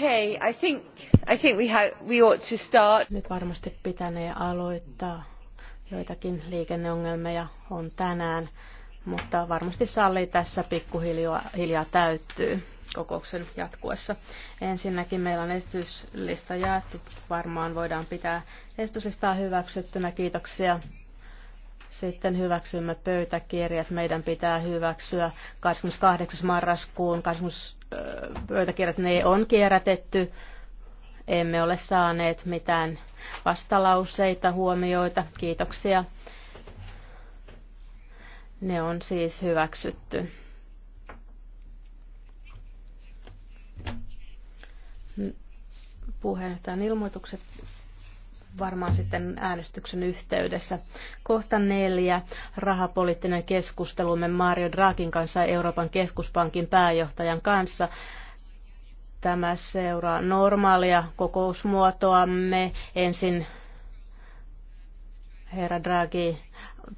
Okay, I think, I think we, have, we ought to start. Nyt varmasti pitänee aloittaa. Joitakin liikenneongelmia on tänään, mutta varmasti salli tässä pikkuhiljaa hiljaa täyttyy kokouksen jatkuessa. Ensinnäkin meillä on esityslista jaettu. Varmaan voidaan pitää esityslistaa hyväksyttynä. Kiitoksia. Sitten hyväksymme pöytäkirjat. Meidän pitää hyväksyä 28. marraskuun 20 pöytäkirjat, ne on kierrätetty. Emme ole saaneet mitään vastalauseita, huomioita. Kiitoksia. Ne on siis hyväksytty. Puheenjohtajan ilmoitukset varmaan sitten äänestyksen yhteydessä. Kohta neljä. Rahapoliittinen keskustelumme Mario Draakin kanssa Euroopan keskuspankin pääjohtajan kanssa. Tämä seuraa normaalia kokousmuotoamme. Ensin herra Draghi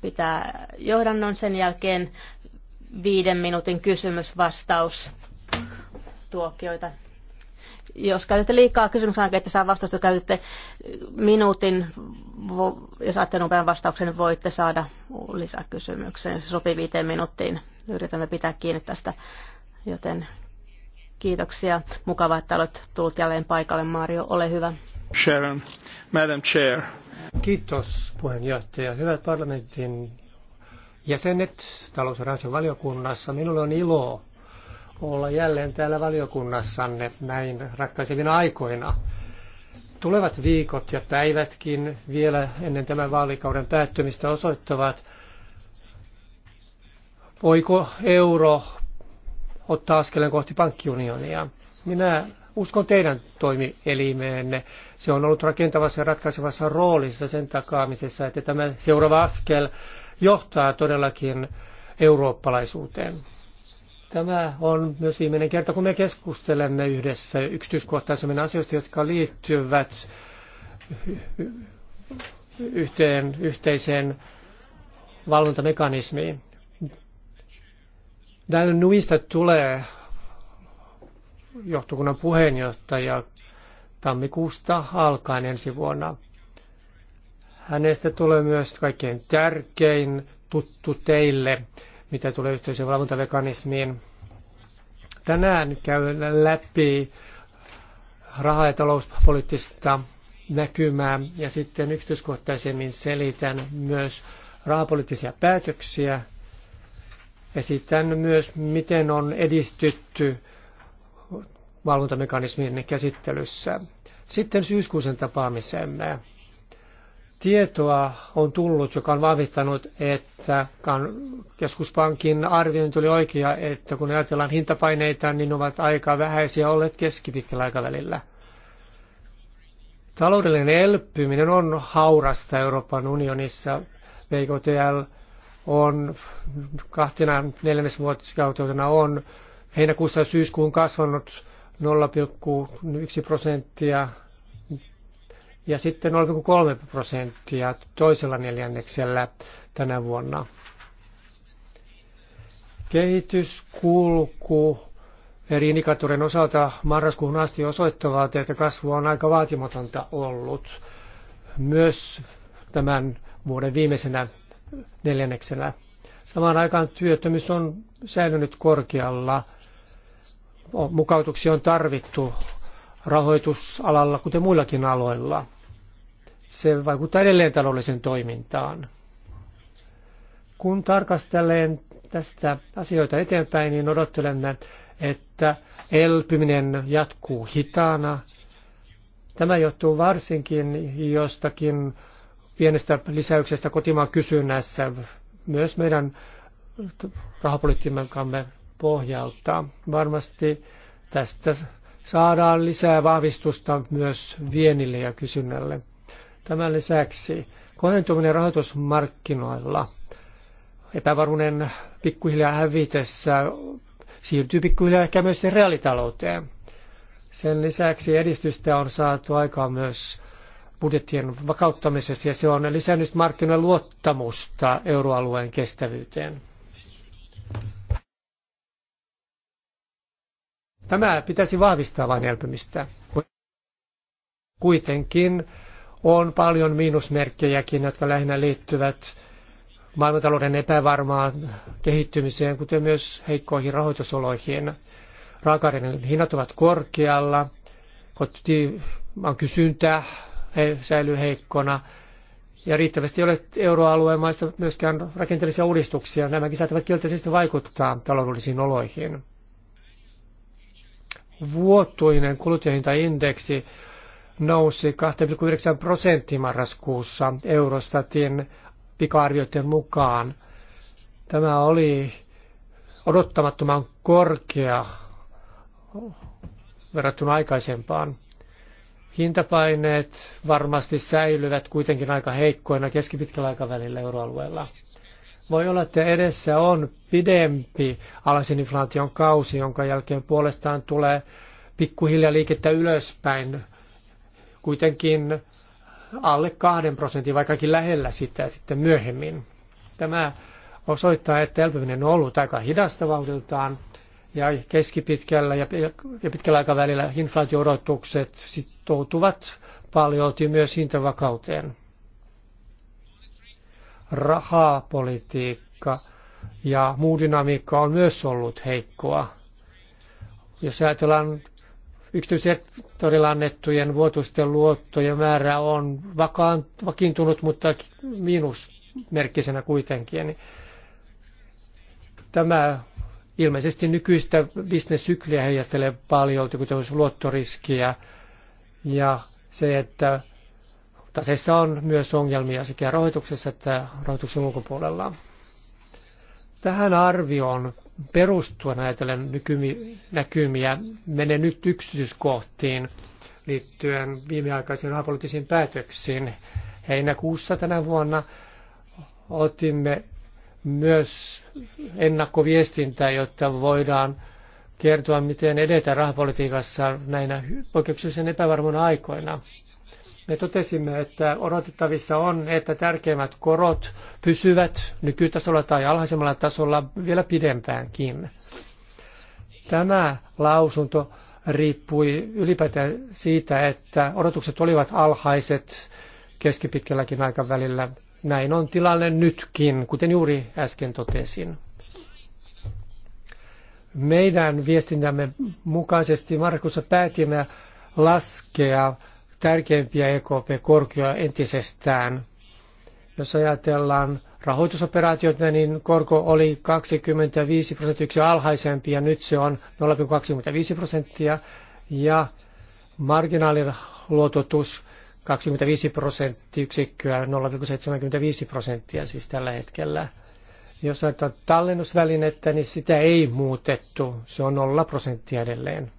pitää johdannon, sen jälkeen viiden minuutin kysymysvastaus tuokioita jos käytätte liikaa kysymykseen, että saa vastausta, käytätte minuutin, ja saatte nopean vastauksen, niin voitte saada lisäkysymyksen. Se sopii viiteen minuuttiin. Yritämme pitää kiinni tästä, joten kiitoksia. Mukavaa, että olet tullut jälleen paikalle, Mario. Ole hyvä. Sharon, Madam Chair. Kiitos puheenjohtaja. Hyvät parlamentin jäsenet talous- ja valiokunnassa. Minulle on ilo olla jälleen täällä valiokunnassanne näin ratkaisevina aikoina. Tulevat viikot ja päivätkin vielä ennen tämän vaalikauden päättymistä osoittavat, voiko euro ottaa askeleen kohti pankkiunionia. Minä uskon teidän toimielimeenne. Se on ollut rakentavassa ja ratkaisevassa roolissa sen takaamisessa, että tämä seuraava askel johtaa todellakin eurooppalaisuuteen. Tämä on myös viimeinen kerta, kun me keskustelemme yhdessä yksityiskohtaisemmin asioista, jotka liittyvät yhteen, yhteiseen valvontamekanismiin. Daniel Nuista tulee johtokunnan puheenjohtaja tammikuusta alkaen ensi vuonna. Hänestä tulee myös kaikkein tärkein tuttu teille mitä tulee yhteiseen valvontamekanismiin. Tänään käyn läpi raha- ja talouspoliittista näkymää ja sitten yksityiskohtaisemmin selitän myös rahapoliittisia päätöksiä. Esitän myös, miten on edistytty valvontamekanismin käsittelyssä. Sitten syyskuisen tapaamisemme tietoa on tullut, joka on vahvistanut, että keskuspankin arviointi oli oikea, että kun ajatellaan hintapaineita, niin ovat aika vähäisiä olleet keskipitkällä aikavälillä. Taloudellinen elpyminen on haurasta Euroopan unionissa. VKTL on kahtena neljännesvuotiskautena on heinäkuusta syyskuun kasvanut 0,1 prosenttia ja sitten 0,3 prosenttia toisella neljänneksellä tänä vuonna. Kehityskulku eri indikaattorien osalta marraskuun asti osoittavat, että kasvu on aika vaatimatonta ollut myös tämän vuoden viimeisenä neljänneksellä. Samaan aikaan työttömyys on säilynyt korkealla. Mukautuksia on tarvittu rahoitusalalla, kuten muillakin aloilla se vaikuttaa edelleen taloudelliseen toimintaan. Kun tarkastelen tästä asioita eteenpäin, niin odottelemme, että elpyminen jatkuu hitaana. Tämä johtuu varsinkin jostakin pienestä lisäyksestä kotimaan kysynnässä myös meidän rahapolitiikkamme pohjalta. Varmasti tästä saadaan lisää vahvistusta myös vienille ja kysynnälle. Tämän lisäksi kohentuminen rahoitusmarkkinoilla, epävaruinen pikkuhiljaa hävitessä, siirtyy pikkuhiljaa ehkä myös reaalitalouteen. Sen lisäksi edistystä on saatu aikaan myös budjettien vakauttamisessa ja se on lisännyt markkinoiden luottamusta euroalueen kestävyyteen. Tämä pitäisi vahvistaa vain elpymistä. Kuitenkin on paljon miinusmerkkejäkin, jotka lähinnä liittyvät maailmantalouden epävarmaan kehittymiseen, kuten myös heikkoihin rahoitusoloihin. raaka hinnat ovat korkealla, kotimaan kysyntä säilyy heikkona, ja riittävästi ei ole euroalueen maista myöskään rakenteellisia uudistuksia. Nämäkin saattavat kielteisesti vaikuttaa taloudellisiin oloihin. Vuotuinen kuluttajahintaindeksi nousi 2,9 prosenttia marraskuussa Eurostatin pikaarvioiden mukaan. Tämä oli odottamattoman korkea verrattuna aikaisempaan. Hintapaineet varmasti säilyvät kuitenkin aika heikkoina keskipitkällä aikavälillä euroalueella. Voi olla, että edessä on pidempi alasin inflaation kausi, jonka jälkeen puolestaan tulee pikkuhiljaa liikettä ylöspäin kuitenkin alle kahden prosentin, vaikkakin lähellä sitä sitten myöhemmin. Tämä osoittaa, että elpyminen on ollut aika hidasta vauhdiltaan ja keskipitkällä ja pitkällä aikavälillä inflaatio-odotukset sitoutuvat paljon myös hintavakauteen. Rahapolitiikka ja muu dynamiikka on myös ollut heikkoa. Jos ajatellaan yksityissektorilla annettujen vuotuisten luottojen määrä on vakaan, vakiintunut, mutta miinusmerkkisenä kuitenkin. Tämä ilmeisesti nykyistä bisnessykliä heijastelee paljon, kuten olisi luottoriskiä ja se, että taseissa on myös ongelmia sekä rahoituksessa että rahoituksen ulkopuolella. Tähän arvioon perustua ajatellen näkymiä. mene nyt yksityiskohtiin liittyen viimeaikaisiin rahapoliittisiin päätöksiin. Heinäkuussa tänä vuonna otimme myös ennakkoviestintää, jotta voidaan kertoa, miten edetä rahapolitiikassa näinä poikkeuksellisen epävarmoina aikoina. Me totesimme, että odotettavissa on, että tärkeimmät korot pysyvät nykytasolla tai alhaisemmalla tasolla vielä pidempäänkin. Tämä lausunto riippui ylipäätään siitä, että odotukset olivat alhaiset keskipitkälläkin aikavälillä. Näin on tilanne nytkin, kuten juuri äsken totesin. Meidän viestintämme mukaisesti Markussa päätimme laskea tärkeimpiä EKP-korkoja entisestään. Jos ajatellaan rahoitusoperaatioita, niin korko oli 25 prosenttia alhaisempi ja nyt se on 0,25 prosenttia ja marginaaliluototus 25 prosenttiyksikköä, 0,75 prosenttia siis tällä hetkellä. Jos ajatellaan tallennusvälinettä, niin sitä ei muutettu. Se on 0 prosenttia edelleen.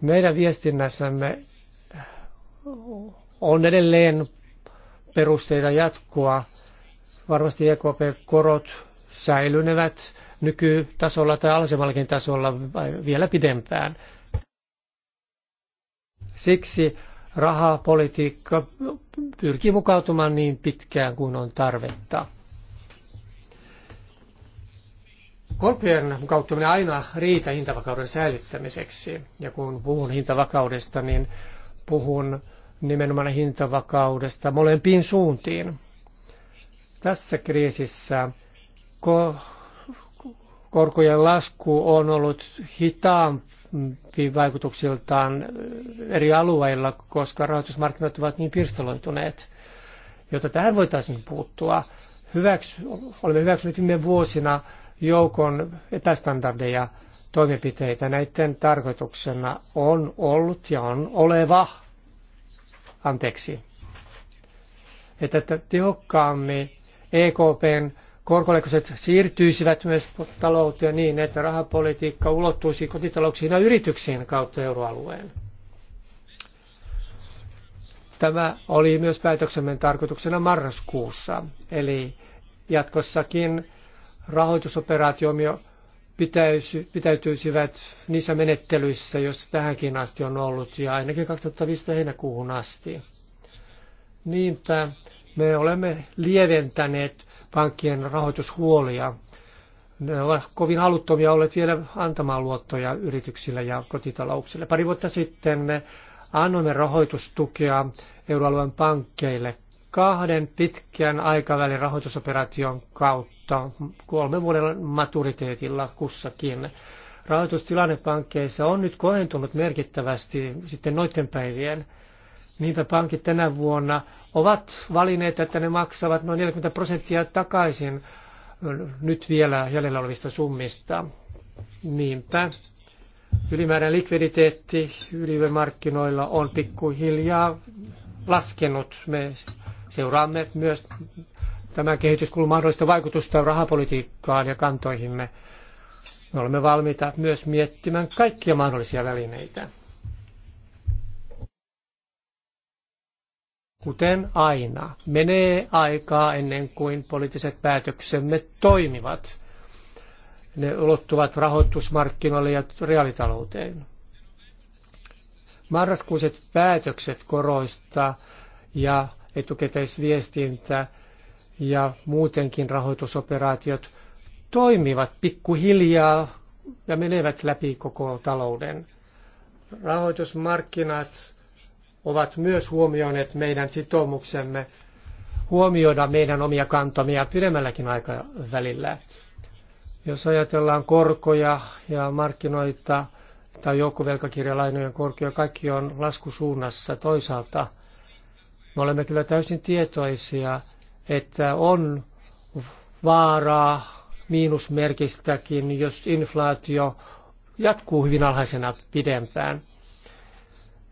Meidän viestinnässämme on edelleen perusteita jatkoa. Varmasti EKP-korot säilynevät nykytasolla tai alasemmallakin tasolla vielä pidempään. Siksi rahapolitiikka pyrkii mukautumaan niin pitkään kuin on tarvetta. Korkojen mukauttaminen aina riitä hintavakauden säilyttämiseksi. Ja kun puhun hintavakaudesta, niin puhun nimenomaan hintavakaudesta molempiin suuntiin. Tässä kriisissä ko- korkojen lasku on ollut hitaampi vaikutuksiltaan eri alueilla, koska rahoitusmarkkinat ovat niin pirstaloituneet. Jotta tähän voitaisiin puuttua, hyväksy, olemme hyväksyneet viime vuosina joukon epästandardeja toimenpiteitä. Näiden tarkoituksena on ollut ja on oleva anteeksi, että tehokkaammin EKPn korkoleikkaukset siirtyisivät myös talouteen niin, että rahapolitiikka ulottuisi kotitalouksiin ja yrityksiin kautta euroalueen. Tämä oli myös päätöksemme tarkoituksena marraskuussa, eli jatkossakin rahoitusoperaatiomme pitäisi, pitäytyisivät niissä menettelyissä, joissa tähänkin asti on ollut, ja ainakin 2015 heinäkuuhun asti. Niinpä me olemme lieventäneet pankkien rahoitushuolia. Ne ovat kovin haluttomia olleet vielä antamaan luottoja yrityksille ja kotitalouksille. Pari vuotta sitten me annoimme rahoitustukea euroalueen pankkeille kahden pitkän aikavälin rahoitusoperaation kautta mutta kolmen vuoden maturiteetilla kussakin. Rahoitustilanne pankkeissa on nyt kohentunut merkittävästi sitten noiden päivien. Niinpä pankit tänä vuonna ovat valinneet, että ne maksavat noin 40 prosenttia takaisin nyt vielä jäljellä olevista summista. Niinpä ylimääräinen likviditeetti ylimarkkinoilla on pikkuhiljaa laskenut. Me seuraamme myös tämä kehityskulun mahdollista vaikutusta rahapolitiikkaan ja kantoihimme. Me olemme valmiita myös miettimään kaikkia mahdollisia välineitä. Kuten aina, menee aikaa ennen kuin poliittiset päätöksemme toimivat. Ne ulottuvat rahoitusmarkkinoille ja reaalitalouteen. Marraskuiset päätökset koroista ja etukäteisviestintä ja muutenkin rahoitusoperaatiot toimivat pikkuhiljaa ja menevät läpi koko talouden. Rahoitusmarkkinat ovat myös huomioineet meidän sitoumuksemme huomioida meidän omia kantamia pidemmälläkin aikavälillä. Jos ajatellaan korkoja ja markkinoita tai joukkovelkakirjalainojen korkoja, kaikki on laskusuunnassa toisaalta. Me olemme kyllä täysin tietoisia että on vaaraa miinusmerkistäkin, jos inflaatio jatkuu hyvin alhaisena pidempään.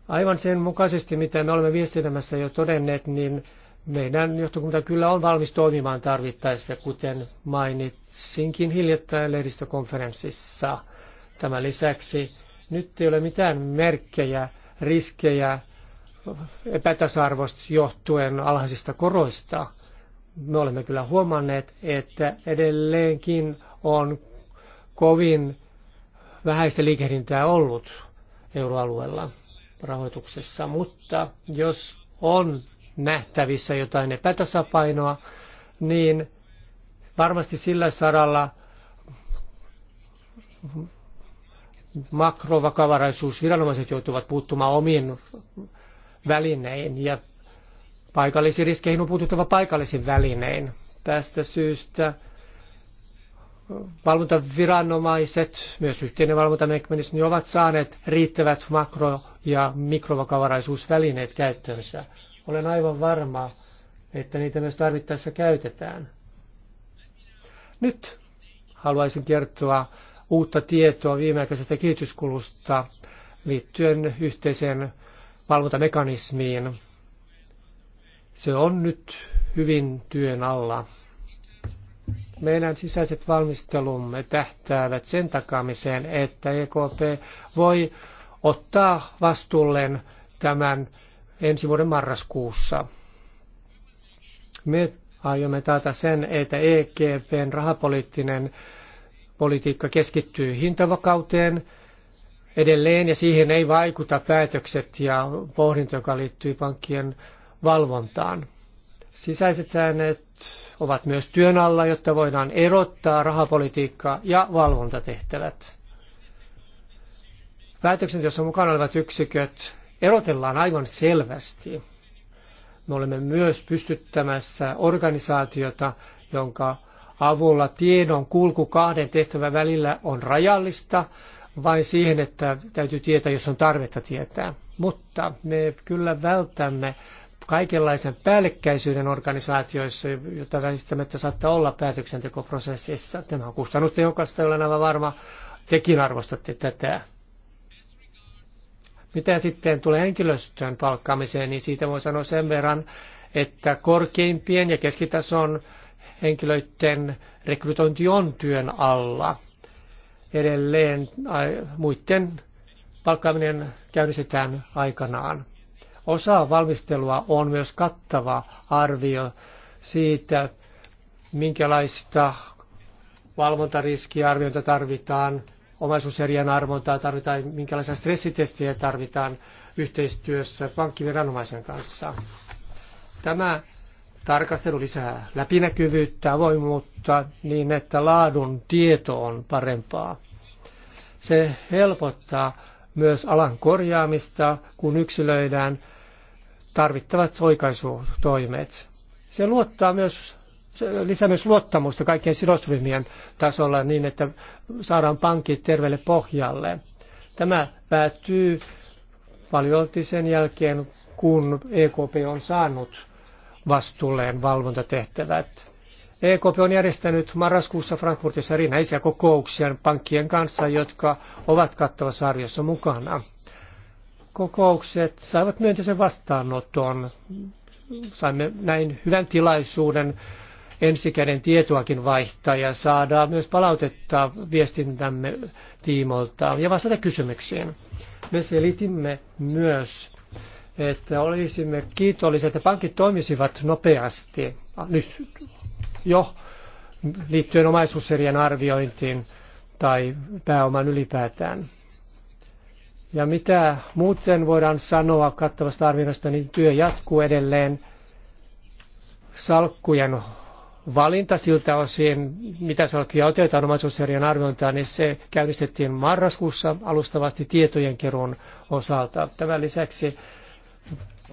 Aivan sen mukaisesti, mitä me olemme viestinnämässä jo todenneet, niin meidän johtokunta kyllä on valmis toimimaan tarvittaessa, kuten mainitsinkin hiljattain lehdistökonferenssissa. Tämän lisäksi nyt ei ole mitään merkkejä, riskejä epätasa-arvosta johtuen alhaisista koroista – me olemme kyllä huomanneet, että edelleenkin on kovin vähäistä liikehdintää ollut euroalueella rahoituksessa, mutta jos on nähtävissä jotain epätasapainoa, niin varmasti sillä saralla makrovakavaraisuusviranomaiset joutuvat puuttumaan omiin välinein ja Paikallisiin riskeihin on puututtava paikallisin välinein. Tästä syystä valvontaviranomaiset, myös yhteinen valvontamekanismi, ovat saaneet riittävät makro- ja mikrovakavaraisuusvälineet käyttöönsä. Olen aivan varma, että niitä myös tarvittaessa käytetään. Nyt haluaisin kertoa uutta tietoa viimeaikaisesta kehityskulusta liittyen yhteiseen valvontamekanismiin se on nyt hyvin työn alla. Meidän sisäiset valmistelumme tähtäävät sen takaamiseen, että EKP voi ottaa vastuulleen tämän ensi vuoden marraskuussa. Me aiomme taata sen, että EKPn rahapoliittinen politiikka keskittyy hintavakauteen edelleen ja siihen ei vaikuta päätökset ja pohdinta, joka liittyy pankkien valvontaan. Sisäiset säännöt ovat myös työn alla, jotta voidaan erottaa rahapolitiikka ja valvontatehtävät. Päätöksenteossa mukana olevat yksiköt erotellaan aivan selvästi. Me olemme myös pystyttämässä organisaatiota, jonka avulla tiedon kulku kahden tehtävän välillä on rajallista, vain siihen, että täytyy tietää, jos on tarvetta tietää. Mutta me kyllä vältämme kaikenlaisen päällekkäisyyden organisaatioissa, jota välttämättä saattaa olla päätöksentekoprosessissa. Tämä on kustannustehokasta, olen aivan varma. Tekin arvostatte tätä. Mitä sitten tulee henkilöstön palkkaamiseen, niin siitä voi sanoa sen verran, että korkeimpien ja keskitason henkilöiden rekrytointi on työn alla. Edelleen muiden palkkaaminen käynnistetään aikanaan. Osa valmistelua on myös kattava arvio siitä, minkälaista valvontariskiarviointa tarvitaan, omaisuuserien arvontaa tarvitaan, minkälaisia stressitestejä tarvitaan yhteistyössä pankkiviranomaisen kanssa. Tämä tarkastelu lisää läpinäkyvyyttä, avoimuutta niin, että laadun tieto on parempaa. Se helpottaa myös alan korjaamista, kun yksilöidään tarvittavat oikaisutoimet. Se luottaa myös se lisää myös luottamusta kaikkien sidosryhmien tasolla niin, että saadaan pankit terveelle pohjalle. Tämä päättyy paljolti sen jälkeen, kun EKP on saanut vastuulleen valvontatehtävät. EKP on järjestänyt marraskuussa Frankfurtissa rinäisiä kokouksia pankkien kanssa, jotka ovat kattavassa arjossa mukana kokoukset saivat myönteisen vastaanoton. Saimme näin hyvän tilaisuuden ensikäden tietoakin vaihtaa ja saadaan myös palautetta viestintämme tiimolta ja vastata kysymyksiin. Me selitimme myös, että olisimme kiitollisia, että pankit toimisivat nopeasti nyt jo liittyen omaisuuserien arviointiin tai pääoman ylipäätään. Ja mitä muuten voidaan sanoa kattavasta arvioinnista, niin työ jatkuu edelleen salkkujen valinta siltä osin, mitä salkkuja otetaan omaisuusjärjen arviointaan, niin se käynnistettiin marraskuussa alustavasti tietojen keruun osalta. Tämän lisäksi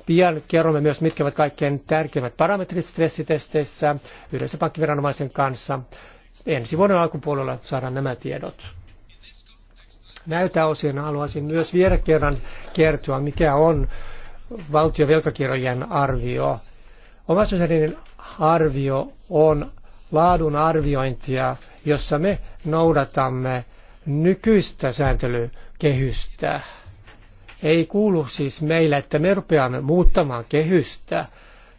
pian kerromme myös, mitkä ovat kaikkein tärkeimmät parametrit stressitesteissä yhdessä pankkiviranomaisen kanssa. Ensi vuoden alkupuolella saadaan nämä tiedot. Näiltä osin haluaisin myös vielä kerran kertoa, mikä on valtion velkakirjojen arvio. Omaisuusjärjestelmän arvio on laadun arviointia, jossa me noudatamme nykyistä sääntelykehystä. Ei kuulu siis meille, että me rupeamme muuttamaan kehystä.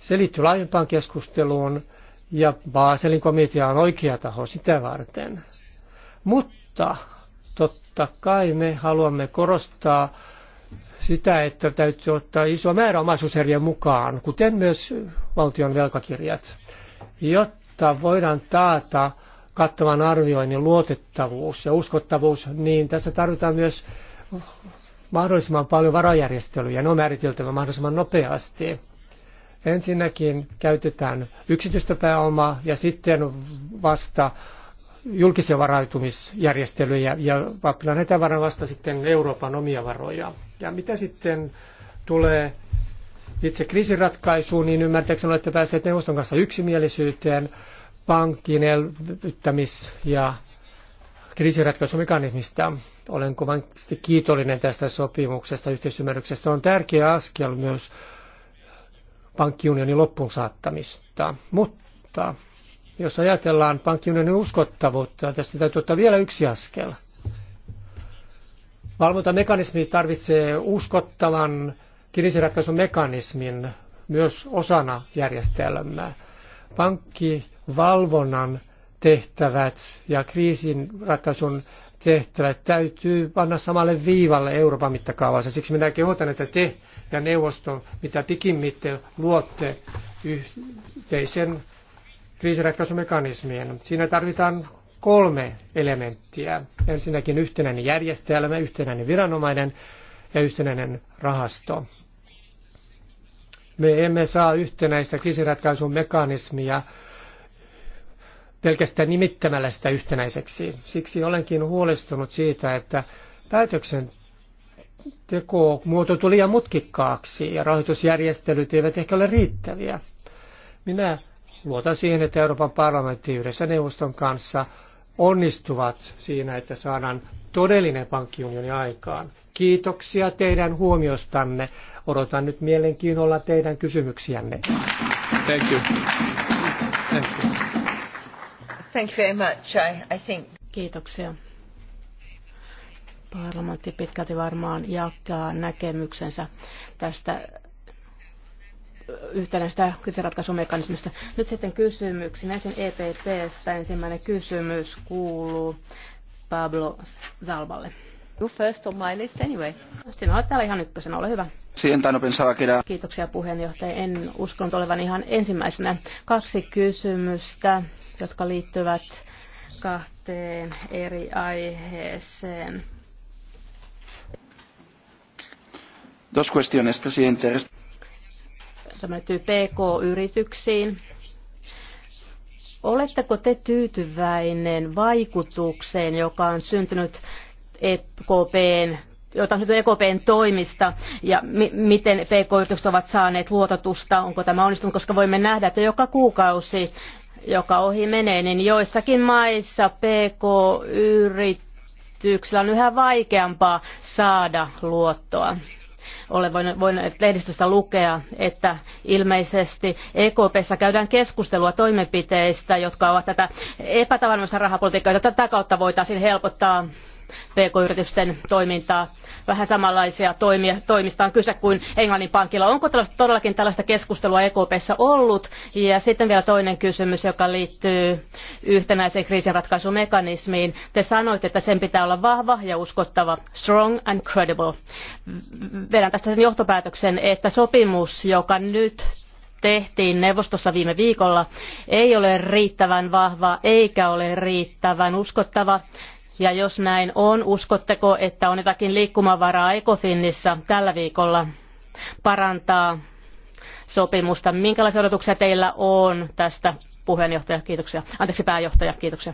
Se liittyy laajempaan keskusteluun ja Baselin komitea on oikea taho sitä varten. Mutta Totta kai me haluamme korostaa sitä, että täytyy ottaa iso määrä omaisuuseriä mukaan, kuten myös valtion velkakirjat, jotta voidaan taata kattavan arvioinnin luotettavuus ja uskottavuus, niin tässä tarvitaan myös mahdollisimman paljon varajärjestelyjä. Ne on määriteltävä mahdollisimman nopeasti. Ensinnäkin käytetään yksityistä pääomaa ja sitten vasta julkisia varautumisjärjestelyjä ja pappilan näitä vasta sitten Euroopan omia varoja. Ja mitä sitten tulee itse kriisiratkaisuun, niin ymmärtääkseni olette päässeet neuvoston kanssa yksimielisyyteen pankkien elvyttämis- ja kriisiratkaisumekanismista. Olen kovasti kiitollinen tästä sopimuksesta, yhteisymmärryksestä. On tärkeä askel myös pankkiunionin loppuun saattamista. Mutta jos ajatellaan pankkiunionin uskottavuutta, tästä täytyy ottaa vielä yksi askel. Valvontamekanismi tarvitsee uskottavan kriisiratkaisumekanismin myös osana järjestelmää. Pankkivalvonnan tehtävät ja kriisinratkaisun tehtävät täytyy panna samalle viivalle Euroopan mittakaavassa. Siksi minä kehotan, että te ja neuvosto mitä pikimmiten luotte yhteisen kriisiratkaisumekanismien. Siinä tarvitaan kolme elementtiä. Ensinnäkin yhtenäinen järjestelmä, yhtenäinen viranomainen ja yhtenäinen rahasto. Me emme saa yhtenäistä kriisiratkaisun pelkästään nimittämällä sitä yhtenäiseksi. Siksi olenkin huolestunut siitä, että päätöksenteko muotoutui liian mutkikkaaksi ja rahoitusjärjestelyt eivät ehkä ole riittäviä. Minä luotan siihen, että Euroopan parlamentti yhdessä neuvoston kanssa onnistuvat siinä, että saadaan todellinen pankkiunioni aikaan. Kiitoksia teidän huomiostanne. Odotan nyt mielenkiinnolla teidän kysymyksiänne. Thank you. Thank you. Thank you very much. I, I think... Kiitoksia. Parlamentti pitkälti varmaan jakaa näkemyksensä tästä yhtenäistä kriisiratkaisumekanismista. Nyt sitten kysymyksiin. Ensin EPPstä ensimmäinen kysymys kuuluu Pablo Zalballe. You first on my list anyway. Sinä olet täällä ihan ykkösenä, ole hyvä. Sientano pensaba que Kiitoksia puheenjohtaja. En uskonut olevan ihan ensimmäisenä. Kaksi kysymystä, jotka liittyvät kahteen eri aiheeseen. Dos cuestiones, presidente tämä liittyy PK-yrityksiin. Oletteko te tyytyväinen vaikutukseen, joka on syntynyt EKPn jota on EKPn toimista ja mi- miten PK-yritykset ovat saaneet luototusta, onko tämä onnistunut, koska voimme nähdä, että joka kuukausi, joka ohi menee, niin joissakin maissa PK-yrityksillä on yhä vaikeampaa saada luottoa. Olen voinut lehdistöstä lukea, että ilmeisesti EKPssä käydään keskustelua toimenpiteistä, jotka ovat tätä epätavanomaista rahapolitiikkaa, jota tätä kautta voitaisiin helpottaa pk-yritysten toimintaa. Vähän samanlaisia toimia, toimista on kyse kuin Englannin pankilla. Onko tällaista, todellakin tällaista keskustelua EKPssä ollut? Ja sitten vielä toinen kysymys, joka liittyy yhtenäiseen kriisinratkaisumekanismiin. Te sanoitte, että sen pitää olla vahva ja uskottava, strong and credible. Vedän tästä sen johtopäätöksen, että sopimus, joka nyt tehtiin neuvostossa viime viikolla, ei ole riittävän vahva eikä ole riittävän uskottava. Ja jos näin on, uskotteko, että on jotakin liikkumavaraa Ecofinissa tällä viikolla parantaa sopimusta? Minkälaisia odotuksia teillä on tästä puheenjohtaja? Kiitoksia. Anteeksi pääjohtaja, kiitoksia.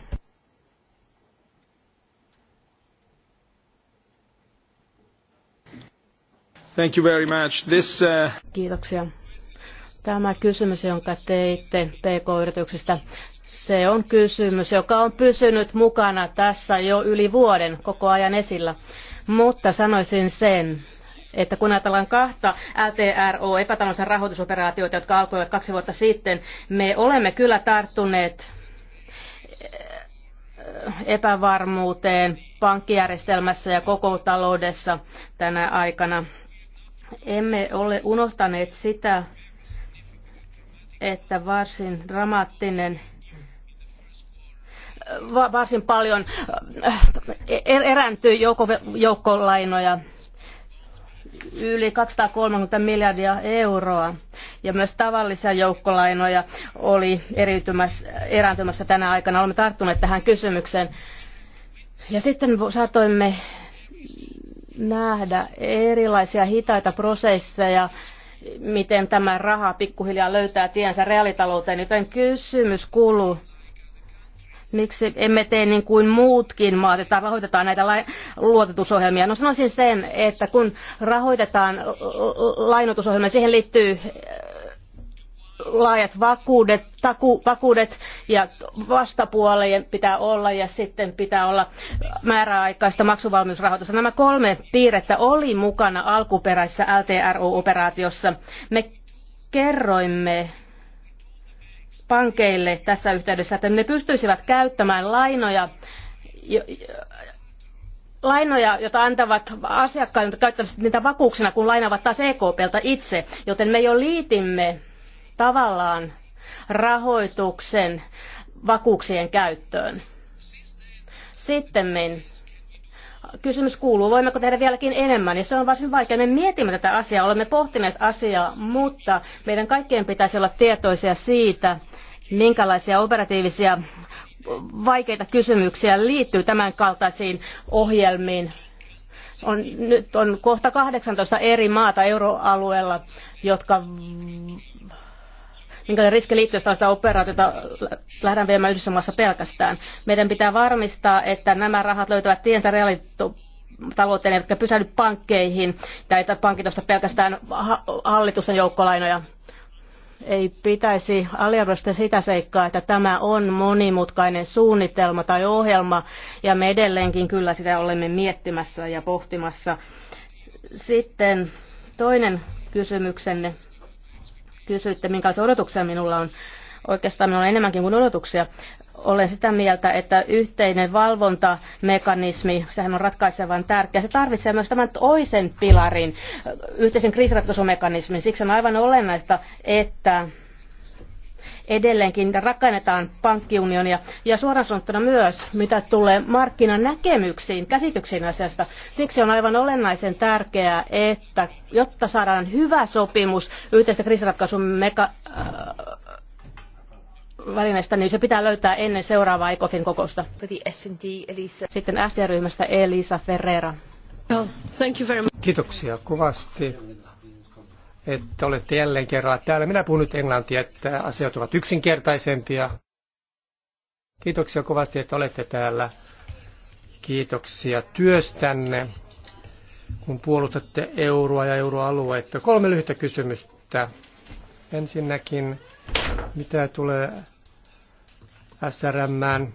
Thank you very much. This, uh... Kiitoksia. Tämä kysymys, jonka teitte PK-yrityksistä, se on kysymys, joka on pysynyt mukana tässä jo yli vuoden koko ajan esillä. Mutta sanoisin sen, että kun ajatellaan kahta LTRO, epätalousen rahoitusoperaatioita, jotka alkoivat kaksi vuotta sitten, me olemme kyllä tarttuneet eh, epävarmuuteen pankkijärjestelmässä ja koko taloudessa tänä aikana emme ole unohtaneet sitä, että varsin dramaattinen varsin paljon äh, er-, joukko- joukkolainoja yli 230 miljardia euroa ja myös tavallisia joukkolainoja oli erääntymässä tänä aikana. Olemme tarttuneet tähän kysymykseen. Ja sitten saatoimme nähdä erilaisia hitaita prosesseja, miten tämä raha pikkuhiljaa löytää tiensä reaalitalouteen. Joten kysymys kuuluu, miksi emme tee niin kuin muutkin maat, että rahoitetaan näitä luotetusohjelmia. No sanoisin sen, että kun rahoitetaan lainotusohjelmia, siihen liittyy laajat vakuudet, taku, vakuudet ja vastapuolien pitää olla ja sitten pitää olla määräaikaista maksuvalmiusrahoitusta. Nämä kolme piirrettä oli mukana alkuperäisessä LTRO-operaatiossa. Me kerroimme pankeille tässä yhteydessä, että ne pystyisivät käyttämään lainoja lainoja, joita antavat asiakkaille, jotka käyttävät niitä vakuuksina, kun lainaavat taas EKPltä itse. Joten me jo liitimme tavallaan rahoituksen vakuuksien käyttöön. Sitten kysymys kuuluu, voimmeko tehdä vieläkin enemmän, ja se on varsin vaikea. Me mietimme tätä asiaa, olemme pohtineet asiaa, mutta meidän kaikkien pitäisi olla tietoisia siitä, minkälaisia operatiivisia vaikeita kysymyksiä liittyy tämän kaltaisiin ohjelmiin. On, nyt on kohta 18 eri maata euroalueella, jotka minkälainen riski liittyy tällaista operaatiota lähdetään viemään yhdessä maassa pelkästään. Meidän pitää varmistaa, että nämä rahat löytävät tiensä talouteen, jotka pysähdy pankkeihin, tai että pankit osta pelkästään hallitusten joukkolainoja. Ei pitäisi aliarvoista sitä seikkaa, että tämä on monimutkainen suunnitelma tai ohjelma, ja me edelleenkin kyllä sitä olemme miettimässä ja pohtimassa. Sitten toinen kysymyksenne kysyitte, minkälaisia odotuksia minulla on. Oikeastaan minulla on enemmänkin kuin odotuksia. Olen sitä mieltä, että yhteinen valvontamekanismi, sehän on ratkaisevan tärkeä. Se tarvitsee myös tämän toisen pilarin, yhteisen kriisiratkaisumekanismin. Siksi on aivan olennaista, että edelleenkin rakennetaan pankkiunionia ja suoraan sanottuna myös, mitä tulee markkinan näkemyksiin, käsityksiin asiasta. Siksi on aivan olennaisen tärkeää, että jotta saadaan hyvä sopimus yhteisestä kriisiratkaisun meka- äh, välineistä, niin se pitää löytää ennen seuraavaa ECOFIN kokousta. Sitten SD-ryhmästä Elisa Ferreira. Kiitoksia kovasti että olette jälleen kerran täällä. Minä puhun nyt englantia, että asiat ovat yksinkertaisempia. Kiitoksia kovasti, että olette täällä. Kiitoksia työstänne, kun puolustatte euroa ja euroalueetta. Kolme lyhyttä kysymystä. Ensinnäkin, mitä tulee SRM,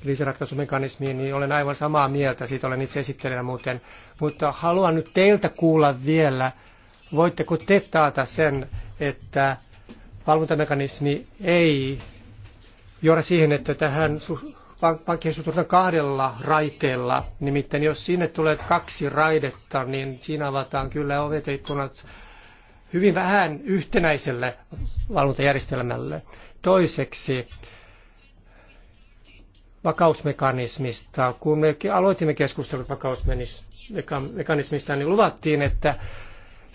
kriisiratkaisumekanismiin, niin olen aivan samaa mieltä, siitä olen itse esittelijänä muuten. Mutta haluan nyt teiltä kuulla vielä, Voitteko te taata sen, että valvontamekanismi ei johda siihen, että tähän pankkien suhtaudutaan kahdella raiteella. Nimittäin jos sinne tulee kaksi raidetta, niin siinä avataan kyllä ovet ikkunat hyvin vähän yhtenäiselle valvontajärjestelmälle. Toiseksi vakausmekanismista. Kun me aloitimme keskustelut vakausmekanismista, niin luvattiin, että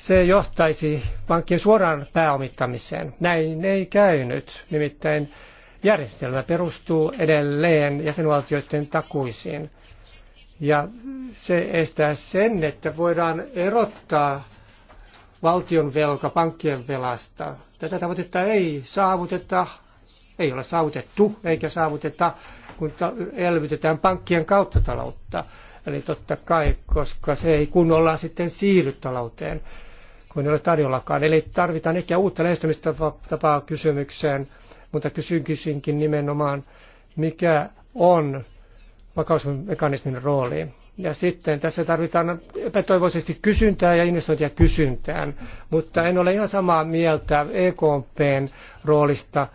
se johtaisi pankkien suoraan pääomittamiseen. Näin ei käynyt, nimittäin järjestelmä perustuu edelleen jäsenvaltioiden takuisiin. Ja se estää sen, että voidaan erottaa valtion velka pankkien velasta. Tätä tavoitetta ei saavuteta, ei ole saavutettu eikä saavuteta, kun elvytetään pankkien kautta taloutta. Eli totta kai, koska se ei kunnolla sitten siirry talouteen. Kuin ei ole tarjollakaan. Eli tarvitaan ehkä uutta lähestymistapaa kysymykseen, mutta kysyn kysynkin nimenomaan, mikä on vakausmekanismin rooli. Ja sitten tässä tarvitaan epätoivoisesti kysyntää ja investointia kysyntään, mutta en ole ihan samaa mieltä EKPn roolista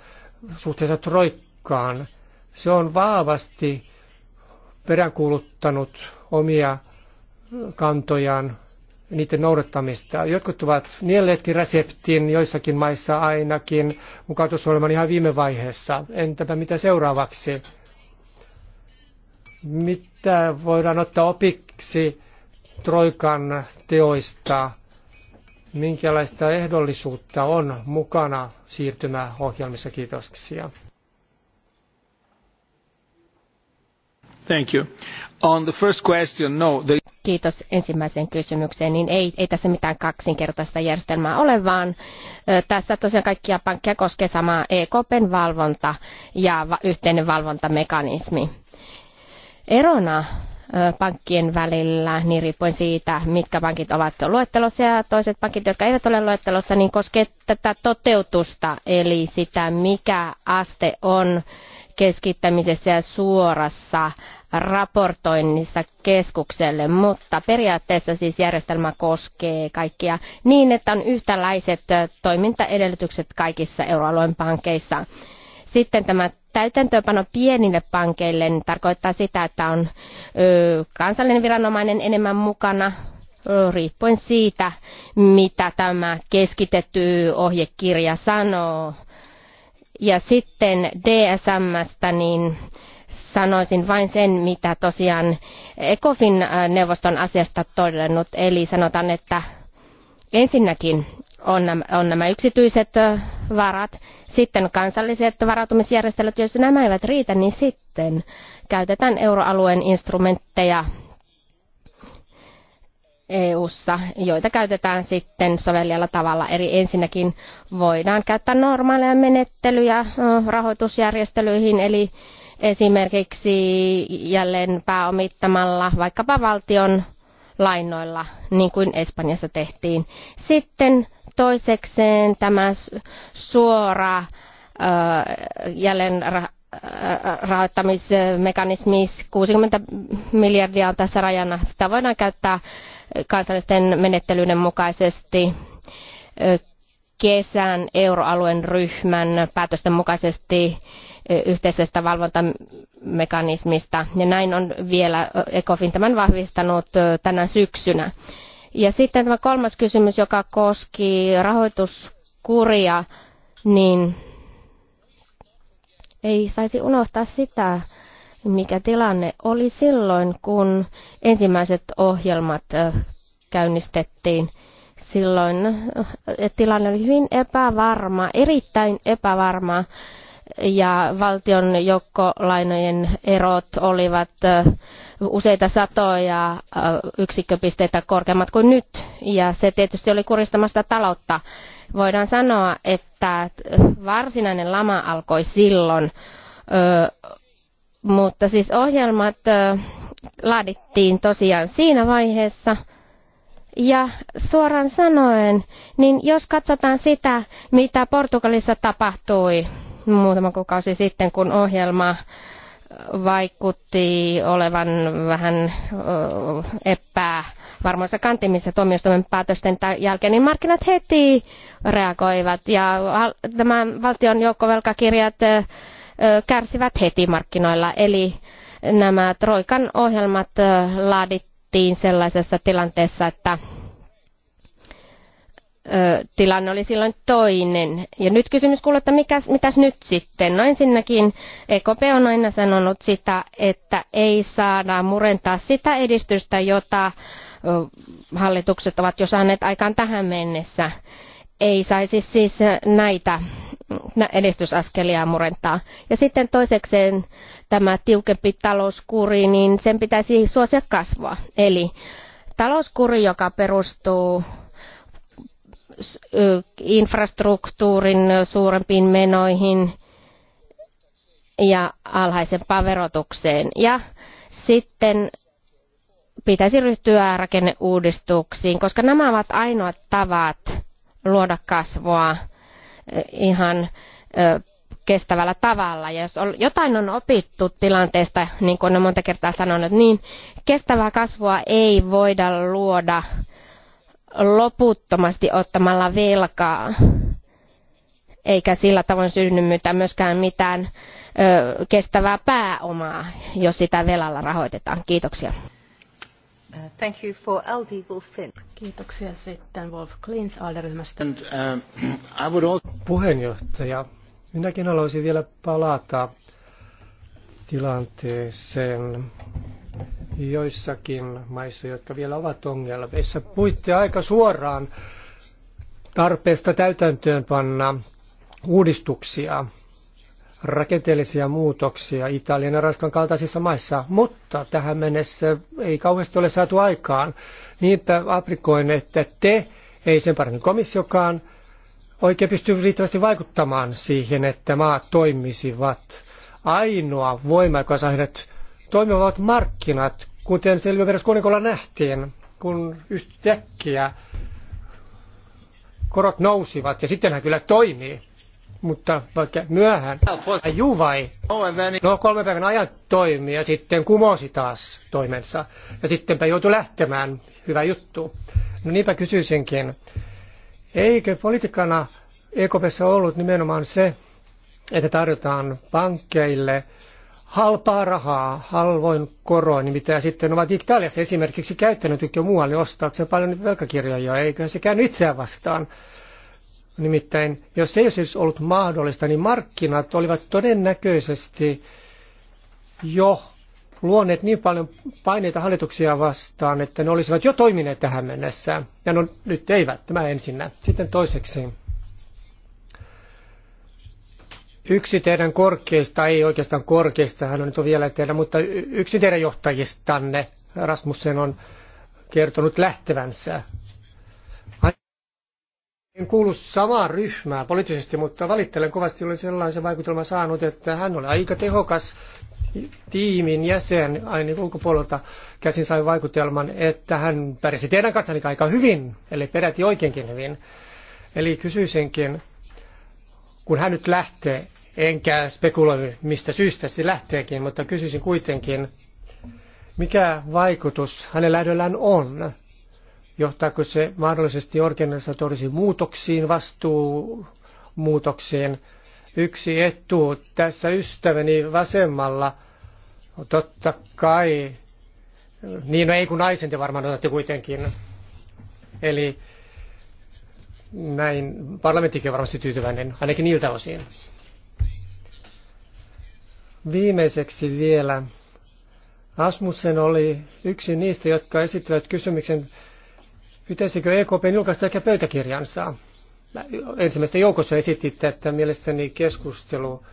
suhteessa troikkaan. Se on vaavasti peräänkuuluttanut omia kantojaan niiden noudattamista. Jotkut ovat nielleetkin reseptin, joissakin maissa ainakin, mukautusohjelman ihan viime vaiheessa. Entäpä mitä seuraavaksi? Mitä voidaan ottaa opiksi Troikan teoista? Minkälaista ehdollisuutta on mukana siirtymäohjelmissa? Kiitoksia. Thank you. On the first question, no. The kiitos ensimmäiseen kysymykseen, niin ei, ei tässä mitään kaksinkertaista järjestelmää ole, vaan tässä tosiaan kaikkia pankkia koskee sama EKPn valvonta ja yhteinen valvontamekanismi. Erona pankkien välillä, niin riippuen siitä, mitkä pankit ovat luettelossa ja toiset pankit, jotka eivät ole luettelossa, niin koskee tätä toteutusta, eli sitä, mikä aste on keskittämisessä ja suorassa raportoinnissa keskukselle, mutta periaatteessa siis järjestelmä koskee kaikkia niin, että on yhtäläiset toimintaedellytykset kaikissa euroalueen pankeissa. Sitten tämä täytäntöönpano pienille pankeille niin tarkoittaa sitä, että on ö, kansallinen viranomainen enemmän mukana, riippuen siitä, mitä tämä keskitetty ohjekirja sanoo. Ja sitten DSMstä, niin sanoisin vain sen, mitä tosiaan ECOFIN äh, neuvoston asiasta todennut. Eli sanotaan, että ensinnäkin on nämä, on nämä yksityiset äh, varat, sitten kansalliset varautumisjärjestelyt, jos nämä eivät riitä, niin sitten käytetään euroalueen instrumentteja EU:ssa, joita käytetään sitten sovellalla tavalla. Eli ensinnäkin voidaan käyttää normaaleja menettelyjä äh, rahoitusjärjestelyihin, eli esimerkiksi jälleen pääomittamalla vaikkapa valtion lainoilla, niin kuin Espanjassa tehtiin. Sitten toisekseen tämä suora jälleen rahoittamismekanismi 60 miljardia on tässä rajana. Sitä voidaan käyttää kansallisten menettelyiden mukaisesti kesän euroalueen ryhmän päätösten mukaisesti yhteisestä valvontamekanismista. Ja näin on vielä ECOFIN tämän vahvistanut tänä syksynä. Ja sitten tämä kolmas kysymys, joka koski rahoituskuria, niin ei saisi unohtaa sitä, mikä tilanne oli silloin, kun ensimmäiset ohjelmat käynnistettiin. Silloin tilanne oli hyvin epävarma, erittäin epävarma ja valtion joukkolainojen erot olivat useita satoja yksikköpisteitä korkeammat kuin nyt ja se tietysti oli kuristamasta taloutta. Voidaan sanoa, että varsinainen lama alkoi silloin, mutta siis ohjelmat laadittiin tosiaan siinä vaiheessa, ja suoraan sanoen, niin jos katsotaan sitä, mitä Portugalissa tapahtui muutama kuukausi sitten, kun ohjelma vaikutti olevan vähän varmoissa kantimissa tuomioistuimen päätösten jälkeen, niin markkinat heti reagoivat ja tämä valtion joukkovelkakirjat kärsivät heti markkinoilla. Eli nämä Troikan ohjelmat laadittiin sellaisessa tilanteessa, että tilanne oli silloin toinen. Ja nyt kysymys kuuluu, että mikäs, mitäs nyt sitten? No ensinnäkin EKP on aina sanonut sitä, että ei saada murentaa sitä edistystä, jota hallitukset ovat jo saaneet aikaan tähän mennessä. Ei saisi siis näitä edistysaskelia murentaa. Ja sitten toisekseen tämä tiukempi talouskuri, niin sen pitäisi suosia kasvua. Eli talouskuri, joka perustuu infrastruktuurin suurempiin menoihin ja alhaisempaan verotukseen. Ja sitten pitäisi ryhtyä rakenneuudistuksiin, koska nämä ovat ainoat tavat luoda kasvua ihan kestävällä tavalla. Ja jos on, jotain on opittu tilanteesta, niin kuin olen monta kertaa sanonut, niin kestävää kasvua ei voida luoda loputtomasti ottamalla velkaa, eikä sillä tavoin synnymmytä myöskään mitään ö, kestävää pääomaa, jos sitä velalla rahoitetaan. Kiitoksia. Thank you for LD Wolfin. Kiitoksia sitten Wolf Klins ALDE-ryhmästä. uh, um, also... Puheenjohtaja, minäkin haluaisin vielä palata tilanteeseen joissakin maissa, jotka vielä ovat ongelmissa. Puitte aika suoraan tarpeesta täytäntöönpanna uudistuksia, rakenteellisia muutoksia Italian ja Ranskan kaltaisissa maissa, mutta tähän mennessä ei kauheasti ole saatu aikaan. Niinpä aprikoin, että te, ei sen paremmin komissiokaan, oikein pysty riittävästi vaikuttamaan siihen, että maat toimisivat. Ainoa voima, joka saa heidät toimivat markkinat, kuten Silvio Vereskunikolla nähtiin, kun yhtäkkiä korot nousivat ja sitten hän kyllä toimii. Mutta vaikka myöhään, juu vai? No kolme päivän ajan toimii ja sitten kumosi taas toimensa. Ja sittenpä joutui lähtemään. Hyvä juttu. No niinpä kysyisinkin, eikö politiikana EKPssä ollut nimenomaan se, että tarjotaan pankkeille – halpaa rahaa, halvoin koroin, mitä sitten ovat Italiassa esimerkiksi käyttänyt jo muualle ostaakseen paljon velkakirjoja, eikä se käynyt itseään vastaan. Nimittäin, jos ei olisi ollut mahdollista, niin markkinat olivat todennäköisesti jo luoneet niin paljon paineita hallituksia vastaan, että ne olisivat jo toimineet tähän mennessä. Ja no nyt eivät, tämä ensinnä. Sitten toiseksi Yksi teidän korkeista, ei oikeastaan korkeista, hän on nyt vielä teidän, mutta yksi teidän johtajistanne, Rasmussen, on kertonut lähtevänsä. En kuulu samaan ryhmään poliittisesti, mutta valittelen kovasti, olen sellaisen vaikutelman saanut, että hän oli aika tehokas tiimin jäsen ainakin ulkopuolelta käsin sai vaikutelman, että hän pärjäsi teidän kanssani aika hyvin, eli peräti oikeinkin hyvin. Eli kysyisinkin, kun hän nyt lähtee, enkä spekuloi mistä syystä se lähteekin, mutta kysyisin kuitenkin, mikä vaikutus hänen lähdöllään on? Johtaako se mahdollisesti organisatorisiin muutoksiin, vastuumuutoksiin? Yksi etu tässä ystäväni vasemmalla, totta kai, niin no ei kun naisen te varmaan otatte kuitenkin. Eli näin parlamenttikin on varmasti tyytyväinen, ainakin niiltä osin. Viimeiseksi vielä. Asmussen oli yksi niistä, jotka esittivät kysymyksen, pitäisikö EKP julkaista ehkä pöytäkirjansa. Ensimmäistä joukossa esititte, että mielestäni keskustelu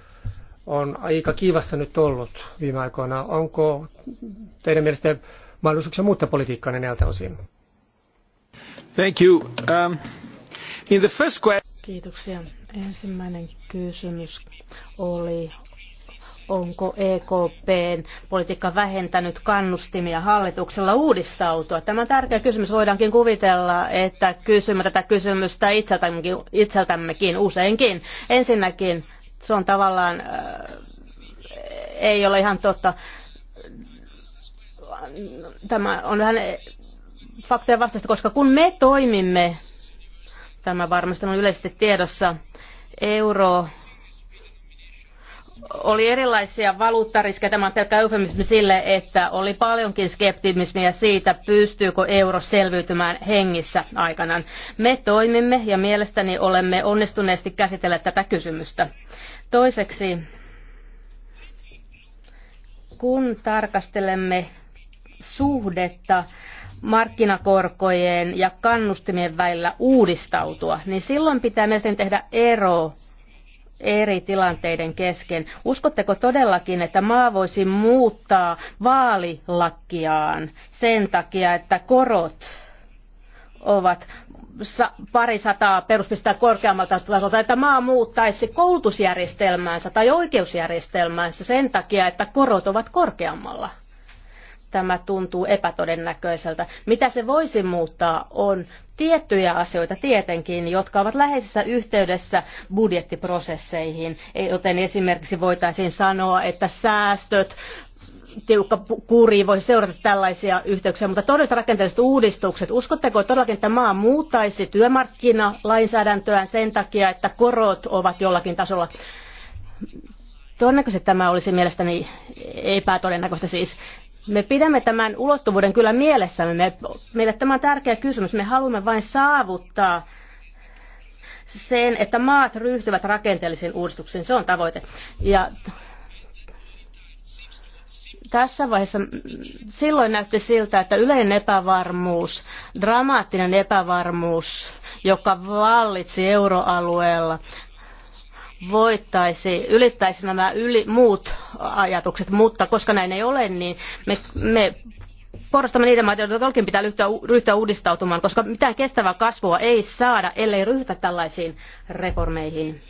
on aika kiivasta nyt ollut viime aikoina. Onko teidän mielestä mahdollisuuksia muuttaa politiikkaa näiltä osin? Thank you. Um, in the first question... Kiitoksia. Ensimmäinen kysymys oli, onko EKPn politiikka vähentänyt kannustimia hallituksella uudistautua? Tämä on tärkeä kysymys. Voidaankin kuvitella, että kysymme tätä kysymystä itseltämmekin, itseltämmekin useinkin. Ensinnäkin se on tavallaan, äh, ei ole ihan totta. Tämä on vähän faktoja vastaista, koska kun me toimimme, tämä varmasti on yleisesti tiedossa, euro oli erilaisia valuuttariskejä. Tämä on pelkkä eufemismi sille, että oli paljonkin skeptimismiä siitä, pystyykö euro selviytymään hengissä aikanaan. Me toimimme ja mielestäni olemme onnistuneesti käsitellä tätä kysymystä. Toiseksi, kun tarkastelemme suhdetta markkinakorkojen ja kannustimien välillä uudistautua, niin silloin pitää mielestäni tehdä ero eri tilanteiden kesken. Uskotteko todellakin, että maa voisi muuttaa vaalilakkiaan sen takia, että korot ovat pari sataa peruspistettä korkeammalta tasolta, että maa muuttaisi koulutusjärjestelmäänsä tai oikeusjärjestelmäänsä sen takia, että korot ovat korkeammalla? tämä tuntuu epätodennäköiseltä. Mitä se voisi muuttaa on tiettyjä asioita tietenkin, jotka ovat läheisessä yhteydessä budjettiprosesseihin, joten esimerkiksi voitaisiin sanoa, että säästöt tiukka kuri voi seurata tällaisia yhteyksiä, mutta todelliset rakenteelliset uudistukset, uskotteko todellakin, että maa muuttaisi työmarkkinalainsäädäntöään sen takia, että korot ovat jollakin tasolla? Todennäköisesti tämä olisi mielestäni epätodennäköistä siis. Me pidämme tämän ulottuvuuden kyllä mielessämme. Me, meille tämä on tärkeä kysymys. Me haluamme vain saavuttaa sen, että maat ryhtyvät rakenteellisiin uudistuksiin. Se on tavoite. Ja tässä vaiheessa silloin näytti siltä, että yleinen epävarmuus, dramaattinen epävarmuus, joka vallitsi euroalueella, voittaisi, ylittäisi nämä yli, muut ajatukset, mutta koska näin ei ole, niin me, me porostamme niitä maita, joita tolkin pitää ryhtyä, ryhtyä uudistautumaan, koska mitään kestävää kasvua ei saada, ellei ryhtyä tällaisiin reformeihin.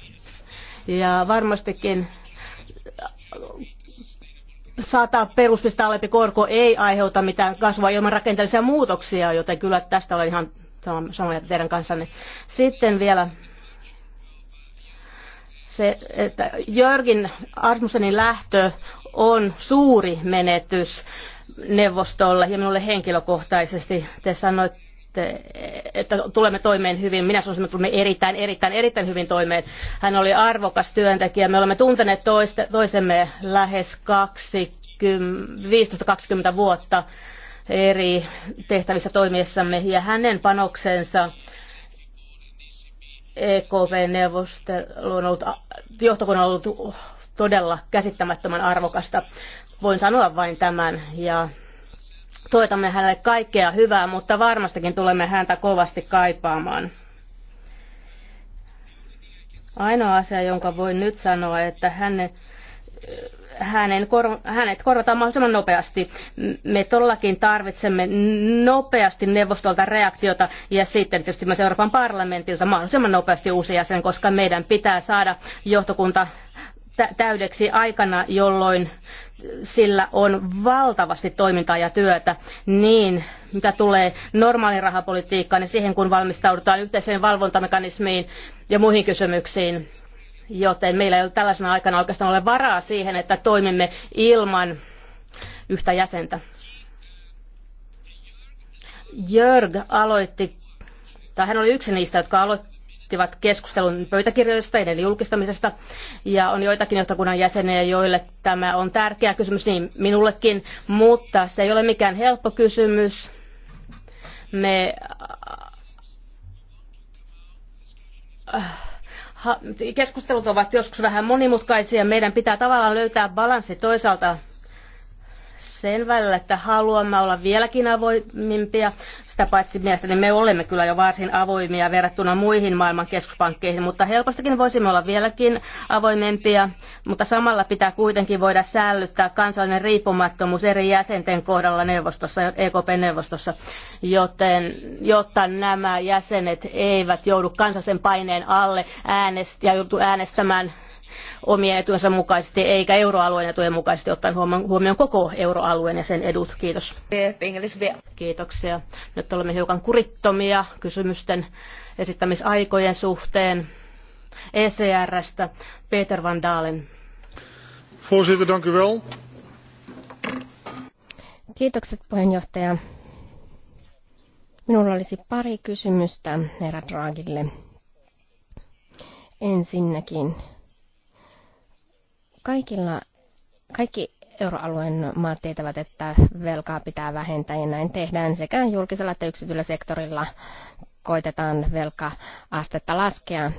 Ja varmastikin saattaa perustista alempi korko ei aiheuta mitään kasvua ilman rakenteellisia muutoksia, joten kyllä tästä olen ihan samaa teidän kanssanne. Sitten vielä se, että Jörgin Asmussenin lähtö on suuri menetys neuvostolle ja minulle henkilökohtaisesti. Te sanoitte, että tulemme toimeen hyvin. Minä sanoisin, että tulemme erittäin, erittäin, erittäin hyvin toimeen. Hän oli arvokas työntekijä. Me olemme tunteneet toiste, toisemme lähes 15-20 vuotta eri tehtävissä toimiessamme ja hänen panoksensa EKP-neuvostelu on ollut, johtokunnan on ollut todella käsittämättömän arvokasta. Voin sanoa vain tämän ja toitamme hänelle kaikkea hyvää, mutta varmastikin tulemme häntä kovasti kaipaamaan. Ainoa asia, jonka voin nyt sanoa, että hänen hänen, hänet korvataan mahdollisimman nopeasti. Me todellakin tarvitsemme nopeasti neuvostolta reaktiota ja sitten tietysti myös Euroopan parlamentilta mahdollisimman nopeasti uusi jäsen, koska meidän pitää saada johtokunta täydeksi aikana, jolloin sillä on valtavasti toimintaa ja työtä, niin mitä tulee normaaliin rahapolitiikkaan ja niin siihen, kun valmistaudutaan yhteiseen valvontamekanismiin ja muihin kysymyksiin, joten meillä ei ole tällaisena aikana oikeastaan ole varaa siihen, että toimimme ilman yhtä jäsentä. Jörg aloitti, tai hän oli yksi niistä, jotka aloittivat keskustelun pöytäkirjoista ja julkistamisesta, ja on joitakin johtokunnan jäseniä, joille tämä on tärkeä kysymys, niin minullekin, mutta se ei ole mikään helppo kysymys. Me... Äh, keskustelut ovat joskus vähän monimutkaisia. Meidän pitää tavallaan löytää balanssi toisaalta selvällä, että haluamme olla vieläkin avoimimpia. Sitä paitsi mielestäni me olemme kyllä jo varsin avoimia verrattuna muihin maailman keskuspankkeihin, mutta helpostikin voisimme olla vieläkin avoimempia, mutta samalla pitää kuitenkin voida säällyttää kansallinen riippumattomuus eri jäsenten kohdalla neuvostossa, EKP-neuvostossa, joten, jotta nämä jäsenet eivät joudu kansallisen paineen alle äänest, ja joutu äänestämään omien etujensa mukaisesti eikä euroalueen etujen mukaisesti ottaen huomioon koko euroalueen ja sen edut. Kiitos. Kiitoksia. Nyt olemme hiukan kurittomia kysymysten esittämisaikojen suhteen. ECRstä Peter van Dalen. Voorzitter, dank u wel. Kiitokset puheenjohtaja. Minulla olisi pari kysymystä herra Draghille. Ensinnäkin Kaikilla, kaikki euroalueen maat tietävät, että velkaa pitää vähentää ja näin tehdään sekä julkisella että yksityisellä sektorilla koitetaan velka-astetta laskea.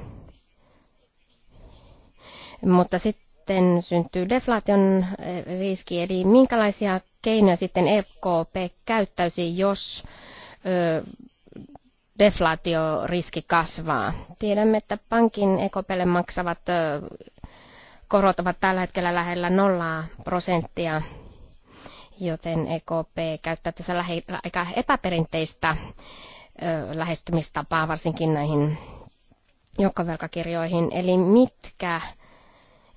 Mutta sitten syntyy deflaation riski, eli minkälaisia keinoja sitten EKP käyttäisi, jos ö, deflaatioriski kasvaa. Tiedämme, että pankin EKPlle maksavat ö, korot ovat tällä hetkellä lähellä nollaa prosenttia, joten EKP käyttää tässä lähe, aika epäperinteistä ö, lähestymistapaa varsinkin näihin joukkovelkakirjoihin. Eli mitkä,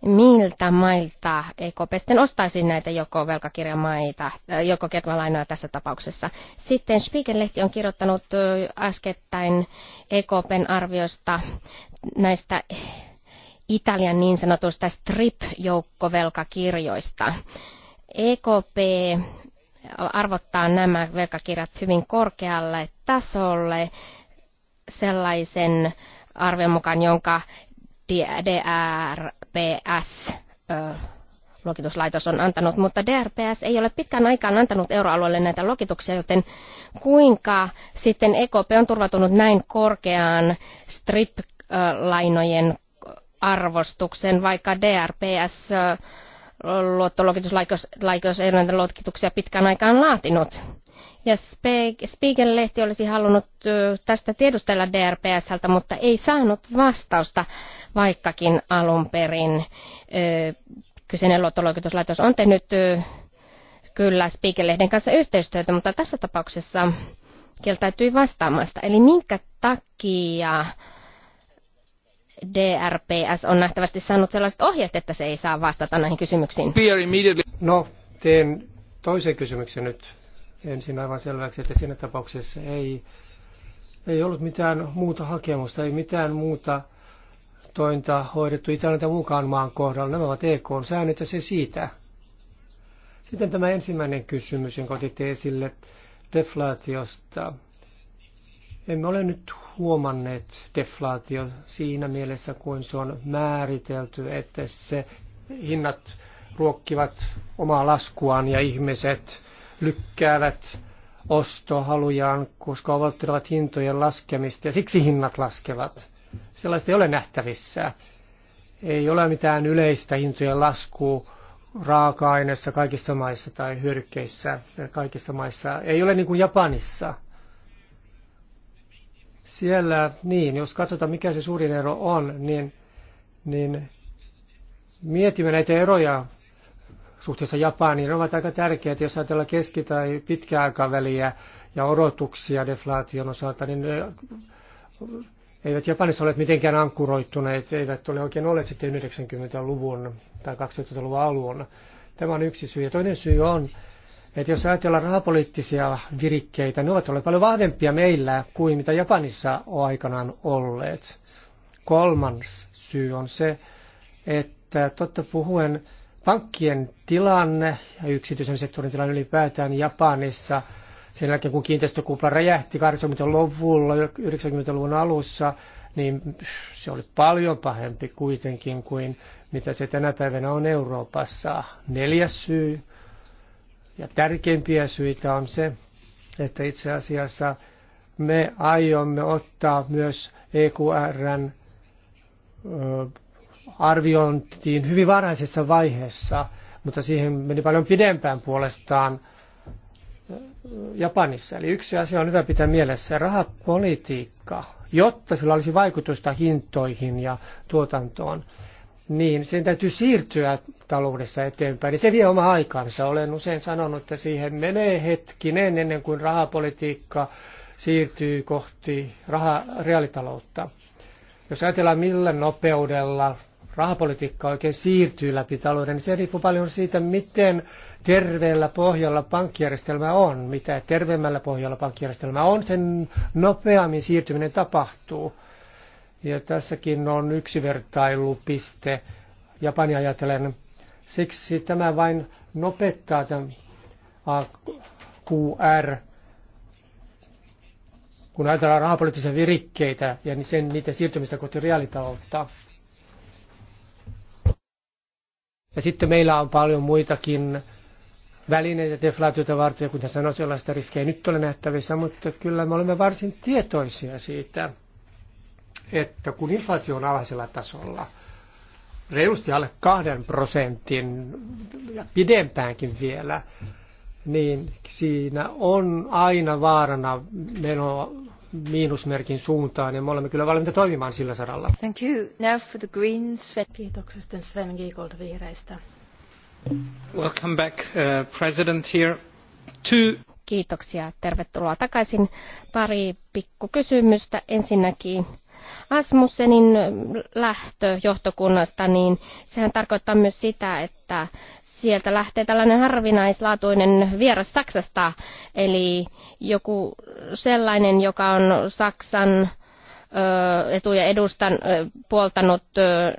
miltä mailta EKP sitten ostaisi näitä joukkovelkakirjamaita, joukkokertalainoja tässä tapauksessa. Sitten Spiegel-lehti on kirjoittanut äskettäin EKPn arviosta näistä Italian niin sanotusta STRIP-joukkovelkakirjoista. EKP arvottaa nämä velkakirjat hyvin korkealle tasolle sellaisen arvion mukaan, jonka DRPS luokituslaitos on antanut, mutta DRPS ei ole pitkään aikaan antanut euroalueelle näitä luokituksia, joten kuinka sitten EKP on turvatunut näin korkeaan strip-lainojen arvostuksen, vaikka DRPS luottoluokituslaitos ei näitä luokituksia pitkään aikaan laatinut. Ja Spiegel-lehti olisi halunnut tästä tiedustella DRPSltä, mutta ei saanut vastausta, vaikkakin alun perin kyseinen luottoluokituslaitos on tehnyt kyllä Spiegel-lehden kanssa yhteistyötä, mutta tässä tapauksessa kieltäytyi vastaamasta. Eli minkä takia DRPS on nähtävästi saanut sellaiset ohjeet, että se ei saa vastata näihin kysymyksiin. No, teen toisen kysymyksen nyt ensin aivan selväksi, että siinä tapauksessa ei, ei ollut mitään muuta hakemusta, ei mitään muuta tointa hoidettu Italian tai mukaan maan kohdalla. Nämä ovat EK-säännöt ja se siitä. Sitten tämä ensimmäinen kysymys, jonka otitte esille deflaatiosta. Emme ole nyt huomanneet deflaatio siinä mielessä, kuin se on määritelty, että se hinnat ruokkivat omaa laskuaan ja ihmiset lykkäävät ostohalujaan, koska odottelevat hintojen laskemista ja siksi hinnat laskevat. Sellaista ei ole nähtävissä. Ei ole mitään yleistä hintojen laskua raaka-aineissa kaikissa maissa tai hyödykkeissä kaikissa maissa. Ei ole niin kuin Japanissa – siellä, niin, jos katsotaan mikä se suurin ero on, niin, niin mietimme näitä eroja suhteessa Japaniin. Ne ovat aika tärkeitä, jos ajatellaan keski- tai pitkäaikaväliä ja odotuksia deflaation osalta, niin ne eh, eivät Japanissa ole mitenkään ankkuroittuneet, eivät ole oikein olleet sitten 90-luvun tai 2000-luvun alun. Tämä on yksi syy. Ja toinen syy on, että jos ajatellaan rahapoliittisia virikkeitä, ne ovat olleet paljon vahvempia meillä kuin mitä Japanissa on aikanaan olleet. Kolmas syy on se, että totta puhuen pankkien tilanne ja yksityisen sektorin tilanne ylipäätään Japanissa sen jälkeen kun kiinteistökupla räjähti 80-luvulla, 90-luvun alussa, niin se oli paljon pahempi kuitenkin kuin mitä se tänä päivänä on Euroopassa. Neljäs syy ja tärkeimpiä syitä on se, että itse asiassa me aiomme ottaa myös EQRn arviointiin hyvin varhaisessa vaiheessa, mutta siihen meni paljon pidempään puolestaan Japanissa. Eli yksi asia on hyvä pitää mielessä, rahapolitiikka, jotta sillä olisi vaikutusta hintoihin ja tuotantoon, niin sen täytyy siirtyä taloudessa eteenpäin, niin se vie oma aikansa. Olen usein sanonut, että siihen menee hetkinen ennen kuin rahapolitiikka siirtyy kohti raha, reaalitaloutta. Jos ajatellaan millä nopeudella rahapolitiikka oikein siirtyy läpi talouden, niin se riippuu paljon siitä, miten terveellä pohjalla pankkijärjestelmä on. Mitä terveemmällä pohjalla pankkijärjestelmä on, sen nopeammin siirtyminen tapahtuu. Ja tässäkin on yksi vertailupiste. Japani ajatellen Siksi tämä vain nopeuttaa tämä QR, kun ajatellaan rahapoliittisia virikkeitä ja sen, niiden siirtymistä kohti reaalitaloutta. Ja sitten meillä on paljon muitakin välineitä deflaatiota varten, ja kuten sanoin, sellaista riskejä nyt ole nähtävissä, mutta kyllä me olemme varsin tietoisia siitä, että kun inflaatio on alhaisella tasolla – reilusti alle kahden prosentin ja pidempäänkin vielä, niin siinä on aina vaarana meno miinusmerkin suuntaan ja me olemme kyllä valmiita toimimaan sillä saralla. Thank you. Now for the green Sven. Kiitoksia sitten Sven Giegold vihreistä. Welcome back, uh, President here. Two... Kiitoksia. Tervetuloa takaisin. Pari pikkukysymystä. Ensinnäkin Asmussenin lähtö johtokunnasta, niin sehän tarkoittaa myös sitä, että sieltä lähtee tällainen harvinaislaatuinen vieras Saksasta, eli joku sellainen, joka on Saksan etuja edustan, puoltanut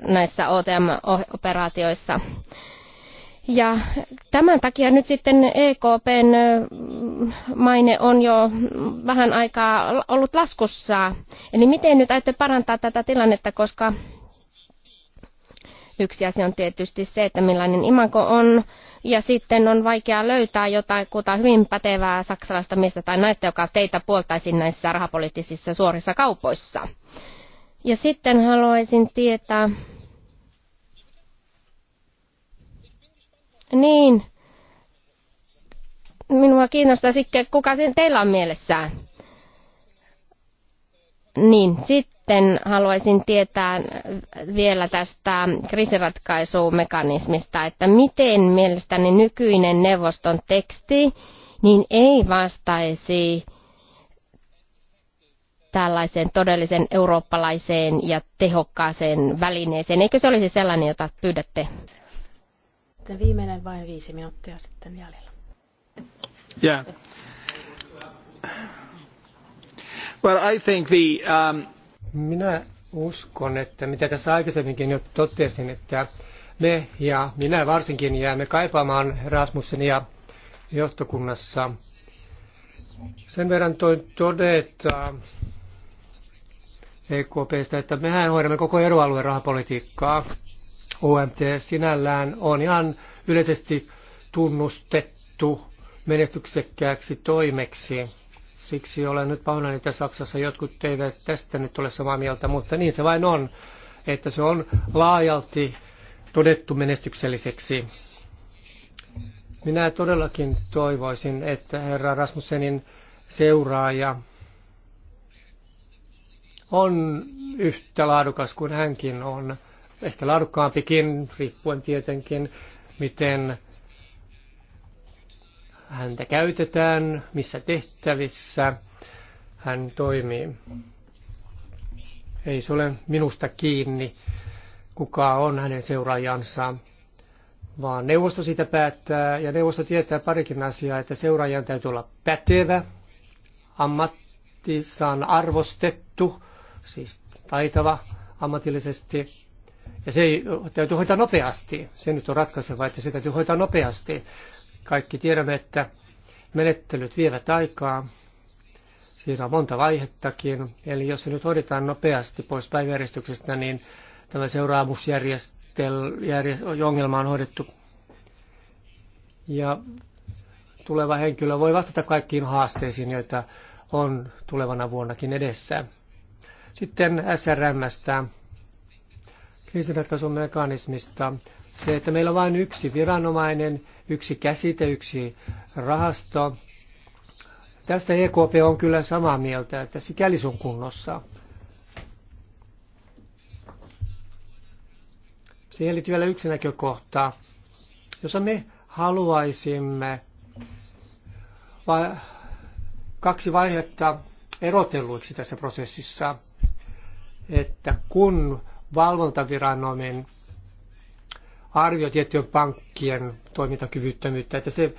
näissä OTM-operaatioissa. Ja tämän takia nyt sitten EKPn maine on jo vähän aikaa ollut laskussa. Eli miten nyt aiotte parantaa tätä tilannetta, koska yksi asia on tietysti se, että millainen imanko on, ja sitten on vaikea löytää jotain kuta hyvin pätevää saksalaista miestä tai naista, joka teitä puoltaisi näissä rahapoliittisissa suorissa kaupoissa. Ja sitten haluaisin tietää, Niin, minua kiinnostaa sitten, kuka sen teillä on mielessään. Niin, sitten haluaisin tietää vielä tästä kriisiratkaisumekanismista, että miten mielestäni nykyinen neuvoston teksti niin ei vastaisi tällaiseen todellisen eurooppalaiseen ja tehokkaaseen välineeseen. Eikö se olisi sellainen, jota pyydätte? Sitten viimeinen vain viisi minuuttia sitten jäljellä. Yeah. Well, I think the, um... Minä uskon, että mitä tässä aikaisemminkin jo totesin, että me ja minä varsinkin jäämme kaipaamaan ja johtokunnassa. Sen verran toin todeta EKPstä, että mehän hoidamme koko euroalueen rahapolitiikkaa OMT sinällään on ihan yleisesti tunnustettu menestyksekkääksi toimeksi. Siksi olen nyt pahoillani, että Saksassa jotkut eivät tästä nyt ole samaa mieltä, mutta niin se vain on, että se on laajalti todettu menestykselliseksi. Minä todellakin toivoisin, että herra Rasmussenin seuraaja on yhtä laadukas kuin hänkin on ehkä laadukkaampikin, riippuen tietenkin, miten häntä käytetään, missä tehtävissä hän toimii. Ei se ole minusta kiinni, kuka on hänen seuraajansa, vaan neuvosto siitä päättää, ja neuvosto tietää parikin asiaa, että seuraajan täytyy olla pätevä, ammattissaan arvostettu, siis taitava ammatillisesti, ja se täytyy hoitaa nopeasti. Se nyt on ratkaiseva, että se täytyy hoitaa nopeasti. Kaikki tiedämme, että menettelyt vievät aikaa. Siinä on monta vaihettakin. Eli jos se nyt hoidetaan nopeasti pois päiväjärjestyksestä, niin tämä seuraamusjärjestelmä on hoidettu. Ja tuleva henkilö voi vastata kaikkiin haasteisiin, joita on tulevana vuonnakin edessä. Sitten SRMstä mekanismista. Se, että meillä on vain yksi viranomainen, yksi käsite, yksi rahasto. Tästä EKP on kyllä samaa mieltä, että sikäli sun kunnossa. Siihen liittyy vielä yksi näkökohta. Jos me haluaisimme kaksi vaihetta erotelluiksi tässä prosessissa, että kun valvontaviranomainen arvio tiettyjen pankkien toimintakyvyttömyyttä, että se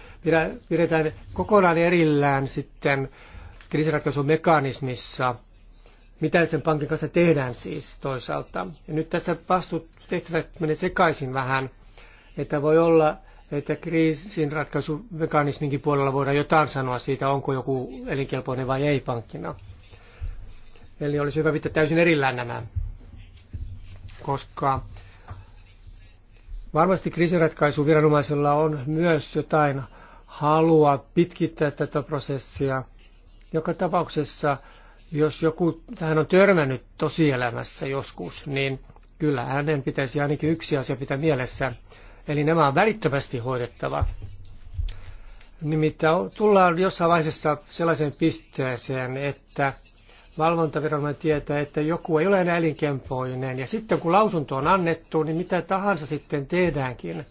pidetään kokonaan erillään sitten kriisiratkaisumekanismissa, mitä sen pankin kanssa tehdään siis toisaalta. Ja nyt tässä vastuut tehtävät menee sekaisin vähän, että voi olla, että kriisinratkaisumekanisminkin puolella voidaan jotain sanoa siitä, onko joku elinkelpoinen vai ei pankkina. Eli olisi hyvä pitää täysin erillään nämä koska varmasti kriisinratkaisuviranomaisella on myös jotain halua pitkittää tätä prosessia. Joka tapauksessa, jos joku tähän on törmännyt tosielämässä joskus, niin kyllä hänen pitäisi ainakin yksi asia pitää mielessä. Eli nämä on välittömästi hoidettava. Nimittäin tullaan jossain vaiheessa sellaiseen pisteeseen, että valvontaviranomainen tietää, että joku ei ole enää elinkempoinen. Ja sitten kun lausunto on annettu, niin mitä tahansa sitten tehdäänkin,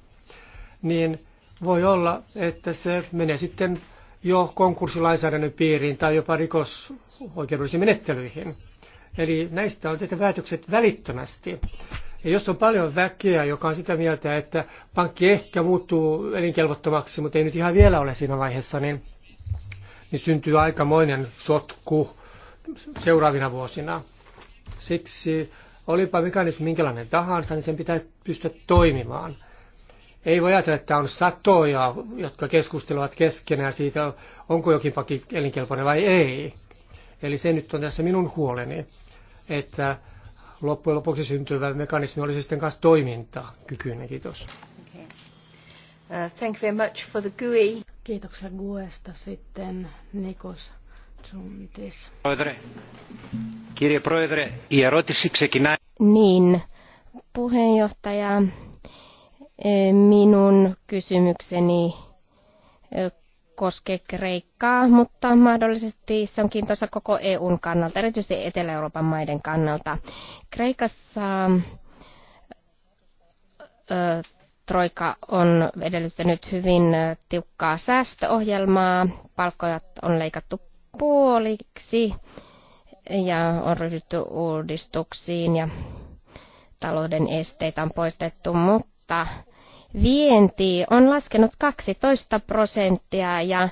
niin voi olla, että se menee sitten jo konkurssilainsäädännön piiriin tai jopa rikosoikeudellisiin menettelyihin. Eli näistä on tehty päätökset välittömästi. Ja jos on paljon väkeä, joka on sitä mieltä, että pankki ehkä muuttuu elinkelvottomaksi, mutta ei nyt ihan vielä ole siinä vaiheessa, niin, niin syntyy aikamoinen sotku seuraavina vuosina. Siksi olipa nyt minkälainen tahansa, niin sen pitää pystyä toimimaan. Ei voi ajatella, että on satoja, jotka keskustelevat keskenään siitä, onko jokin pakki elinkelpoinen vai ei. Eli se nyt on tässä minun huoleni, että loppujen lopuksi syntyvä mekanismi olisi sitten kanssa toimintakykyinen. Kiitos. Okay. Uh, thank you very much for the GUI. Kiitoksia GUEsta sitten, Nikos. Niin, puheenjohtaja, minun kysymykseni koskee Kreikkaa, mutta mahdollisesti se on kiintoisa koko EUn kannalta, erityisesti Etelä-Euroopan maiden kannalta. Kreikassa ö, Troika on edellyttänyt hyvin tiukkaa säästöohjelmaa, palkkoja on leikattu puoliksi ja on ryhdytty uudistuksiin ja talouden esteitä on poistettu, mutta vienti on laskenut 12 prosenttia ja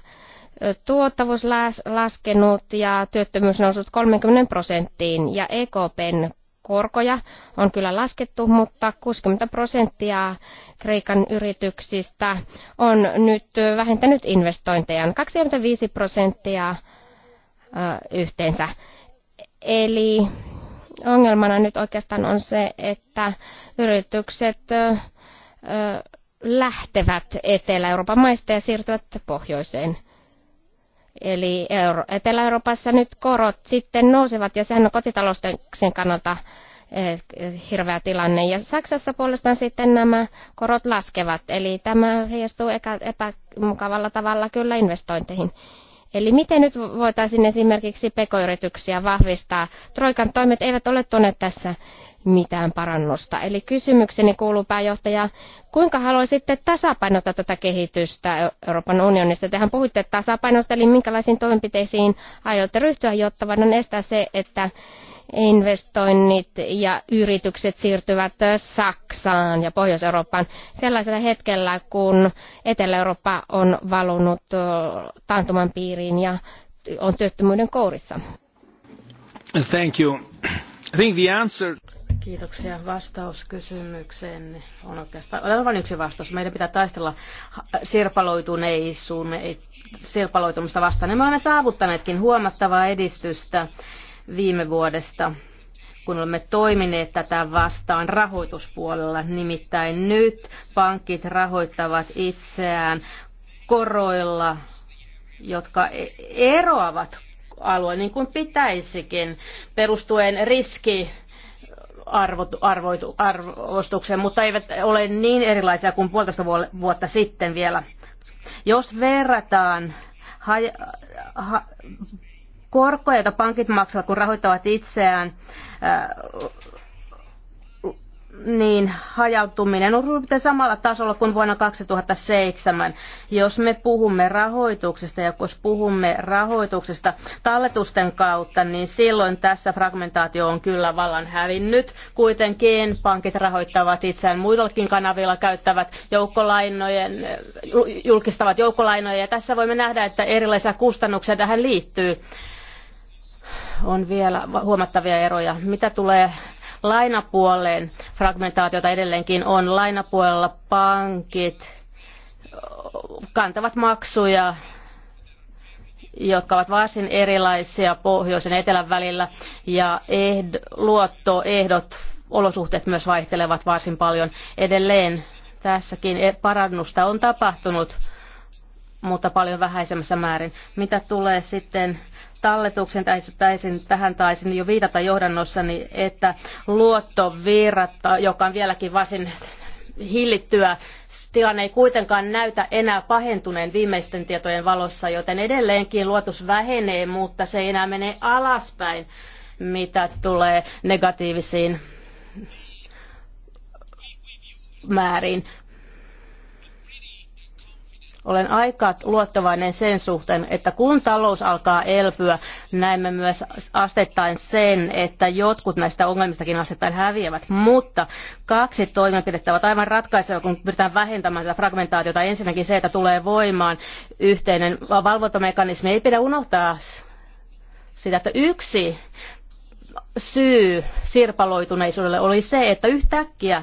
tuottavuus laskenut ja työttömyys noussut 30 prosenttiin ja EKPn korkoja on kyllä laskettu, mutta 60 prosenttia Kreikan yrityksistä on nyt vähentänyt investointejaan. 25 prosenttia yhteensä. Eli ongelmana nyt oikeastaan on se, että yritykset lähtevät Etelä-Euroopan maista ja siirtyvät pohjoiseen. Eli Euro- Etelä-Euroopassa nyt korot sitten nousevat ja sehän on kotitalousten kannalta hirveä tilanne. Ja Saksassa puolestaan sitten nämä korot laskevat, eli tämä heijastuu epämukavalla tavalla kyllä investointeihin. Eli miten nyt voitaisiin esimerkiksi pekoyrityksiä vahvistaa? Troikan toimet eivät ole tuoneet tässä mitään parannusta. Eli kysymykseni kuuluu pääjohtaja, kuinka haluaisitte tasapainottaa tätä kehitystä Euroopan unionista? Tehän puhuitte tasapainosta, eli minkälaisiin toimenpiteisiin aiotte ryhtyä, jotta voidaan estää se, että investoinnit ja yritykset siirtyvät Saksaan ja Pohjois-Eurooppaan sellaisella hetkellä, kun Etelä-Eurooppa on valunut taantuman piiriin ja on työttömyyden kourissa? Thank you. I think the answer... Kiitoksia. Vastaus kysymykseen on oikeastaan, on vain yksi vastaus. Meidän pitää taistella sirpaloituneisuun, sirpaloitumista vastaan. Me olemme saavuttaneetkin huomattavaa edistystä viime vuodesta, kun olemme toimineet tätä vastaan rahoituspuolella. Nimittäin nyt pankit rahoittavat itseään koroilla, jotka e- eroavat alueen niin kuin pitäisikin, perustuen riski arvostukseen, mutta eivät ole niin erilaisia kuin puolitoista vuotta sitten vielä. Jos verrataan korkoja, joita pankit maksavat, kun rahoittavat itseään, äh, niin hajautuminen on suurin samalla tasolla kuin vuonna 2007. Jos me puhumme rahoituksesta ja jos puhumme rahoituksesta talletusten kautta, niin silloin tässä fragmentaatio on kyllä vallan hävinnyt. Kuitenkin pankit rahoittavat itseään muillakin kanavilla, käyttävät joukkolainojen, äh, julkistavat joukkolainoja ja tässä voimme nähdä, että erilaisia kustannuksia tähän liittyy on vielä huomattavia eroja. Mitä tulee lainapuoleen, fragmentaatiota edelleenkin on. Lainapuolella pankit kantavat maksuja jotka ovat varsin erilaisia pohjoisen ja etelän välillä ja ehd, luottoehdot, olosuhteet myös vaihtelevat varsin paljon. Edelleen tässäkin e- parannusta on tapahtunut, mutta paljon vähäisemmässä määrin. Mitä tulee sitten talletuksen taisin, tähän taisin jo viitata johdannossani, että luottovirrat, joka on vieläkin varsin hillittyä. Tilanne ei kuitenkaan näytä enää pahentuneen viimeisten tietojen valossa, joten edelleenkin luotus vähenee, mutta se ei enää mene alaspäin, mitä tulee negatiivisiin määrin. Olen aika luottavainen sen suhteen, että kun talous alkaa elpyä, näemme myös asteittain sen, että jotkut näistä ongelmistakin asteittain häviävät. Mutta kaksi toimenpidettä ovat aivan ratkaisevia, kun pyritään vähentämään tätä fragmentaatiota. Ensinnäkin se, että tulee voimaan yhteinen valvontamekanismi. Ei pidä unohtaa sitä, että yksi syy sirpaloituneisuudelle oli se, että yhtäkkiä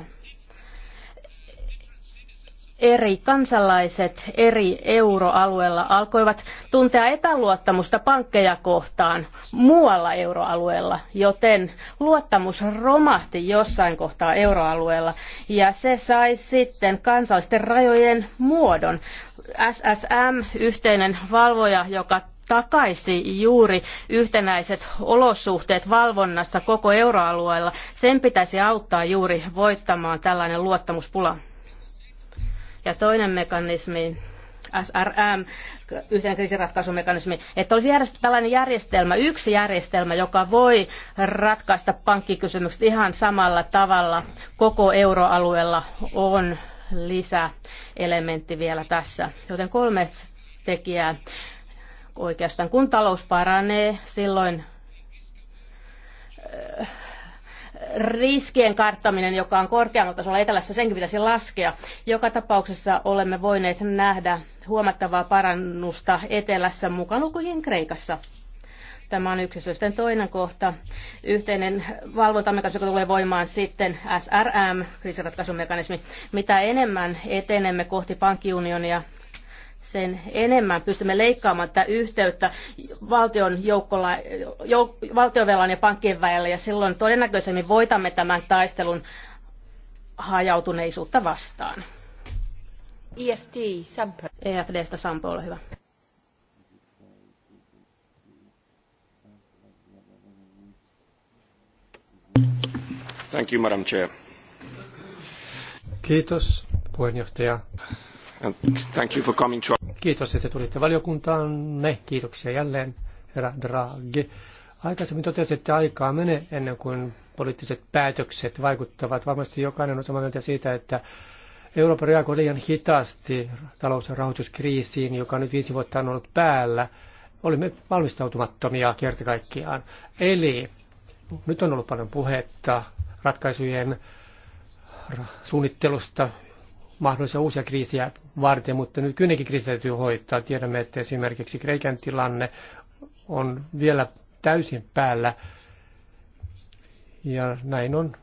eri kansalaiset eri euroalueella alkoivat tuntea epäluottamusta pankkeja kohtaan muualla euroalueella, joten luottamus romahti jossain kohtaa euroalueella ja se sai sitten kansallisten rajojen muodon. SSM, yhteinen valvoja, joka takaisi juuri yhtenäiset olosuhteet valvonnassa koko euroalueella, sen pitäisi auttaa juuri voittamaan tällainen luottamuspula. Ja toinen mekanismi, SRM, yhteinen kriisiratkaisumekanismi, että olisi järjest- tällainen järjestelmä, yksi järjestelmä, joka voi ratkaista pankkikysymykset ihan samalla tavalla koko euroalueella on lisäelementti vielä tässä. Joten kolme tekijää oikeastaan. Kun talous paranee, silloin riskien karttaminen, joka on korkeammalla tasolla etelässä, senkin pitäisi laskea. Joka tapauksessa olemme voineet nähdä huomattavaa parannusta etelässä mukaan lukujen Kreikassa. Tämä on yksi syy. toinen kohta, yhteinen valvontamekanismi, joka tulee voimaan sitten SRM, kriisiratkaisumekanismi. Mitä enemmän etenemme kohti pankkiunionia, sen enemmän pystymme leikkaamaan tätä yhteyttä valtion, joukkola, jouk, valtiovelan ja pankkien välillä, ja silloin todennäköisemmin voitamme tämän taistelun hajautuneisuutta vastaan. EFD, Sampo. EFDstä Sampo, ole hyvä. Thank you, Madam Chair. Kiitos, puheenjohtaja thank you for coming to... Kiitos, että tulitte valiokuntaan valiokuntaanne. Kiitoksia jälleen, herra Draghi. Aikaisemmin totesit, että aikaa menee ennen kuin poliittiset päätökset vaikuttavat. Varmasti jokainen on samaa mieltä siitä, että Eurooppa reagoi liian hitaasti talous- ja rahoituskriisiin, joka nyt viisi vuotta on ollut päällä. Olimme valmistautumattomia kerta kaikkiaan. Eli nyt on ollut paljon puhetta ratkaisujen suunnittelusta mahdollisia uusia kriisiä varten, mutta nyt kylläkin kriisi täytyy hoitaa. Tiedämme, että esimerkiksi Kreikan tilanne on vielä täysin päällä ja näin on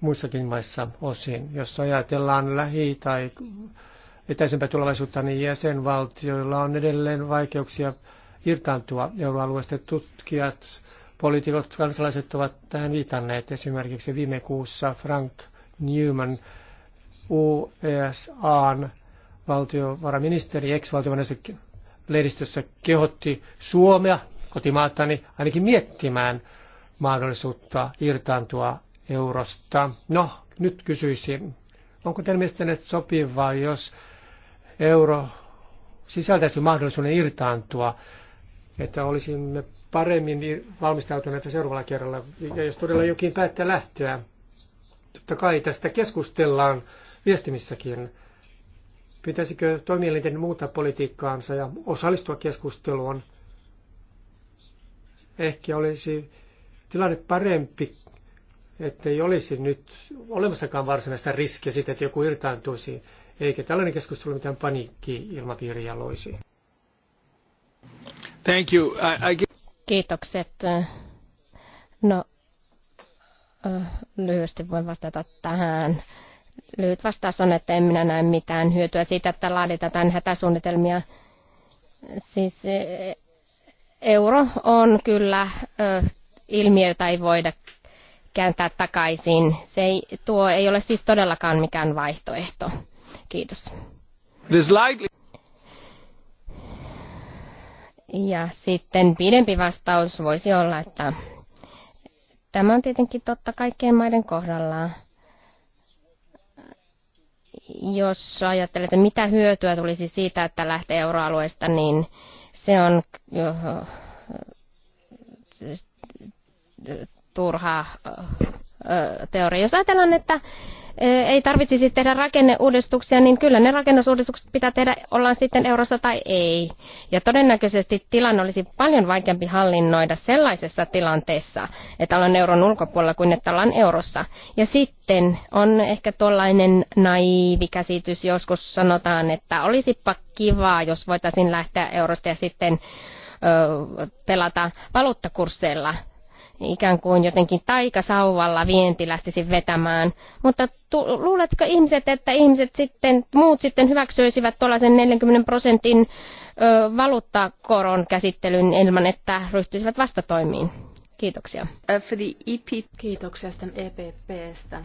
muissakin maissa osin. Jos ajatellaan lähi- tai etäisempää tulevaisuutta, niin jäsenvaltioilla on edelleen vaikeuksia irtaantua euroalueesta. Tutkijat, poliitikot, kansalaiset ovat tähän viitanneet. Esimerkiksi viime kuussa Frank Newman USAn e valtiovarainministeri, ex-valtiovarainministeri lehdistössä kehotti Suomea, kotimaatani, ainakin miettimään mahdollisuutta irtaantua eurosta. No, nyt kysyisin, onko teidän mielestänne sopivaa, jos euro sisältäisi mahdollisuuden irtaantua, että olisimme paremmin valmistautuneita seuraavalla kerralla, ja jos todella jokin päättää lähteä. Totta kai tästä keskustellaan viestimissäkin. Pitäisikö toimielinten muuttaa politiikkaansa ja osallistua keskusteluun? Ehkä olisi tilanne parempi, ettei olisi nyt olemassakaan varsinaista riskiä siitä, että joku irtaantuisi, eikä tällainen keskustelu mitään paniikki-ilmapiiriä loisi. Thank you. I, I... Kiitokset. No, lyhyesti voin vastata tähän. Lyhyt vastaus on, että en minä näe mitään hyötyä siitä, että laaditaan hätäsuunnitelmia. Siis e, euro on kyllä ilmiö, jota ei voida kääntää takaisin. Se ei, tuo ei ole siis todellakaan mikään vaihtoehto. Kiitos. Ja sitten pidempi vastaus voisi olla, että tämä on tietenkin totta kaikkien maiden kohdalla jos ajattelet, että mitä hyötyä tulisi siitä, että lähtee euroalueesta, niin se on äh, äh, turha äh, teoria. Jos ajatellaan, että ei tarvitsisi tehdä rakenneuudistuksia, niin kyllä ne rakennusuudistukset pitää tehdä, ollaan sitten eurossa tai ei. Ja todennäköisesti tilanne olisi paljon vaikeampi hallinnoida sellaisessa tilanteessa, että ollaan euron ulkopuolella kuin että ollaan eurossa. Ja sitten on ehkä tuollainen naivi käsitys, joskus sanotaan, että olisipa kivaa, jos voitaisiin lähteä eurosta ja sitten ö, pelata valuuttakursseilla ikään kuin jotenkin taikasauvalla vienti lähtisi vetämään. Mutta tu- luuletko ihmiset, että ihmiset sitten, muut sitten hyväksyisivät tuollaisen 40 prosentin ö, valuuttakoron käsittelyn ilman, että ryhtyisivät vastatoimiin? Kiitoksia. For the EP. Kiitoksia sitten EPPstä.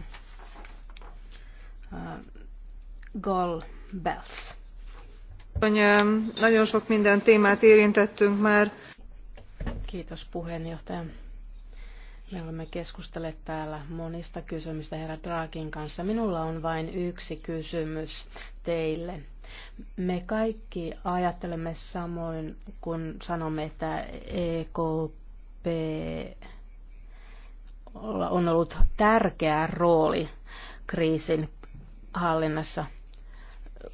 Uh, Gol Bells. Nagyon sok minden témát érintettünk már. Kiitos puheenjohtaja. Me olemme keskustelleet täällä monista kysymistä herra Draakin kanssa. Minulla on vain yksi kysymys teille. Me kaikki ajattelemme samoin, kun sanomme, että EKP on ollut tärkeä rooli kriisin hallinnassa.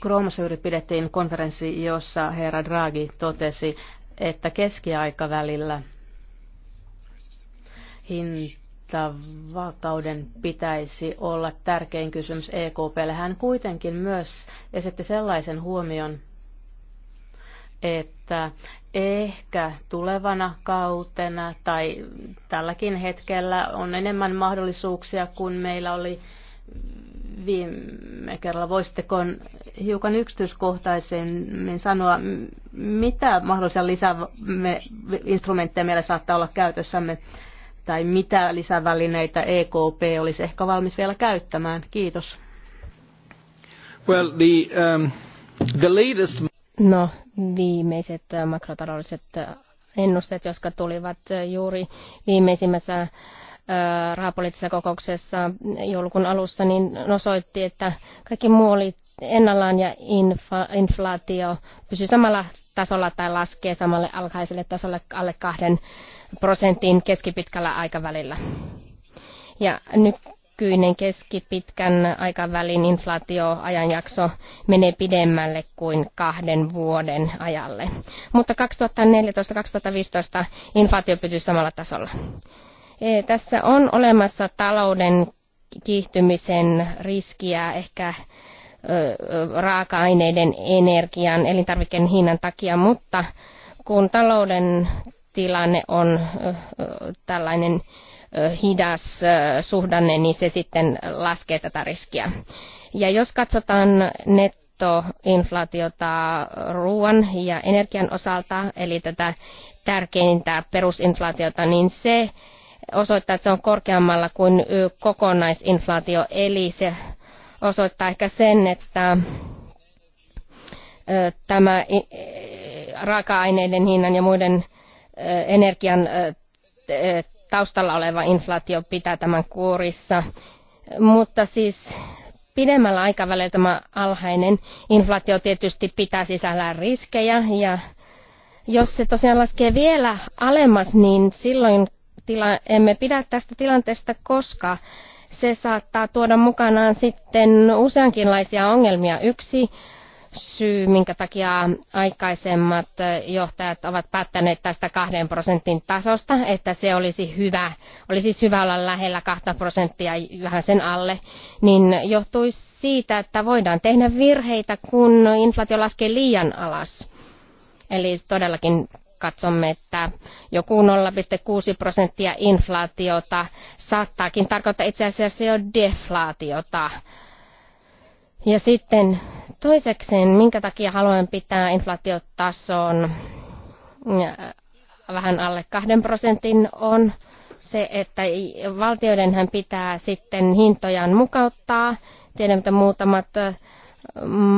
Kroomassa juuri pidettiin konferenssi, jossa herra Draghi totesi, että keskiaikavälillä – hintavakauden pitäisi olla tärkein kysymys EKPlle. Hän kuitenkin myös esitti sellaisen huomion, että ehkä tulevana kautena tai tälläkin hetkellä on enemmän mahdollisuuksia kuin meillä oli viime kerralla. Voisitteko hiukan yksityiskohtaisemmin sanoa, mitä mahdollisia lisäinstrumentteja meillä saattaa olla käytössämme tai mitä lisävälineitä EKP olisi ehkä valmis vielä käyttämään? Kiitos. Well, the, um, the latest... No, viimeiset äh, makrotaloudelliset äh, ennusteet, jotka tulivat äh, juuri viimeisimmässä rahapoliittisessa kokouksessa joulukuun alussa, niin osoitti, että kaikki muu oli ennallaan ja infa, inflaatio pysyy samalla tasolla tai laskee samalle alhaiselle tasolle alle kahden prosenttiin keskipitkällä aikavälillä. Ja nykyinen keskipitkän aikavälin inflaatioajanjakso menee pidemmälle kuin kahden vuoden ajalle. Mutta 2014-2015 inflaatio pysyy samalla tasolla. E, tässä on olemassa talouden kiihtymisen riskiä ehkä raaka-aineiden, energian, elintarvikkeen hinnan takia, mutta kun talouden tilanne on tällainen hidas suhdanne, niin se sitten laskee tätä riskiä. Ja jos katsotaan nettoinflaatiota ruoan ja energian osalta, eli tätä tärkeintä perusinflaatiota, niin se osoittaa, että se on korkeammalla kuin kokonaisinflaatio, eli se osoittaa ehkä sen, että tämä raaka-aineiden hinnan ja muiden energian taustalla oleva inflaatio pitää tämän kuorissa, Mutta siis pidemmällä aikavälillä tämä alhainen inflaatio tietysti pitää sisällään riskejä ja jos se tosiaan laskee vielä alemmas, niin silloin tila, emme pidä tästä tilanteesta, koska se saattaa tuoda mukanaan sitten useankinlaisia ongelmia. Yksi syy, minkä takia aikaisemmat johtajat ovat päättäneet tästä kahden prosentin tasosta, että se olisi hyvä, olisi siis hyvä olla lähellä kahta prosenttia vähän sen alle, niin johtuisi siitä, että voidaan tehdä virheitä, kun inflaatio laskee liian alas. Eli todellakin katsomme, että joku 0,6 prosenttia inflaatiota saattaakin tarkoittaa itse asiassa jo deflaatiota ja sitten toisekseen, minkä takia haluan pitää inflaatiotason äh, vähän alle kahden prosentin on se, että valtioidenhän pitää sitten hintojaan mukauttaa. Tiedän, että muutamat äh,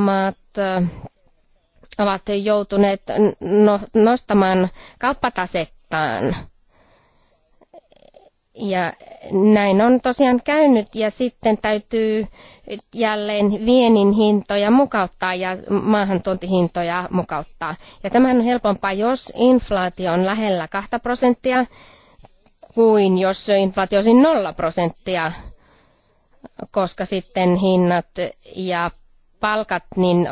maat äh, ovat joutuneet no, nostamaan kauppatasettaan ja näin on tosiaan käynyt ja sitten täytyy jälleen vienin hintoja mukauttaa ja maahantuontihintoja mukauttaa. Ja tämä on helpompaa, jos inflaatio on lähellä 2 prosenttia kuin jos inflaatio olisi 0 prosenttia, koska sitten hinnat ja palkat, niin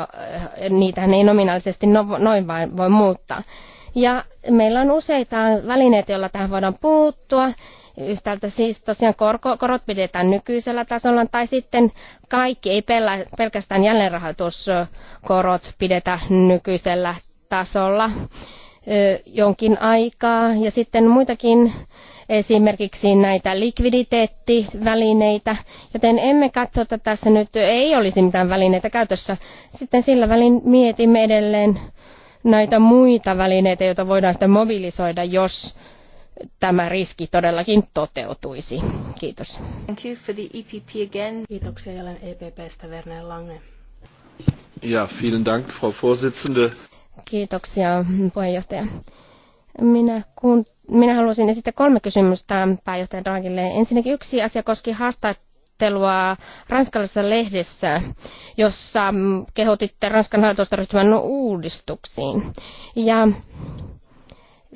niitähän ei nominaalisesti no, noin vain voi muuttaa. Ja meillä on useita välineitä, joilla tähän voidaan puuttua Yhtäältä siis tosiaan korko, korot pidetään nykyisellä tasolla tai sitten kaikki, ei pellä, pelkästään jälleenrahoituskorot pidetä nykyisellä tasolla jonkin aikaa ja sitten muitakin esimerkiksi näitä likviditeettivälineitä, joten emme katso, että tässä nyt ei olisi mitään välineitä käytössä. Sitten sillä välin mietimme edelleen näitä muita välineitä, joita voidaan sitten mobilisoida, jos tämä riski todellakin toteutuisi. Kiitos. Thank you for the EPP again. Kiitoksia jälleen EPPstä Werner Lange. Ja, vielen Dank, Frau Vorsitzende. Kiitoksia, puheenjohtaja. Minä, kun, minä haluaisin esittää kolme kysymystä pääjohtajan Dragille. Ensinnäkin yksi asia koski haastattelua ranskalaisessa lehdessä, jossa kehotitte Ranskan hallitusta ryhtymään uudistuksiin. Ja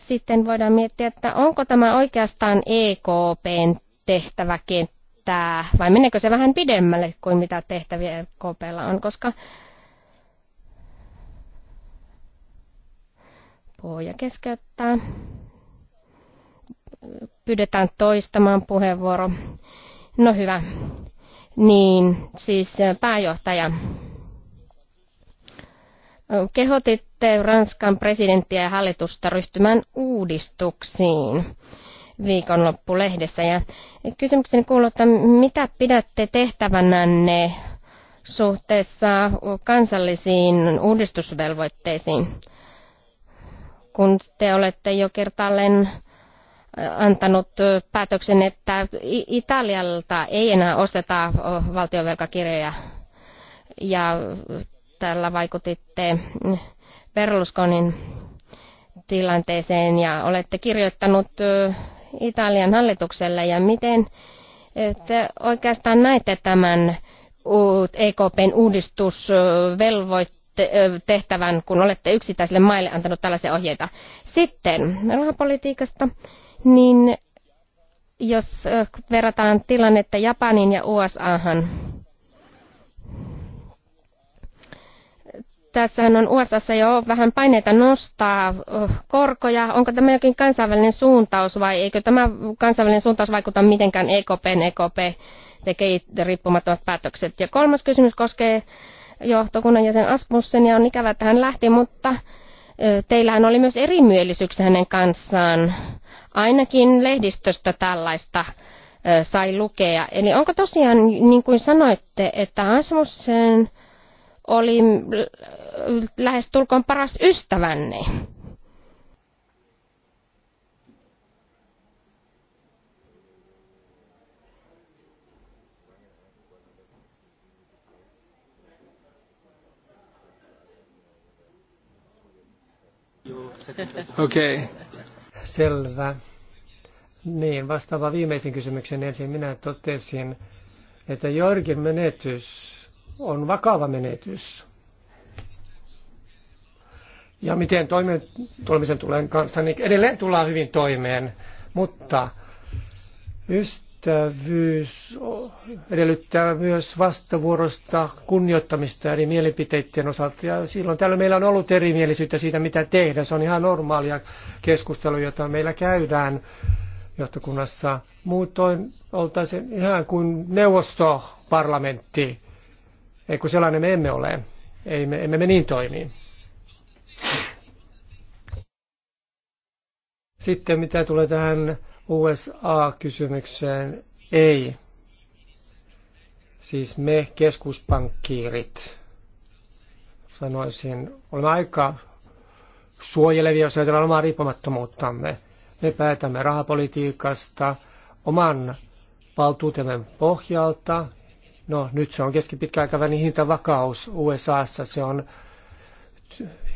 sitten voidaan miettiä, että onko tämä oikeastaan EKPn tehtäväkenttää vai meneekö se vähän pidemmälle kuin mitä tehtäviä EKPlla on, koska pohja keskeyttää. Pyydetään toistamaan puheenvuoro. No hyvä. Niin, siis pääjohtaja. Kehotit sitten Ranskan presidenttiä ja hallitusta ryhtymään uudistuksiin viikonloppulehdessä. Ja kysymykseni kuuluu, että mitä pidätte tehtävänänne suhteessa kansallisiin uudistusvelvoitteisiin, kun te olette jo kertaalleen antanut päätöksen, että Italialta ei enää osteta valtionvelkakirjoja ja tällä vaikutitte Berlusconin tilanteeseen ja olette kirjoittanut Italian hallitukselle ja miten te oikeastaan näette tämän EKPn uudistusvelvoitetehtävän, kun olette yksittäisille maille antanut tällaisia ohjeita. Sitten rahapolitiikasta, niin jos verrataan tilannetta Japaniin ja USAhan, Tässähän on USA jo vähän paineita nostaa korkoja. Onko tämä jokin kansainvälinen suuntaus vai eikö tämä kansainvälinen suuntaus vaikuta mitenkään EKP? E EKP tekee riippumattomat päätökset. Ja kolmas kysymys koskee johtokunnan jäsen Asmussen ja on ikävä, että hän lähti, mutta teillähän oli myös erimielisyyksiä hänen kanssaan. Ainakin lehdistöstä tällaista sai lukea. Eli onko tosiaan, niin kuin sanoitte, että Asmussen oli lähes tulkoon paras ystävänne. Okei. Okay. Selvä. Niin, vastaava viimeisen kysymyksen ensin minä totesin, että Jorgin menetys on vakava menetys. Ja miten toimeen tulemisen tulen kanssa, niin edelleen tullaan hyvin toimeen, mutta ystävyys edellyttää myös vastavuorosta kunnioittamista eri mielipiteiden osalta. Ja silloin täällä meillä on ollut erimielisyyttä siitä, mitä tehdä. Se on ihan normaalia keskustelua, jota meillä käydään johtokunnassa. Muutoin oltaisiin ihan kuin neuvostoparlamentti. Ei kun sellainen me emme ole. Ei me, emme me niin toimi. Sitten mitä tulee tähän USA-kysymykseen, ei. Siis me keskuspankkiirit, sanoisin, olemme aika suojelevia, jos ajatellaan omaa riippumattomuuttamme. Me päätämme rahapolitiikasta oman valtuutemme pohjalta No nyt se on keskipitkän aikavälin hintavakaus USAssa, se on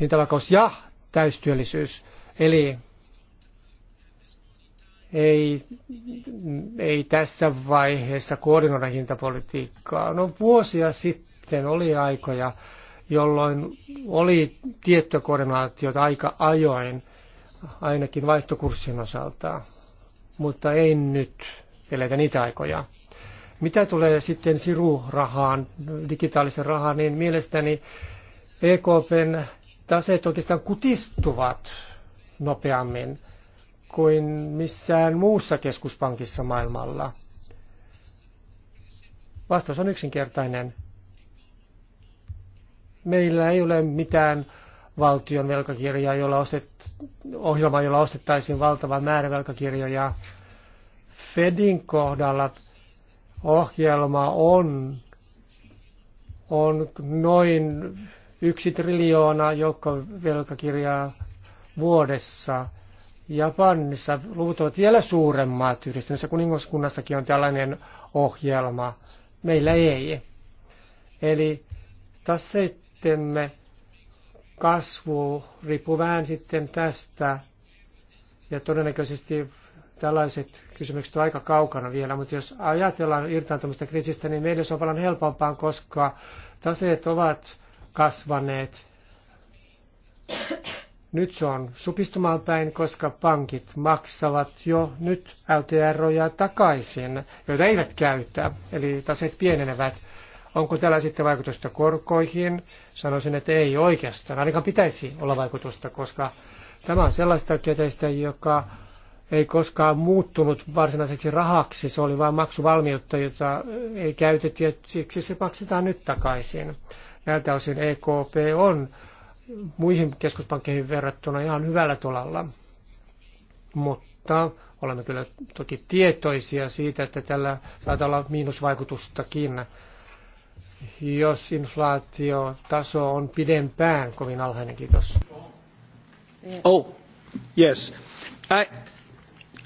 hintavakaus ja täystyöllisyys. Eli ei, ei tässä vaiheessa koordinoida hintapolitiikkaa. No vuosia sitten oli aikoja, jolloin oli tiettyä koordinaatiota aika ajoin, ainakin vaihtokurssin osalta, mutta ei nyt eletä niitä aikoja. Mitä tulee sitten sirurahaan, digitaalisen rahaan, niin mielestäni EKPn taseet oikeastaan kutistuvat nopeammin kuin missään muussa keskuspankissa maailmalla. Vastaus on yksinkertainen. Meillä ei ole mitään valtion velkakirjaa, jolla ostet, ohjelmaa, jolla ostettaisiin valtava määrä velkakirjoja. Fedin kohdalla ohjelma on, on noin yksi triljoona joukkovelkakirjaa vuodessa. Japanissa luvut ovat vielä suuremmat. Yhdistyneessä kuningaskunnassakin on tällainen ohjelma. Meillä ei. Eli tasettemme kasvu riippuu vähän sitten tästä. Ja todennäköisesti Tällaiset kysymykset ovat aika kaukana vielä, mutta jos ajatellaan irtaantumista kriisistä, niin meille se on paljon helpompaa, koska taseet ovat kasvaneet. Nyt se on supistumaan päin, koska pankit maksavat jo nyt LTRoja takaisin, joita eivät käytä, eli taseet pienenevät. Onko tällä sitten vaikutusta korkoihin? Sanoisin, että ei oikeastaan. Ainakaan pitäisi olla vaikutusta, koska tämä on sellaista käteistä, joka ei koskaan muuttunut varsinaiseksi rahaksi, se oli vain maksuvalmiutta, jota ei käytetty ja siksi se maksetaan nyt takaisin. Näiltä osin EKP on muihin keskuspankkeihin verrattuna ihan hyvällä tolalla, mutta olemme kyllä toki tietoisia siitä, että tällä saattaa olla miinusvaikutustakin, jos inflaatiotaso on pidempään kovin alhainen. Kiitos. Oh, yes. I,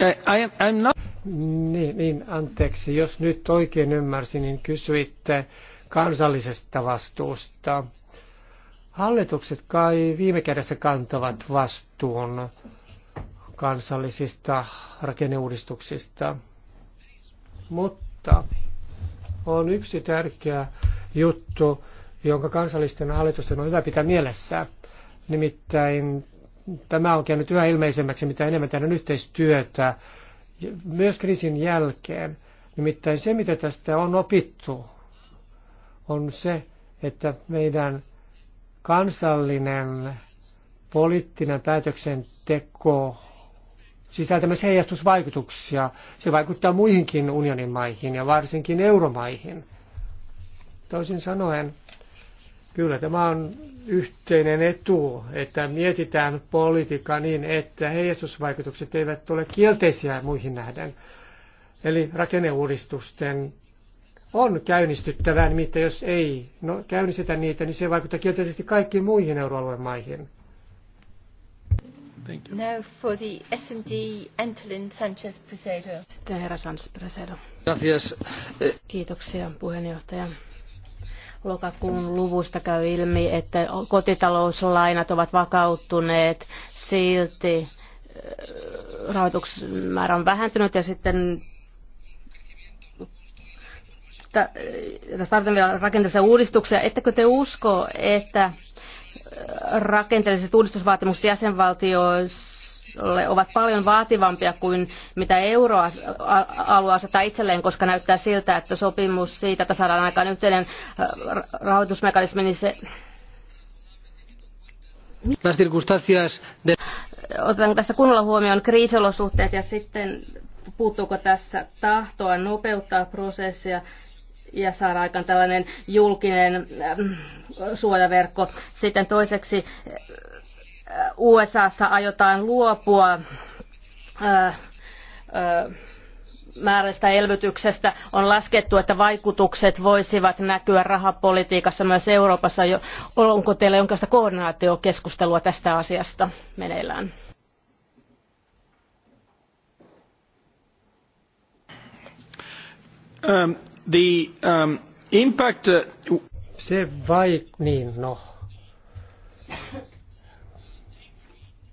I, not... Niin, niin, anteeksi. Jos nyt oikein ymmärsin, niin kysyitte kansallisesta vastuusta. Hallitukset kai viime kädessä kantavat vastuun kansallisista rakenneuudistuksista. Mutta on yksi tärkeä juttu, jonka kansallisten hallitusten on hyvä pitää mielessä. Nimittäin tämä on käynyt yhä ilmeisemmäksi, mitä enemmän tehdään yhteistyötä myös kriisin jälkeen. Nimittäin se, mitä tästä on opittu, on se, että meidän kansallinen poliittinen päätöksenteko sisältää myös heijastusvaikutuksia. Se vaikuttaa muihinkin unionin maihin ja varsinkin euromaihin. Toisin sanoen, Kyllä tämä on yhteinen etu, että mietitään politiikkaa niin, että heijastusvaikutukset eivät ole kielteisiä muihin nähden. Eli rakenneuudistusten on käynnistyttävä, mitä jos ei no, käynnistetä niitä, niin se vaikuttaa kielteisesti kaikkiin muihin euroalueen maihin. Thank you. Now for the S&D, Antolin Sanchez Presedo. Sitten herra Sanchez Presedo. Gracias. Kiitoksia puheenjohtaja. Lokakuun luvusta käy ilmi, että kotitalouslainat ovat vakauttuneet silti rahoituksen määrä on vähentynyt ja sitten tässä tarvitaan vielä rakenteellisia uudistuksia. Ettekö te usko, että rakenteelliset uudistusvaatimukset jäsenvaltioissa eurolle ovat paljon vaativampia kuin mitä euroalue asettaa itselleen, koska näyttää siltä, että sopimus siitä, että saadaan aikaan yhteinen äh, rahoitusmekanismi, niin se las circunstancias de... Otan tässä kunnolla huomioon kriisiolosuhteet ja sitten puuttuuko tässä tahtoa nopeuttaa prosessia ja saada aikaan tällainen julkinen äh, suojaverkko. Sitten toiseksi äh, USAssa aiotaan luopua määrästä elvytyksestä on laskettu, että vaikutukset voisivat näkyä rahapolitiikassa myös Euroopassa. Onko teillä jonkinlaista koordinaatiokeskustelua tästä asiasta meneillään? Um, the, um, impact... Uh, Se vai... Niin, no,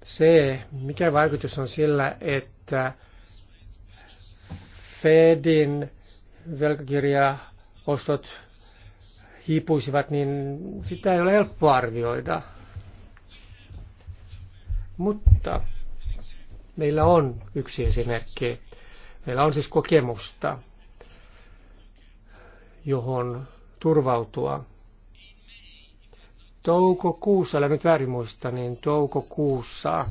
se, mikä vaikutus on sillä, että Fedin velkakirjaostot hiipuisivat, niin sitä ei ole helppo arvioida. Mutta meillä on yksi esimerkki. Meillä on siis kokemusta, johon turvautua toukokuussa, älä nyt väärin muista, niin toukokuussa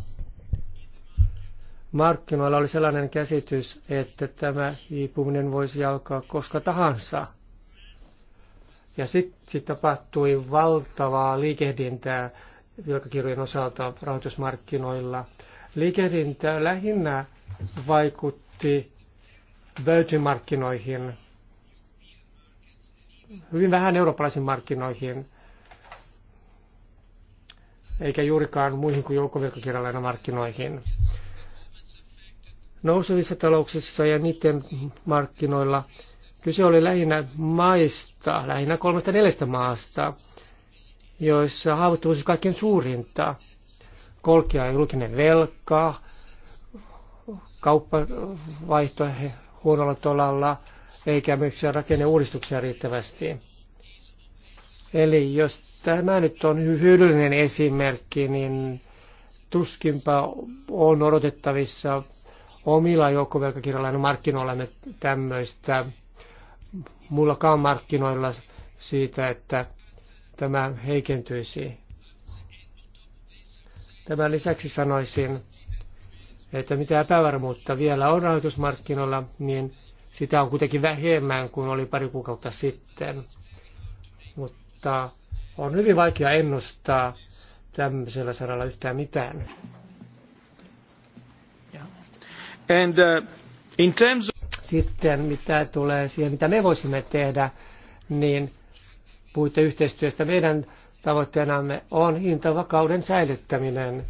markkinoilla oli sellainen käsitys, että tämä hiipuminen voisi alkaa koska tahansa. Ja sitten sit tapahtui valtavaa liikehdintää velkakirjojen osalta rahoitusmarkkinoilla. Liikehdintä lähinnä vaikutti väytymarkkinoihin, hyvin vähän eurooppalaisiin markkinoihin – eikä juurikaan muihin kuin markkinoihin. Nousevissa talouksissa ja niiden markkinoilla kyse oli lähinnä maista, lähinnä kolmesta neljästä maasta, joissa haavoittuvuus on kaikkein suurinta. ja julkinen velka, kauppavaihto huonolla tolalla, eikä myöskään uudistuksia riittävästi. Eli jos tämä nyt on hyödyllinen esimerkki, niin tuskinpa on odotettavissa omilla joukkovelkakirjalainen markkinoilla tämmöistä mullakaan markkinoilla siitä, että tämä heikentyisi. Tämän lisäksi sanoisin, että mitä epävarmuutta vielä on rahoitusmarkkinoilla, niin sitä on kuitenkin vähemmän kuin oli pari kuukautta sitten. Mutta mutta on hyvin vaikea ennustaa tämmöisellä saralla yhtään mitään. And, uh, in terms of... Sitten mitä tulee siihen, mitä me voisimme tehdä, niin puhutte yhteistyöstä. Meidän tavoitteenamme on hintavakauden säilyttäminen.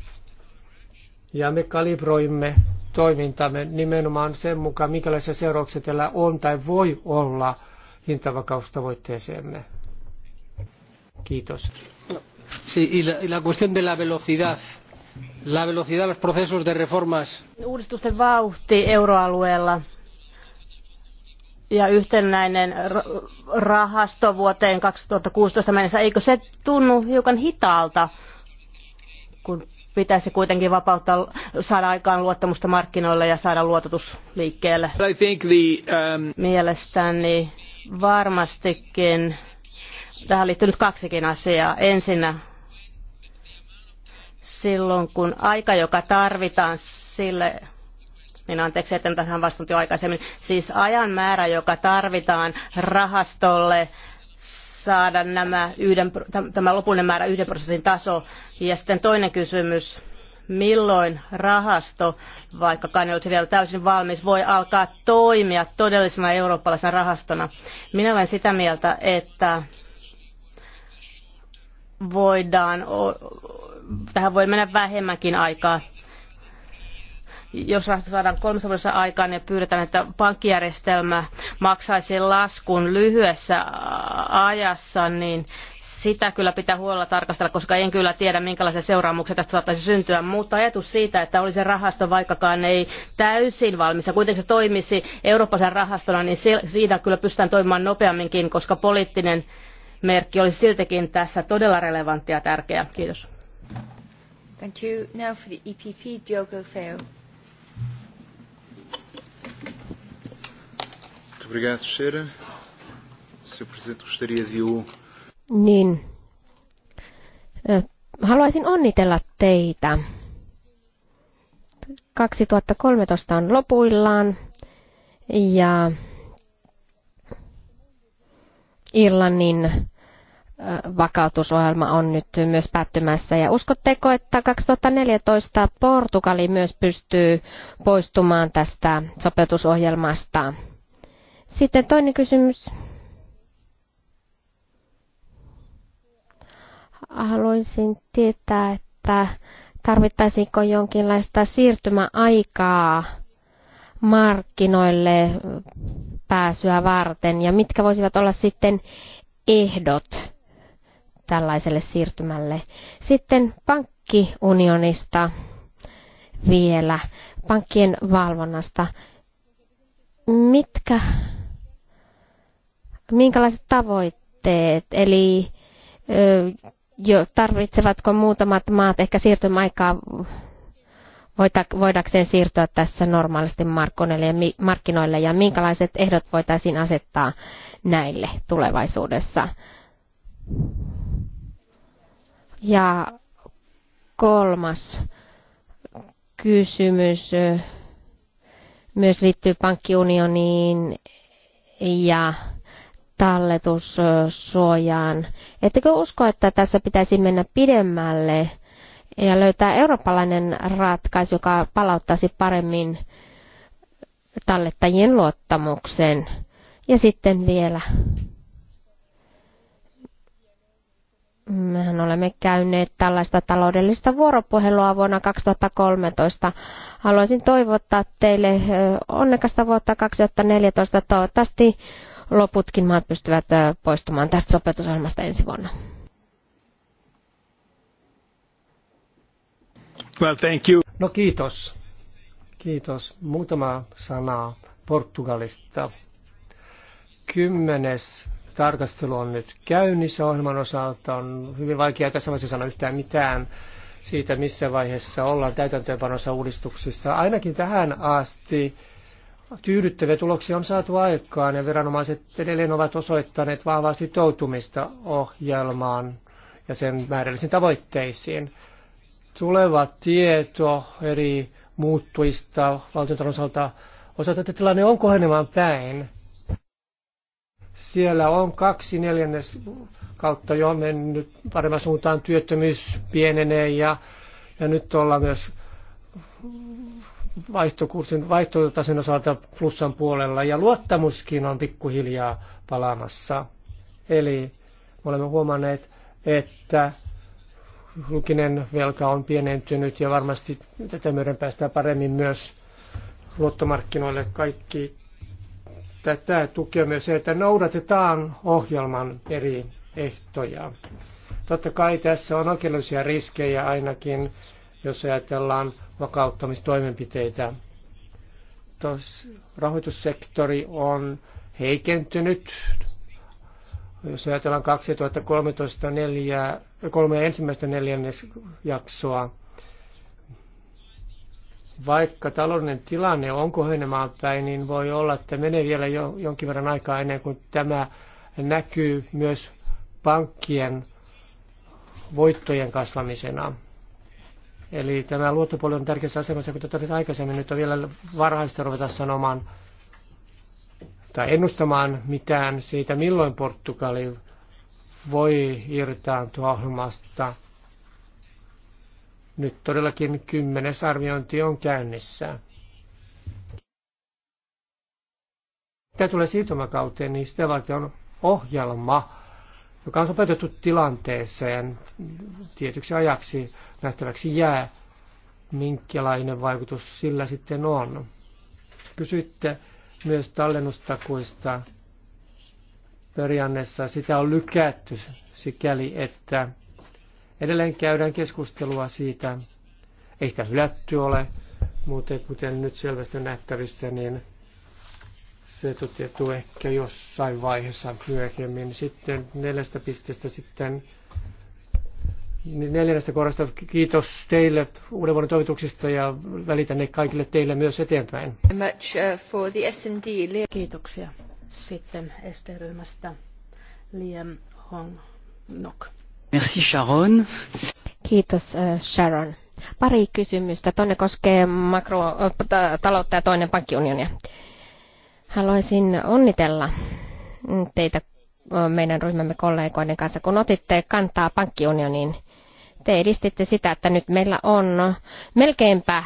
Ja me kalibroimme toimintamme nimenomaan sen mukaan, minkälaisia seurauksia tällä on tai voi olla hintavakaustavoitteeseemme. Kiitos. Sí, y la, y la cuestión de la velocidad. La velocidad, los procesos de reformas. Uudistusten vauhti euroalueella ja yhtenäinen rahasto vuoteen 2016 mennessä, eikö se tunnu hiukan hitaalta, kun pitäisi kuitenkin vapauttaa, saada aikaan luottamusta markkinoille ja saada luototus liikkeelle? I think the, um... Mielestäni varmastikin Tähän liittyy nyt kaksikin asiaa. Ensinnä silloin, kun aika, joka tarvitaan sille, niin anteeksi, että tähän vastannut jo aikaisemmin, siis ajan määrä, joka tarvitaan rahastolle saada nämä yhden, tämä lopullinen määrä yhden prosentin taso. Ja sitten toinen kysymys, milloin rahasto, vaikka ei olisi vielä täysin valmis, voi alkaa toimia todellisena eurooppalaisena rahastona. Minä olen sitä mieltä, että voidaan, tähän voi mennä vähemmänkin aikaa. Jos rahasto saadaan kolmessa vuodessa aikaan ja niin pyydetään, että pankkijärjestelmä maksaisi laskun lyhyessä ajassa, niin sitä kyllä pitää huolella tarkastella, koska en kyllä tiedä, minkälaisia seuraamuksia tästä saattaisi syntyä. Mutta ajatus siitä, että olisi rahasto, vaikkakaan ei täysin valmis, ja kuitenkin se toimisi eurooppalaisen rahastona, niin siinä kyllä pystytään toimimaan nopeamminkin, koska poliittinen merkki olisi siltikin tässä todella relevantti ja tärkeä. Kiitos. Thank you. Now for the EPP, Diogo Feo. Obrigado, Sheira. Senhor Presidente, gostaria de o... Niin. Haluaisin onnitella teitä. 2013 on lopuillaan ja Irlannin vakautusohjelma on nyt myös päättymässä. Ja uskotteko, että 2014 Portugali myös pystyy poistumaan tästä sopeutusohjelmasta? Sitten toinen kysymys. Haluaisin tietää, että tarvittaisiinko jonkinlaista siirtymäaikaa markkinoille pääsyä varten ja mitkä voisivat olla sitten ehdot tällaiselle siirtymälle. Sitten pankkiunionista vielä, pankkien valvonnasta. Mitkä, minkälaiset tavoitteet, eli jo, tarvitsevatko muutamat maat ehkä siirtymäaikaa voidakseen siirtyä tässä normaalisti markkinoille ja minkälaiset ehdot voitaisiin asettaa näille tulevaisuudessa. Ja kolmas kysymys myös liittyy pankkiunioniin ja talletussuojaan. Ettekö usko, että tässä pitäisi mennä pidemmälle ja löytää eurooppalainen ratkaisu, joka palauttaisi paremmin tallettajien luottamuksen? Ja sitten vielä Mehän olemme käyneet tällaista taloudellista vuoropuhelua vuonna 2013. Haluaisin toivottaa teille onnekasta vuotta 2014. Toivottavasti loputkin maat pystyvät poistumaan tästä sopeutusohjelmasta ensi vuonna. Well, thank you. No kiitos. Kiitos. Muutama sana Portugalista. 10 tarkastelu on nyt käynnissä ohjelman osalta. On hyvin vaikea tässä vaiheessa sanoa yhtään mitään siitä, missä vaiheessa ollaan täytäntöönpanossa uudistuksissa. Ainakin tähän asti tyydyttäviä tuloksia on saatu aikaan ja viranomaiset edelleen ovat osoittaneet vahvaa sitoutumista ohjelmaan ja sen määrällisiin tavoitteisiin. Tuleva tieto eri muuttuista valtiontalon osalta osoittaa, että tilanne on kohenemaan päin. Siellä on kaksi neljännes kautta jo mennyt paremman suuntaan, työttömyys pienenee ja, ja nyt ollaan myös vaihtokurssin vaihtotasen osalta plussan puolella ja luottamuskin on pikkuhiljaa palaamassa. Eli me olemme huomanneet, että julkinen velka on pienentynyt ja varmasti tätä myöden päästään paremmin myös luottomarkkinoille. Kaikki tämä tukee myös se, että noudatetaan ohjelman eri ehtoja. Totta kai tässä on oikeudellisia riskejä ainakin, jos ajatellaan vakauttamistoimenpiteitä. Tos, rahoitussektori on heikentynyt. Jos ajatellaan 2013 neljä, kolme ensimmäistä neljännesjaksoa. jaksoa, vaikka taloudellinen tilanne on kohenemaan päin, niin voi olla, että menee vielä jo jonkin verran aikaa ennen kuin tämä näkyy myös pankkien voittojen kasvamisena. Eli tämä luottopuoli on tärkeässä asemassa, kuten totesin aikaisemmin, nyt on vielä varhaista ruveta sanomaan tai ennustamaan mitään siitä, milloin Portugali voi irtaantua ohjelmasta – nyt todellakin kymmenes arviointi on käynnissä. Mitä tulee siirtymäkauteen, niin sitä varten on ohjelma, joka on sopeutettu tilanteeseen tietyksi ajaksi nähtäväksi jää, minkälainen vaikutus sillä sitten on. Kysytte myös tallennustakuista periannessa. Sitä on lykätty sikäli, että Edelleen käydään keskustelua siitä, ei sitä hylätty ole, mutta kuten nyt selvästi nähtävissä, niin se toteutuu ehkä jossain vaiheessa myöhemmin. Sitten neljästä pisteestä sitten niin neljännestä kohdasta kiitos teille uuden vuoden toivotuksista ja välitän ne kaikille teille myös eteenpäin. Uh, Kiitoksia sitten ST-ryhmästä Liam Hong Nok. Merci Sharon. Kiitos äh, Sharon. Pari kysymystä. Toinen koskee makrotaloutta äh, ja toinen pankkiunionia. Haluaisin onnitella mm, teitä äh, meidän ryhmämme kollegoiden kanssa, kun otitte kantaa pankkiunioniin te edistitte sitä, että nyt meillä on melkeinpä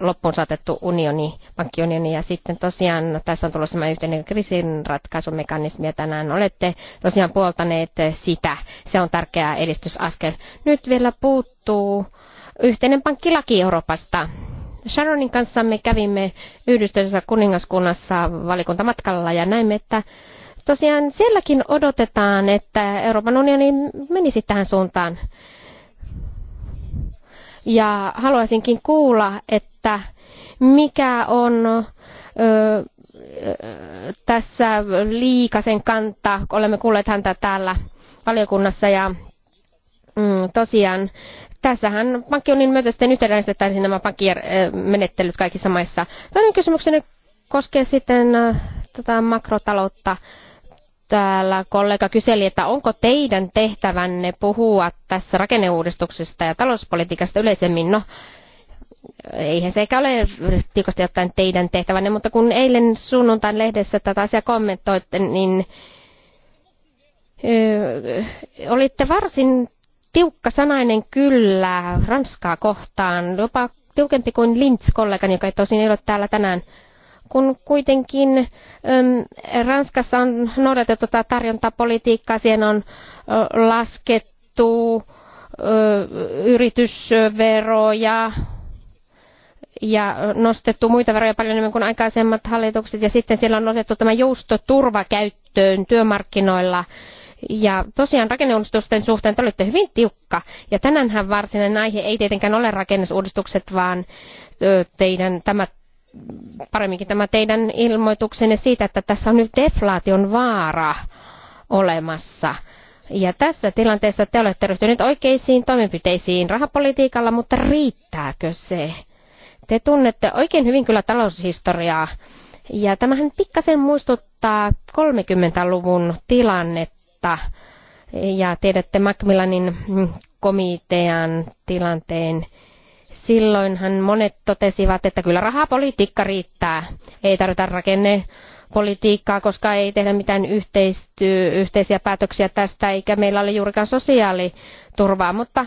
loppuun saatettu unioni, pankkiunioni ja sitten tosiaan tässä on tullut yhteinen kriisinratkaisumekanismi ja tänään olette tosiaan puoltaneet sitä. Se on tärkeä edistysaskel. Nyt vielä puuttuu yhteinen pankkilaki Euroopasta. Sharonin kanssa me kävimme yhdistössä kuningaskunnassa valikunta ja näimme, että tosiaan sielläkin odotetaan, että Euroopan unioni menisi tähän suuntaan. Ja haluaisinkin kuulla, että mikä on ö, tässä liikasen kanta. Olemme kuulleet häntä täällä valiokunnassa ja mm, tosiaan tässähän pankkiunin myötä sitten yhtenäistetään nämä pankkimenettelyt kaikissa maissa. Toinen kysymykseni koskee sitten tätä makrotaloutta. Ö, täällä kollega kyseli, että onko teidän tehtävänne puhua tässä rakenneuudistuksesta ja talouspolitiikasta yleisemmin. No, eihän se eikä ole tiukasti ottaen teidän tehtävänne, mutta kun eilen sunnuntain lehdessä tätä asiaa kommentoitte, niin öö, olitte varsin tiukka sanainen kyllä Ranskaa kohtaan, jopa tiukempi kuin Lintz kollegani, joka ei tosin ei ole täällä tänään kun kuitenkin äm, Ranskassa on noudatettu tätä tarjontapolitiikkaa, siihen on ä, laskettu ä, yritysveroja ja nostettu muita veroja paljon enemmän kuin aikaisemmat hallitukset ja sitten siellä on otettu tämä joustoturva käyttöön työmarkkinoilla. Ja tosiaan rakenneuudistusten suhteen te olitte hyvin tiukka. Ja tänäänhän varsinainen aihe ei tietenkään ole rakennusuudistukset, vaan teidän tämä paremminkin tämä teidän ilmoituksenne siitä, että tässä on nyt deflaation vaara olemassa. Ja tässä tilanteessa te olette ryhtyneet oikeisiin toimenpiteisiin rahapolitiikalla, mutta riittääkö se? Te tunnette oikein hyvin kyllä taloushistoriaa. Ja tämähän pikkasen muistuttaa 30-luvun tilannetta. Ja tiedätte Macmillanin komitean tilanteen Silloinhan monet totesivat, että kyllä rahapolitiikka riittää, ei tarvita rakenne politiikkaa, koska ei tehdä mitään yhteistyö, yhteisiä päätöksiä tästä, eikä meillä ole juurikaan sosiaaliturvaa. Mutta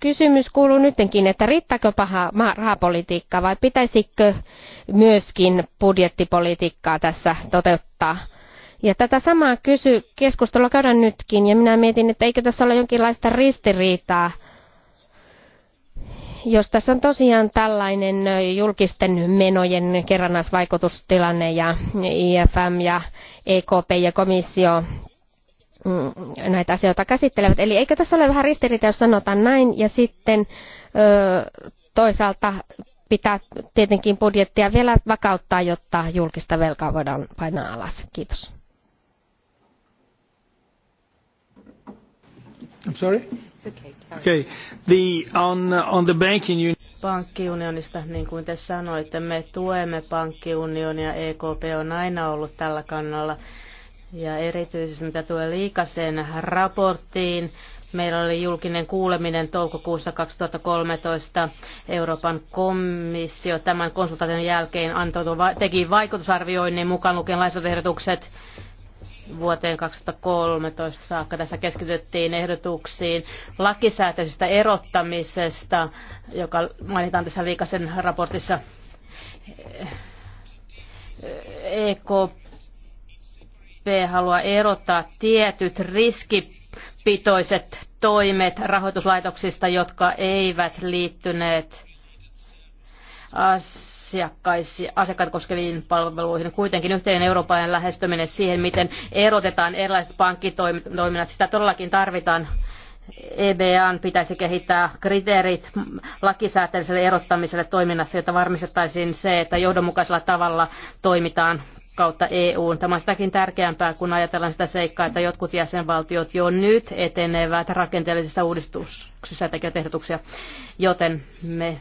kysymys kuuluu nytkin, että riittääkö paha rahapolitiikka vai pitäisikö myöskin budjettipolitiikkaa tässä toteuttaa? Ja tätä samaa kysy, keskustelua käydään nytkin, ja minä mietin, että eikö tässä ole jonkinlaista ristiriitaa – jos tässä on tosiaan tällainen julkisten menojen kerrannaisvaikutustilanne ja IFM ja EKP ja komissio mm, näitä asioita käsittelevät. Eli eikö tässä ole vähän ristiriita, jos sanotaan näin, ja sitten toisaalta pitää tietenkin budjettia vielä vakauttaa, jotta julkista velkaa voidaan painaa alas. Kiitos. I'm sorry? Okay. The, on, on the banking union... Pankkiunionista, niin kuin te sanoitte, me tuemme pankkiunionia. EKP on aina ollut tällä kannalla. Ja erityisesti mitä tulee liikasen raporttiin, Meillä oli julkinen kuuleminen toukokuussa 2013. Euroopan komissio tämän konsultaation jälkeen antoi, teki vaikutusarvioinnin mukaan lukien lainsäädäntöehdotukset vuoteen 2013 saakka. Tässä keskityttiin ehdotuksiin lakisääteisestä erottamisesta, joka mainitaan tässä viikaisen raportissa. EKP haluaa erottaa tietyt riskipitoiset toimet rahoituslaitoksista, jotka eivät liittyneet asiakkaita koskeviin palveluihin. Kuitenkin yhteinen eurooppalainen lähestyminen siihen, miten erotetaan erilaiset pankkitoiminnat, sitä todellakin tarvitaan. EBAn pitäisi kehittää kriteerit lakisääteiselle erottamiselle toiminnassa, jotta varmistettaisiin se, että johdonmukaisella tavalla toimitaan kautta EUn. Tämä on sitäkin tärkeämpää, kun ajatellaan sitä seikkaa, että jotkut jäsenvaltiot jo nyt etenevät rakenteellisissa uudistuksissa ja tekevät ehdotuksia, joten me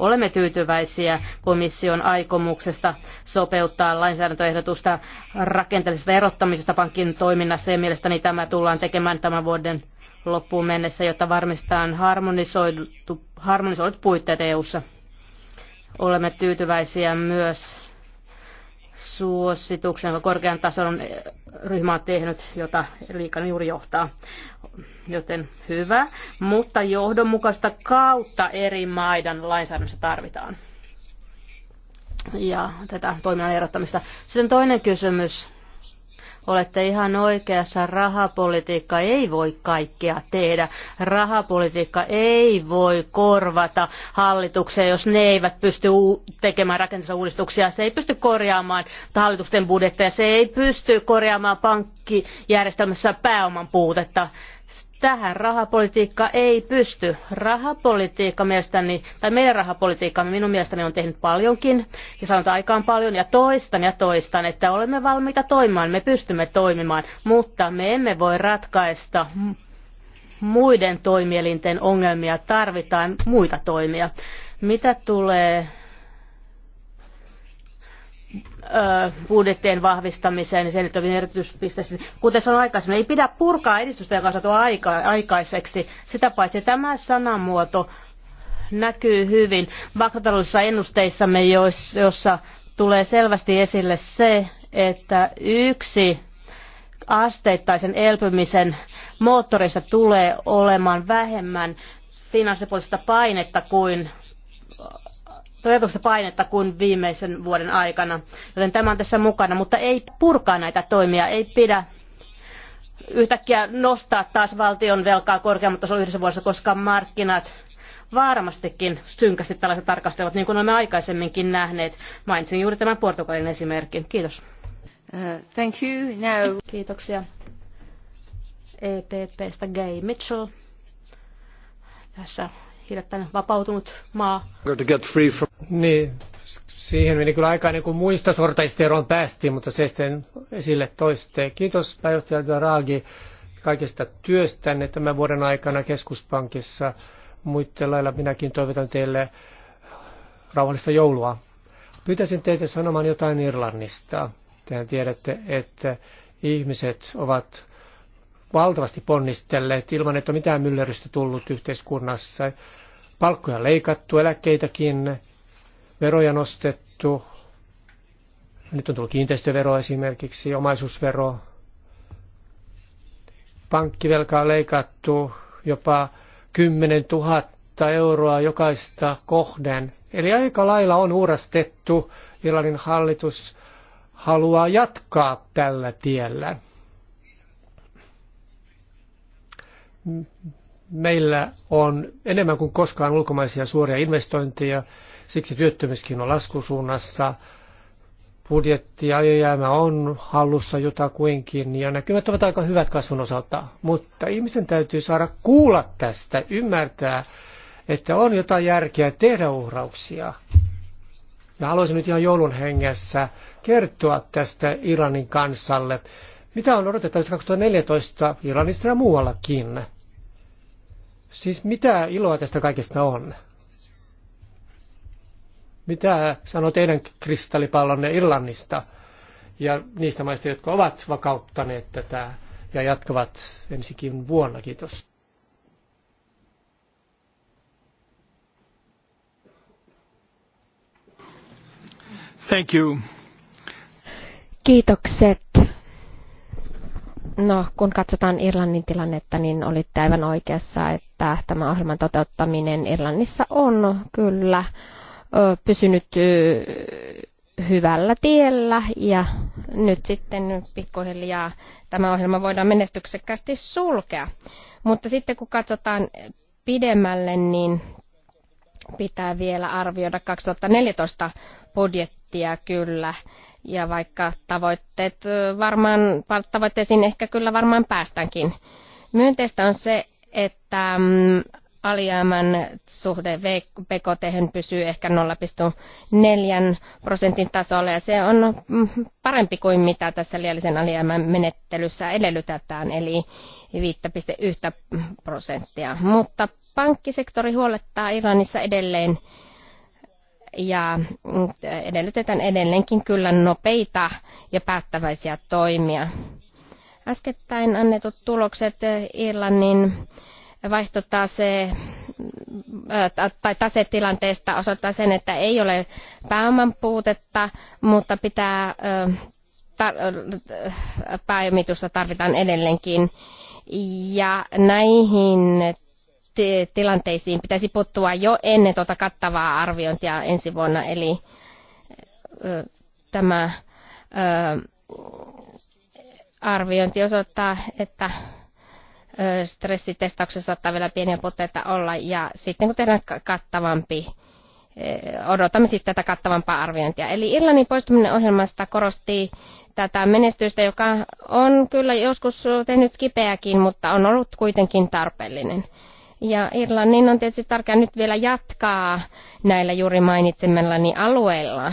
Olemme tyytyväisiä komission aikomuksesta sopeuttaa lainsäädäntöehdotusta rakenteellisesta erottamisesta pankin toiminnassa ja mielestäni tämä tullaan tekemään tämän vuoden loppuun mennessä, jotta varmistetaan harmonisoidut puitteet EU-ssa. Olemme tyytyväisiä myös suosituksen, jonka korkean tason ryhmä on tehnyt, jota liikan juuri johtaa. Joten hyvä, mutta johdonmukaista kautta eri maiden lainsäädännössä tarvitaan. Ja tätä toiminnan erottamista. Sitten toinen kysymys Olette ihan oikeassa, rahapolitiikka ei voi kaikkea tehdä. Rahapolitiikka ei voi korvata hallituksia, jos ne eivät pysty tekemään rakennusuudistuksia. Se ei pysty korjaamaan hallitusten budjetteja, se ei pysty korjaamaan pankkijärjestelmässä pääoman puutetta Tähän rahapolitiikka ei pysty. Rahapolitiikka mielestäni, tai meidän rahapolitiikka minun mielestäni on tehnyt paljonkin, ja sanotaan aikaan paljon, ja toistan ja toistan, että olemme valmiita toimimaan, me pystymme toimimaan, mutta me emme voi ratkaista muiden toimielinten ongelmia, tarvitaan muita toimia. Mitä tulee budjettien vahvistamiseen, ja sen, että on erityispiste. Kuten sanoin aikaisemmin, ei pidä purkaa edistystä, joka on saatu aika, aikaiseksi. Sitä paitsi tämä sanamuoto näkyy hyvin makrotaloudellisissa ennusteissamme, joissa tulee selvästi esille se, että yksi asteittaisen elpymisen moottorista tulee olemaan vähemmän finanssipoliittista painetta kuin toteutusta painetta kuin viimeisen vuoden aikana. Joten tämä on tässä mukana, mutta ei purkaa näitä toimia, ei pidä yhtäkkiä nostaa taas valtion velkaa korkeammalta tasolla yhdessä vuodessa, koska markkinat varmastikin synkästi tällaiset tarkastelevat, niin kuin olemme aikaisemminkin nähneet. Mainitsin juuri tämän Portugalin esimerkin. Kiitos. Uh, thank you. Now... Kiitoksia. EPPstä Gay Mitchell. Tässä hiljattain vapautunut maa. Niin, siihen meni kyllä aikaa niin kuin muista sortaista eroon päästiin, mutta se sitten esille toiste. Kiitos pääjohtaja Draghi kaikesta työstänne tämän vuoden aikana keskuspankissa. Muiden lailla minäkin toivotan teille rauhallista joulua. Pyytäisin teitä sanomaan jotain Irlannista. Tehän tiedätte, että ihmiset ovat valtavasti ponnistelleet ilman, että on mitään myllerrystä tullut yhteiskunnassa palkkoja leikattu, eläkkeitäkin, veroja nostettu. Nyt on tullut kiinteistövero esimerkiksi, omaisuusvero. Pankkivelkaa leikattu jopa 10 000 euroa jokaista kohden. Eli aika lailla on uurastettu. Irlannin hallitus haluaa jatkaa tällä tiellä meillä on enemmän kuin koskaan ulkomaisia suoria investointeja, siksi työttömyyskin on laskusuunnassa. Budjetti alijäämä on hallussa jotakuinkin ja näkymät ovat aika hyvät kasvun osalta, mutta ihmisen täytyy saada kuulla tästä, ymmärtää, että on jotain järkeä tehdä uhrauksia. Ja haluaisin nyt ihan joulun hengessä kertoa tästä Iranin kansalle, mitä on odotettavissa 2014 Iranissa ja muuallakin. Siis mitä iloa tästä kaikesta on? Mitä sanoo teidän kristallipallonne Irlannista ja niistä maista, jotka ovat vakauttaneet tätä ja jatkavat ensikin vuonna? Kiitos. Thank you. Kiitokset No, kun katsotaan Irlannin tilannetta, niin olitte aivan oikeassa, että tämä ohjelman toteuttaminen Irlannissa on kyllä pysynyt hyvällä tiellä ja nyt sitten pikkuhiljaa tämä ohjelma voidaan menestyksekkäästi sulkea. Mutta sitten kun katsotaan pidemmälle, niin pitää vielä arvioida 2014 budjettia kyllä. Ja vaikka tavoitteet varmaan, tavoitteisiin ehkä kyllä varmaan päästäänkin. Myönteistä on se, että mm, alijäämän suhde BKT pysyy ehkä 0,4 prosentin tasolla ja se on mm, parempi kuin mitä tässä liiallisen alijäämän menettelyssä edellytetään eli 5,1 prosenttia. Mutta pankkisektori huolettaa Iranissa edelleen ja edellytetään edelleenkin kyllä nopeita ja päättäväisiä toimia. Äskettäin annetut tulokset Irlannin vaihtotase tai tasetilanteesta osoittaa sen, että ei ole pääoman puutetta, mutta pitää pääomitusta tarvitaan edelleenkin. Ja näihin tilanteisiin pitäisi puuttua jo ennen tuota kattavaa arviointia ensi vuonna. Eli tämä arviointi osoittaa, että stressitestauksessa saattaa vielä pieniä puutteita olla ja sitten kun tehdään kattavampi, odotamme siis tätä kattavampaa arviointia. Eli Irlannin poistuminen ohjelmasta korosti tätä menestystä, joka on kyllä joskus tehnyt kipeäkin, mutta on ollut kuitenkin tarpeellinen. Ja Irlannin on tietysti tärkeää nyt vielä jatkaa näillä juuri mainitsemallani alueilla.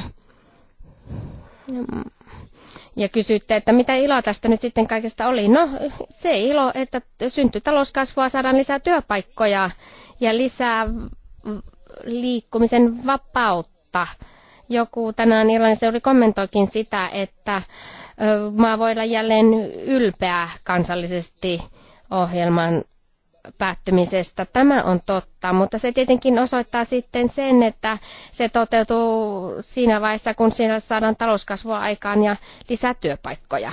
Ja kysytte, että mitä iloa tästä nyt sitten kaikesta oli. No se ilo, että syntyi talouskasvua, saadaan lisää työpaikkoja ja lisää liikkumisen vapautta. Joku tänään Irlannin seuri kommentoikin sitä, että maa voi olla jälleen ylpeä kansallisesti ohjelman päättymisestä. Tämä on totta, mutta se tietenkin osoittaa sitten sen, että se toteutuu siinä vaiheessa, kun siinä saadaan talouskasvua aikaan ja lisää työpaikkoja.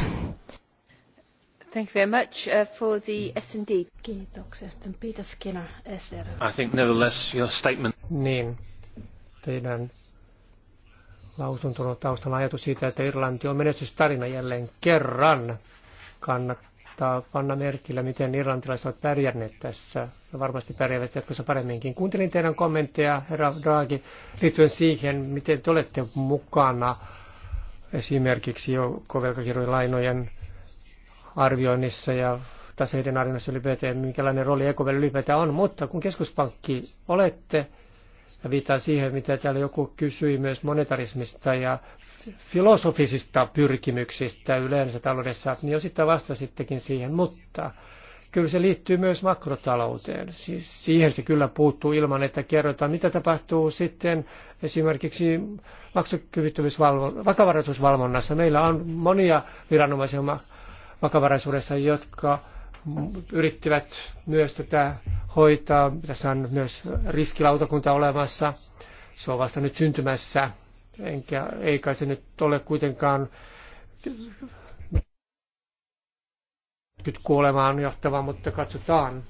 Thank you very much uh, for the S&D. Kiitoksesta. Peter Skinner, SR. I think nevertheless your statement... Niin, teidän lausuntunut taustalla ajatus siitä, että Irlanti on menestystarina jälleen kerran. Kannattaa kannattaa panna merkillä, miten irlantilaiset ovat pärjänneet tässä. Ja varmasti pärjäävät jatkossa paremminkin. Kuuntelin teidän kommentteja, herra Draghi, liittyen siihen, miten te olette mukana esimerkiksi kovelkakirjojen lainojen arvioinnissa ja taseiden arvioinnissa ylipäätään, minkälainen rooli EKVllä ylipäätään on. Mutta kun keskuspankki olette, ja viittaa siihen, mitä täällä joku kysyi myös monetarismista ja filosofisista pyrkimyksistä yleensä taloudessa, niin osittain vastasittekin siihen, mutta kyllä se liittyy myös makrotalouteen. Siis siihen se kyllä puuttuu ilman, että kerrotaan, mitä tapahtuu sitten esimerkiksi vakavaraisuusvalvonnassa. Meillä on monia viranomaisia vakavaraisuudessa, jotka yrittivät myös tätä hoitaa. Tässä on myös riskilautakunta olemassa. Se on vasta nyt syntymässä enkä, eikä se nyt ole kuitenkaan nyt kuolemaan johtava, mutta katsotaan,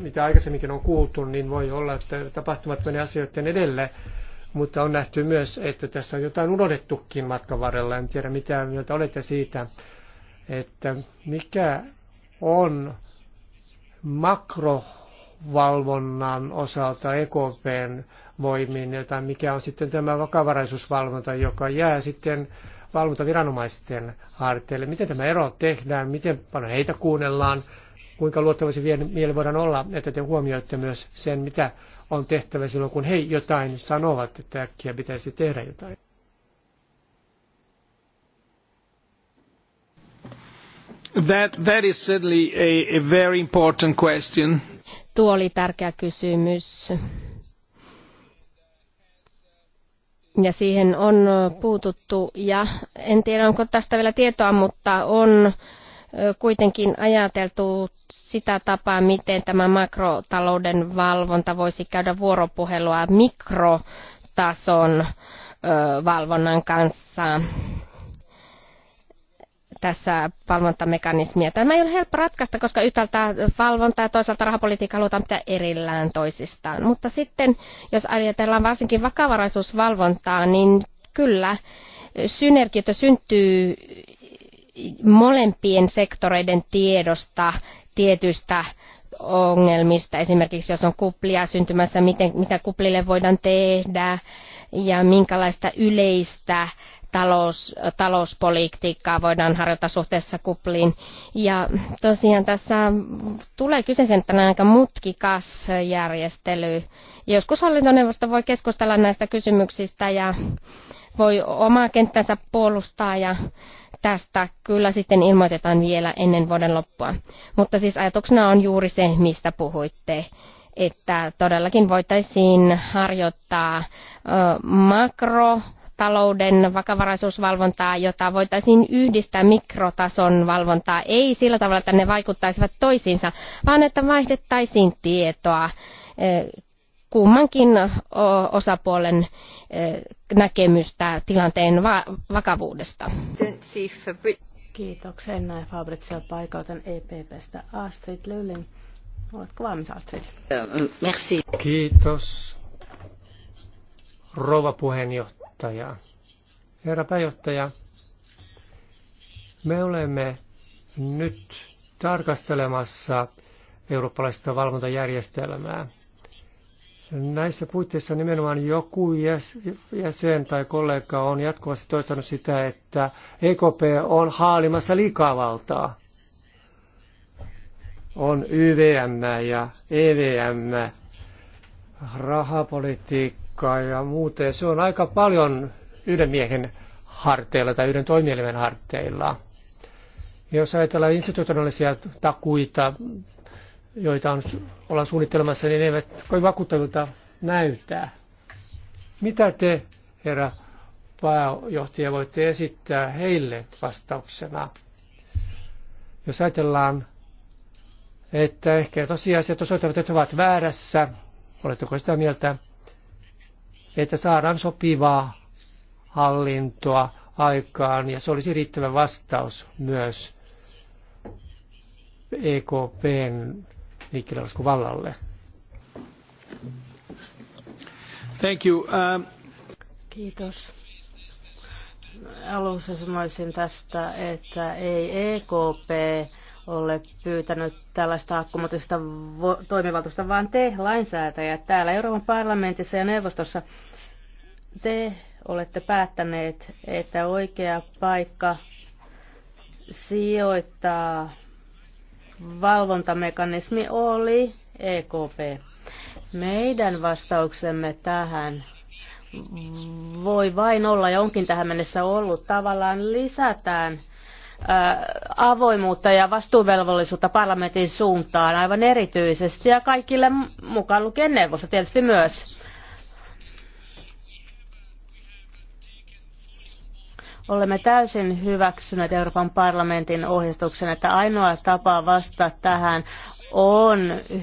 mitä aikaisemminkin on kuultu, niin voi olla, että tapahtumat menevät asioiden edelle, mutta on nähty myös, että tässä on jotain unohdettukin matkan varrella. En tiedä, mitä mieltä olette siitä, että mikä on makro valvonnan osalta EKPn voimin, jota mikä on sitten tämä vakavaraisuusvalvonta, joka jää sitten valvontaviranomaisten harteille. Miten tämä ero tehdään, miten paljon heitä kuunnellaan, kuinka luottavaisin mieli voidaan olla, että te huomioitte myös sen, mitä on tehtävä silloin, kun he jotain sanovat, että äkkiä pitäisi tehdä jotain. That, that is certainly a, a very important question. Tuo oli tärkeä kysymys. Ja siihen on puututtu ja en tiedä onko tästä vielä tietoa, mutta on kuitenkin ajateltu sitä tapaa, miten tämä makrotalouden valvonta voisi käydä vuoropuhelua mikrotason valvonnan kanssa tässä valvontamekanismia. Tämä ei ole helppo ratkaista, koska yhtäältä valvonta ja toisaalta rahapolitiikka halutaan pitää erillään toisistaan. Mutta sitten, jos ajatellaan varsinkin vakavaraisuusvalvontaa, niin kyllä synergioita syntyy molempien sektoreiden tiedosta tietyistä ongelmista, esimerkiksi jos on kuplia syntymässä, miten, mitä kuplille voidaan tehdä ja minkälaista yleistä talous, talouspolitiikkaa voidaan harjoittaa suhteessa kupliin. Ja tosiaan tässä tulee kyseisen tällainen aika mutkikas järjestely. Joskus hallintoneuvosto voi keskustella näistä kysymyksistä ja voi omaa kenttänsä puolustaa ja tästä kyllä sitten ilmoitetaan vielä ennen vuoden loppua. Mutta siis ajatuksena on juuri se, mistä puhuitte että todellakin voitaisiin harjoittaa makro talouden vakavaraisuusvalvontaa, jota voitaisiin yhdistää mikrotason valvontaa, ei sillä tavalla, että ne vaikuttaisivat toisiinsa, vaan että vaihdettaisiin tietoa eh, kummankin osapuolen eh, näkemystä tilanteen vakavuudesta. Kiitoksia näin Fabrizio paikautan EPPstä Astrid Löllin. Oletko valmis Astrid? Merci. Kiitos. Rouva puheenjohtaja pääjohtaja. Herra pääjohtaja, me olemme nyt tarkastelemassa eurooppalaista valvontajärjestelmää. Näissä puitteissa nimenomaan joku jäsen tai kollega on jatkuvasti toistanut sitä, että EKP on haalimassa liikaa valtaa. On YVM ja EVM, rahapolitiikka palkkaa ja muuta. Ja se on aika paljon yhden miehen harteilla tai yhden toimielimen harteilla. Jos ajatellaan institutionaalisia takuita, joita on, ollaan suunnittelemassa, niin ne eivät kovin vakuuttavilta näyttää. Mitä te, herra pääjohtaja, voitte esittää heille vastauksena? Jos ajatellaan, että ehkä tosiasiat osoittavat, että ovat väärässä, oletteko sitä mieltä, että saadaan sopivaa hallintoa aikaan ja se olisi riittävä vastaus myös EKPn vallalle. Thank you. Um... Kiitos. Alussa sanoisin tästä, että ei EKP ole pyytänyt tällaista akkumulatiivista toimivaltuusta, vaan te lainsäätäjät täällä Euroopan parlamentissa ja neuvostossa, te olette päättäneet, että oikea paikka sijoittaa valvontamekanismi oli EKP. Meidän vastauksemme tähän voi vain olla ja onkin tähän mennessä ollut tavallaan lisätään – avoimuutta ja vastuuvelvollisuutta parlamentin suuntaan aivan erityisesti ja kaikille mukaan lukien neuvosto tietysti myös. Olemme täysin hyväksyneet Euroopan parlamentin ohjeistuksen, että ainoa tapa vastata tähän on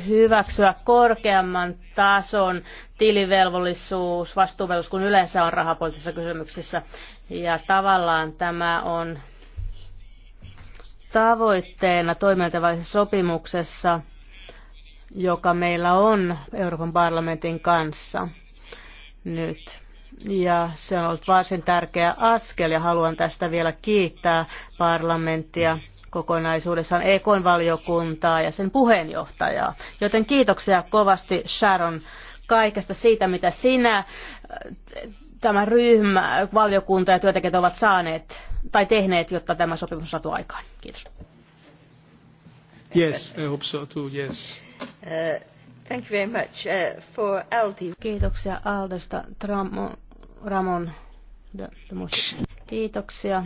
hyväksyä korkeamman tason tilivelvollisuus, vastuuvelvollisuus kuin yleensä on rahapoliittisissa kysymyksissä. Ja tavallaan tämä on tavoitteena toimintavaisessa sopimuksessa, joka meillä on Euroopan parlamentin kanssa nyt. Ja se on ollut varsin tärkeä askel ja haluan tästä vielä kiittää parlamenttia kokonaisuudessaan EKn valiokuntaa ja sen puheenjohtajaa. Joten kiitoksia kovasti Sharon kaikesta siitä, mitä sinä tämä ryhmä, valiokunta ja työntekijät ovat saaneet tai tehneet, jotta tämä sopimus on saatu aikaan? Kiitos. Yes, I hope so too, yes. Uh, thank you very much uh, for Aldi. Kiitoksia Aldesta, Ramon. Kiitoksia,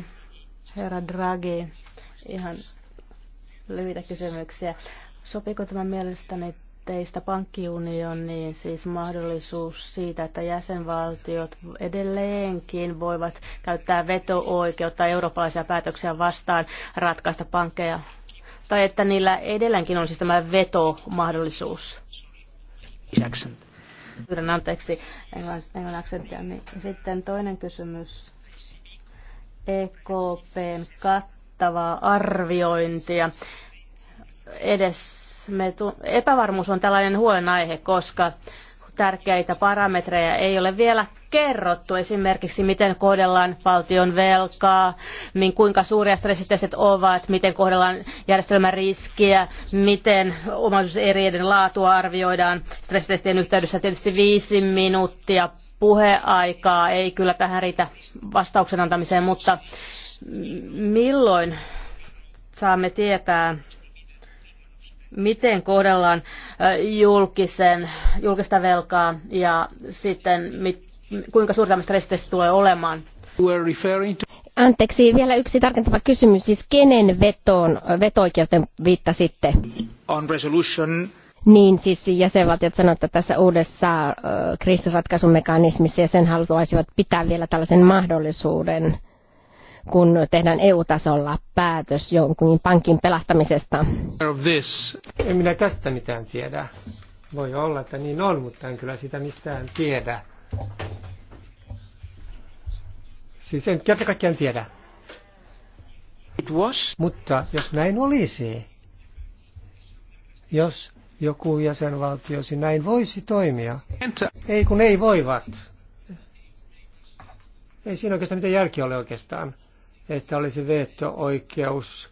herra Draghi. Ihan lyhyitä kysymyksiä. Sopiiko tämä mielestäni teistä pankkiunioniin, siis mahdollisuus siitä, että jäsenvaltiot edelleenkin voivat käyttää veto-oikeutta eurooppalaisia päätöksiä vastaan ratkaista pankkeja? Tai että niillä edelleenkin on siis tämä veto mahdollisuus. Pyydän anteeksi englannin aksenttia. Niin. Sitten toinen kysymys. EKPn kattavaa arviointia edes me epävarmuus on tällainen huolenaihe, koska tärkeitä parametreja ei ole vielä kerrottu. Esimerkiksi miten kohdellaan valtion velkaa, kuinka suuria stressitestit ovat, miten kohdellaan järjestelmän riskiä, miten omaisuuserien laatua arvioidaan. Stressitestien yhteydessä tietysti viisi minuuttia puheaikaa ei kyllä tähän riitä vastauksen antamiseen, mutta milloin saamme tietää miten kohdellaan julkisen, julkista velkaa ja sitten mit, kuinka suurta tämä tulee olemaan. Anteeksi, vielä yksi tarkentava kysymys. Siis kenen vetoon, veto-oikeuteen viittasitte? On resolution. Niin, siis jäsenvaltiot sanoivat, että tässä uudessa kriisiratkaisumekanismissa ja sen haluaisivat pitää vielä tällaisen mahdollisuuden kun tehdään EU-tasolla päätös jonkun pankin pelastamisesta? En minä tästä mitään tiedä. Voi olla, että niin on, mutta en kyllä sitä mistään tiedä. Siis en kerta kaikkiaan tiedä. It was. Mutta jos näin olisi, jos joku jäsenvaltiosi näin voisi toimia. Enter. Ei kun ei voivat. Ei siinä oikeastaan mitään järkeä ole oikeastaan että olisi veto-oikeus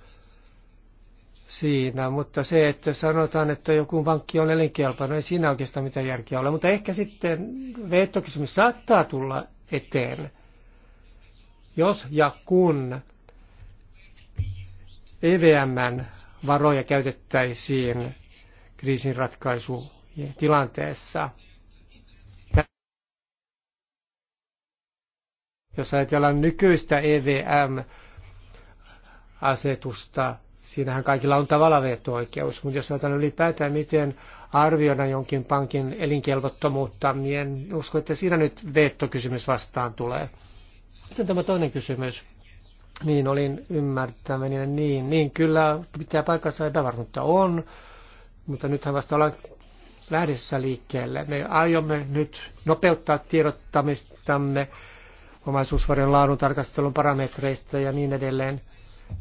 siinä, mutta se, että sanotaan, että joku pankki on elinkelpoinen, no ei siinä oikeastaan mitään järkeä ole. Mutta ehkä sitten veto-kysymys saattaa tulla eteen, jos ja kun EVMn varoja käytettäisiin kriisin ratkaisu tilanteessa Jos ajatellaan nykyistä EVM-asetusta, siinähän kaikilla on tavallaan veto-oikeus, mutta jos ajatellaan ylipäätään, miten arvioida jonkin pankin elinkelvottomuutta, niin en usko, että siinä nyt veto-kysymys vastaan tulee. Sitten tämä toinen kysymys. Niin, olin ymmärtäväni niin. Niin, kyllä pitää paikassa epävarmuutta on, mutta nythän vasta ollaan lähdessä liikkeelle. Me aiomme nyt nopeuttaa tiedottamistamme omaisuusvarojen laadun tarkastelun parametreista ja niin edelleen.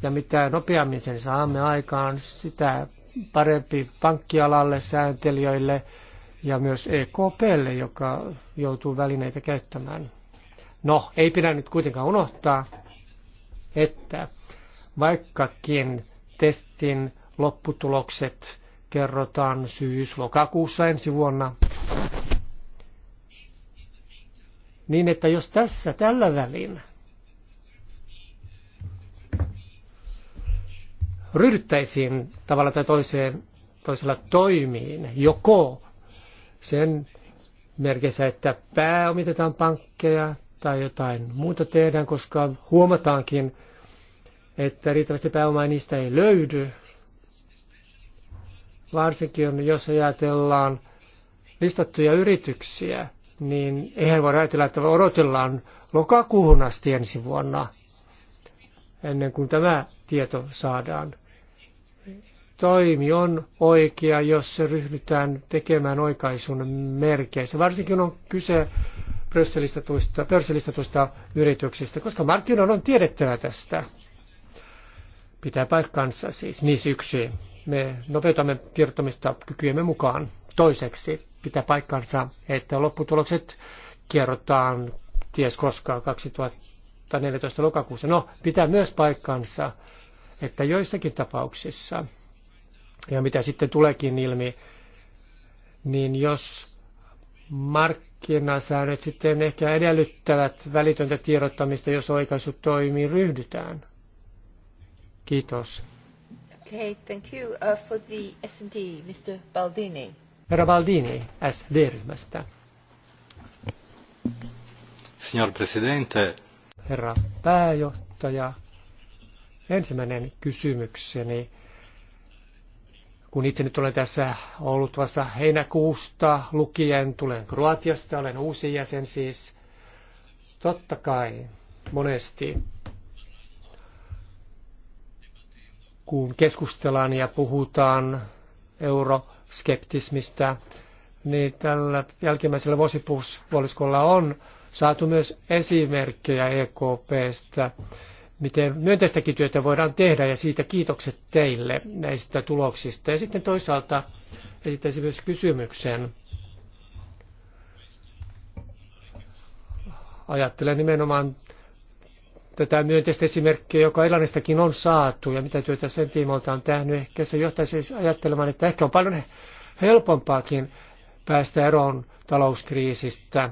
Ja mitä nopeammin sen saamme aikaan, sitä parempi pankkialalle, sääntelijöille ja myös EKPlle, joka joutuu välineitä käyttämään. No, ei pidä nyt kuitenkaan unohtaa, että vaikkakin testin lopputulokset kerrotaan syys-lokakuussa ensi vuonna, niin että jos tässä tällä välin ryhdyttäisiin tavalla tai toiseen, toisella toimiin, joko sen merkissä, että pääomitetaan pankkeja tai jotain muuta tehdään, koska huomataankin, että riittävästi pääomaa niistä ei löydy, varsinkin jos ajatellaan listattuja yrityksiä – niin eihän voi ajatella, että odotellaan lokakuuhun asti ensi vuonna, ennen kuin tämä tieto saadaan. Toimi on oikea, jos se ryhdytään tekemään oikaisun merkeissä, varsinkin on kyse pörssilistatuista, pörssilistatuista yrityksistä, koska markkinoilla on tiedettävä tästä. Pitää paikkansa siis, niissä yksi. Me nopeutamme tiedottamista kykyjemme mukaan. Toiseksi, pitää paikkansa, että lopputulokset kierrotaan ties koskaan 2014 lokakuussa. No, pitää myös paikkansa, että joissakin tapauksissa, ja mitä sitten tuleekin ilmi, niin jos markkinasäännöt sitten ehkä edellyttävät välitöntä tiedottamista, jos toimii, ryhdytään. Kiitos. Okay, thank you. Uh, for the S&D, Mr. Baldini. Herra Baldini, SD-ryhmästä. Signor Presidente. Herra pääjohtaja, ensimmäinen kysymykseni kun itse nyt olen tässä ollut vasta heinäkuusta lukien, tulen Kroatiasta, olen uusi jäsen siis. Totta kai monesti, kun keskustellaan ja puhutaan euro skeptismistä, niin tällä jälkimmäisellä vuosipuoliskolla on saatu myös esimerkkejä EKPstä, miten myönteistäkin työtä voidaan tehdä ja siitä kiitokset teille näistä tuloksista. Ja sitten toisaalta esittäisin myös kysymyksen. Ajattelen nimenomaan tätä myönteistä esimerkkiä, joka Irlannistakin on saatu ja mitä työtä sen tiimoilta on tehnyt. Ehkä se johtaisi siis ajattelemaan, että ehkä on paljon helpompaakin päästä eroon talouskriisistä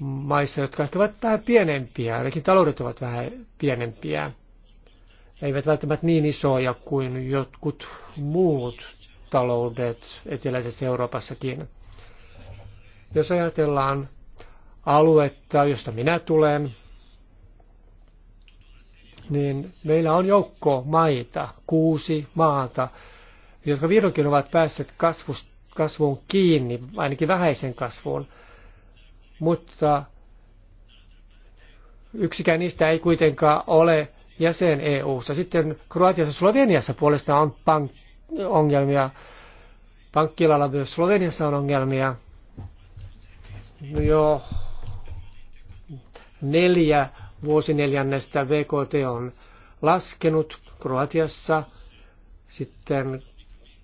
maissa, jotka ehkä ovat vähän pienempiä, ainakin taloudet ovat vähän pienempiä. Eivät välttämättä niin isoja kuin jotkut muut taloudet eteläisessä Euroopassakin. Jos ajatellaan aluetta, josta minä tulen, niin meillä on joukko maita, kuusi maata, jotka vihdoinkin ovat päässeet kasvuun kiinni, ainakin vähäisen kasvuun. Mutta yksikään niistä ei kuitenkaan ole jäsen EU-ssa. Sitten Kroatiassa ja Sloveniassa puolestaan on pank- ongelmia. Pankkilalla myös Sloveniassa on ongelmia. No jo neljä vuosineljännestä VKT on laskenut Kroatiassa. Sitten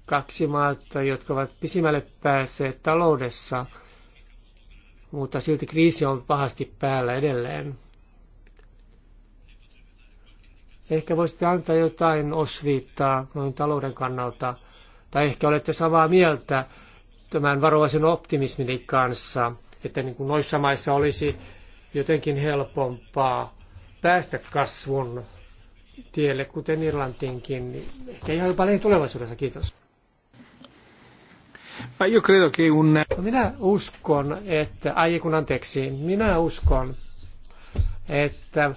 kaksi maata, jotka ovat pisimmälle päässeet taloudessa, mutta silti kriisi on pahasti päällä edelleen. Ehkä voisitte antaa jotain osviittaa noin talouden kannalta, tai ehkä olette samaa mieltä tämän varovaisen optimismin kanssa, että niin kuin noissa maissa olisi jotenkin helpompaa päästä kasvun tielle, kuten Irlantiinkin, ehkä ihan jopa tulevaisuudessa. Kiitos. credo che un... No, minä uskon, että, ai kun anteeksi, minä uskon, että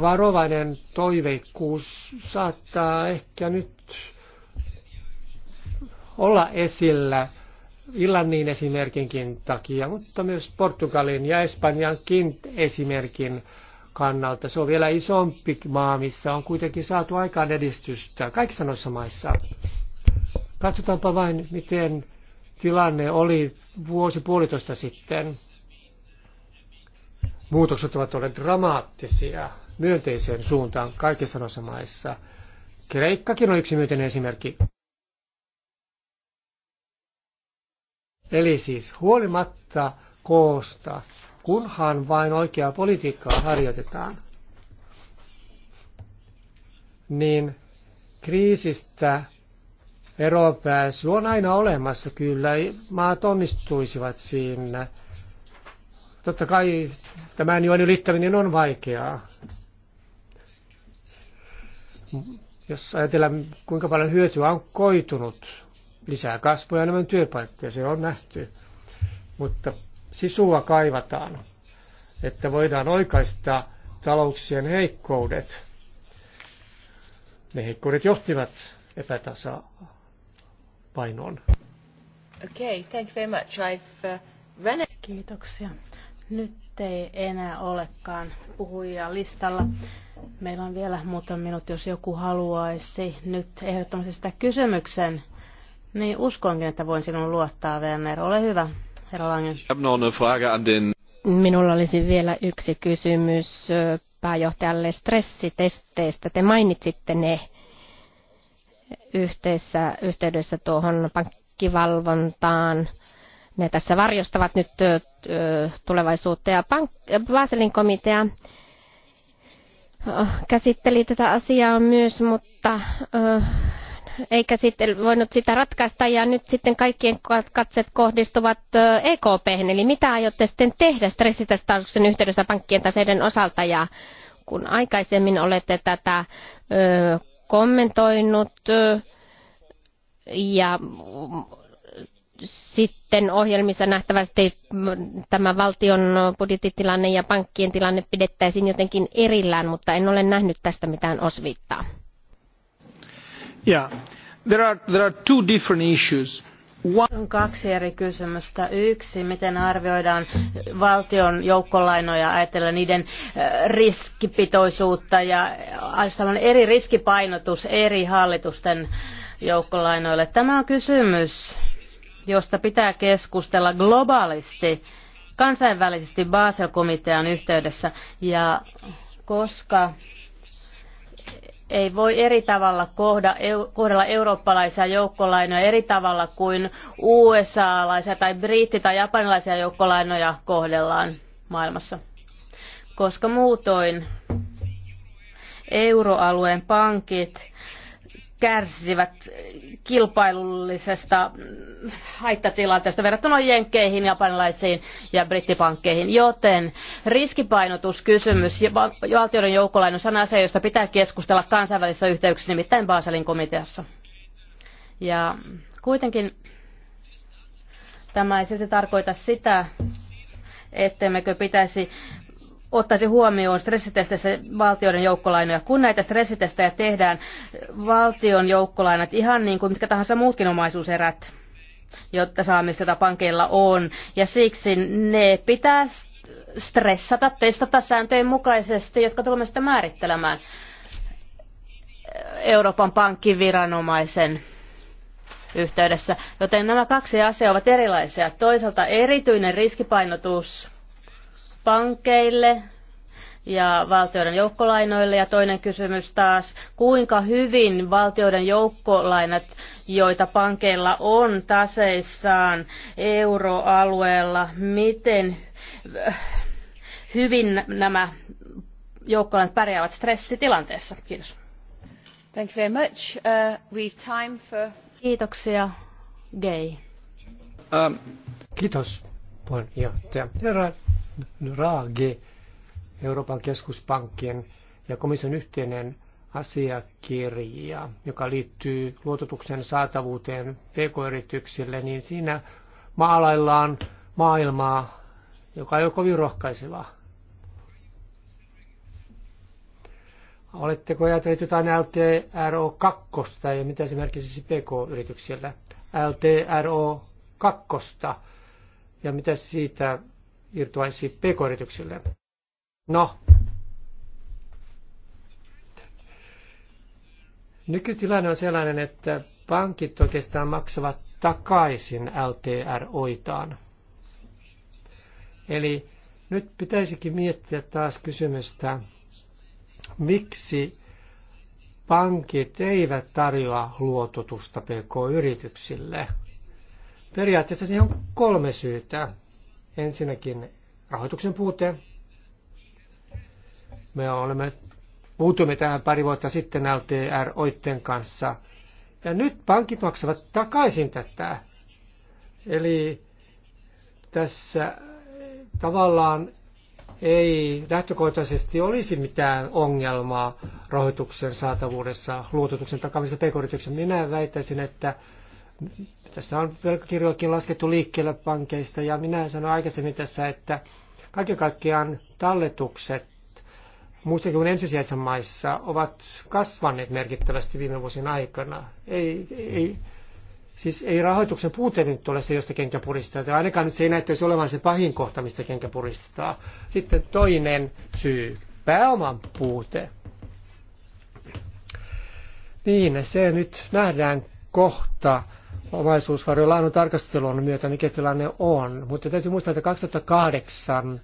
varovainen toiveikkuus saattaa ehkä nyt olla esillä Illannin esimerkinkin takia, mutta myös Portugalin ja Espanjankin esimerkin kannalta. Se on vielä isompi maa, missä on kuitenkin saatu aikaan edistystä kaikissa noissa maissa. Katsotaanpa vain, miten tilanne oli vuosi puolitoista sitten. Muutokset ovat olleet dramaattisia myönteiseen suuntaan kaikissa noissa maissa. Kreikkakin on yksi myönteinen esimerkki. Eli siis huolimatta koosta, kunhan vain oikeaa politiikkaa harjoitetaan, niin kriisistä eropääsy on aina olemassa kyllä. Maat onnistuisivat siinä. Totta kai tämän joen ylittäminen on vaikeaa. Jos ajatellaan, kuinka paljon hyötyä on koitunut lisää kasvua ja enemmän työpaikkoja, se on nähty. Mutta sisua kaivataan, että voidaan oikaista talouksien heikkoudet. Ne heikkoudet johtivat epätasapainoon. Okay, thank you very much. I've, uh, Kiitoksia. Nyt ei enää olekaan puhujia listalla. Meillä on vielä muutama minuutti, jos joku haluaisi nyt ehdottomasti sitä kysymyksen niin uskonkin, että voin sinun luottaa, VMR. Ole hyvä, herra Langen. Minulla olisi vielä yksi kysymys pääjohtajalle stressitesteistä. Te mainitsitte ne yhteisessä, yhteydessä tuohon pankkivalvontaan. Ne tässä varjostavat nyt tulevaisuutta ja pank- Baselin komitea käsitteli tätä asiaa myös, mutta eikä sitten voinut sitä ratkaista ja nyt sitten kaikkien katset kohdistuvat EKP, Eli mitä aiotte sitten tehdä stressitestauksen yhteydessä pankkien taseiden osalta ja kun aikaisemmin olette tätä ö, kommentoinut ja sitten ohjelmissa nähtävästi tämä valtion budjettitilanne ja pankkien tilanne pidettäisiin jotenkin erillään, mutta en ole nähnyt tästä mitään osviittaa. On kaksi eri kysymystä. Yksi, miten arvioidaan valtion joukkolainoja ajatellen niiden riskipitoisuutta ja on eri riskipainotus eri hallitusten joukkolainoille. Tämä on kysymys, josta pitää keskustella globaalisti, kansainvälisesti Basel-komitean yhteydessä. Ja koska ei voi eri tavalla kohdella eurooppalaisia joukkolainoja eri tavalla kuin USA-laisia tai briitti- tai japanilaisia joukkolainoja kohdellaan maailmassa. Koska muutoin euroalueen pankit kärsivät kilpailullisesta haittatilanteesta verrattuna jenkkeihin, japanilaisiin ja brittipankkeihin. Joten riskipainotuskysymys valtioiden joukkolainoissa on asia, josta pitää keskustella kansainvälisissä yhteyksissä, nimittäin Baselin komiteassa. Ja kuitenkin tämä ei silti tarkoita sitä, ettemmekö pitäisi ottaisi huomioon stressitesteissä valtioiden joukkolainoja. Kun näitä stressitestejä tehdään, valtion joukkolainat ihan niin kuin mitkä tahansa muutkin omaisuuserät, jotta saamista pankeilla on. Ja siksi ne pitää stressata, testata sääntöjen mukaisesti, jotka tulemme sitten määrittelemään Euroopan viranomaisen yhteydessä. Joten nämä kaksi asiaa ovat erilaisia. Toisaalta erityinen riskipainotus pankeille ja valtioiden joukkolainoille. Ja toinen kysymys taas, kuinka hyvin valtioiden joukkolainat, joita pankeilla on taseissaan euroalueella, miten äh, hyvin nämä joukkolainat pärjäävät stressitilanteessa? Kiitos. Thank you very much. Uh, we've time for... Kiitoksia, Gay. Um, kiitos, puheenjohtaja. Herra Draghi, Euroopan keskuspankkien ja komission yhteinen asiakirja, joka liittyy luototuksen saatavuuteen pk-yrityksille, niin siinä maalaillaan maailmaa, joka ei ole kovin rohkaisevaa. Oletteko ajatelleet jotain LTRO2 ja mitä se merkitsisi pk-yrityksille? LTRO2 ja mitä siitä irtoaisi pk-yrityksille. No, nykytilanne on sellainen, että pankit oikeastaan maksavat takaisin LTR-oitaan. Eli nyt pitäisikin miettiä taas kysymystä, miksi pankit eivät tarjoa luototusta pk-yrityksille. Periaatteessa siihen on kolme syytä. Ensinnäkin rahoituksen puute. Me olemme, puutuimme tähän pari vuotta sitten LTR-oitten kanssa. Ja nyt pankit maksavat takaisin tätä. Eli tässä tavallaan ei lähtökohtaisesti olisi mitään ongelmaa rahoituksen saatavuudessa luototuksen takaamisessa pk -yrityksen. Minä väittäisin, että tässä on velkakirjoakin laskettu liikkeelle pankeista ja minä sanoin aikaisemmin tässä, että kaiken kaikkiaan talletukset muissakin kuin ensisijaisissa maissa ovat kasvaneet merkittävästi viime vuosien aikana. Ei, ei, siis ei rahoituksen puute nyt ole se, josta kenkä puristaa. ja ainakaan nyt se ei näyttäisi olevan se pahin kohta, mistä kenkä puristaa. Sitten toinen syy, pääoman puute. Niin, se nyt nähdään kohta omaisuusvarojen laadun tarkastelun myötä, mikä tilanne on. Mutta täytyy muistaa, että 2008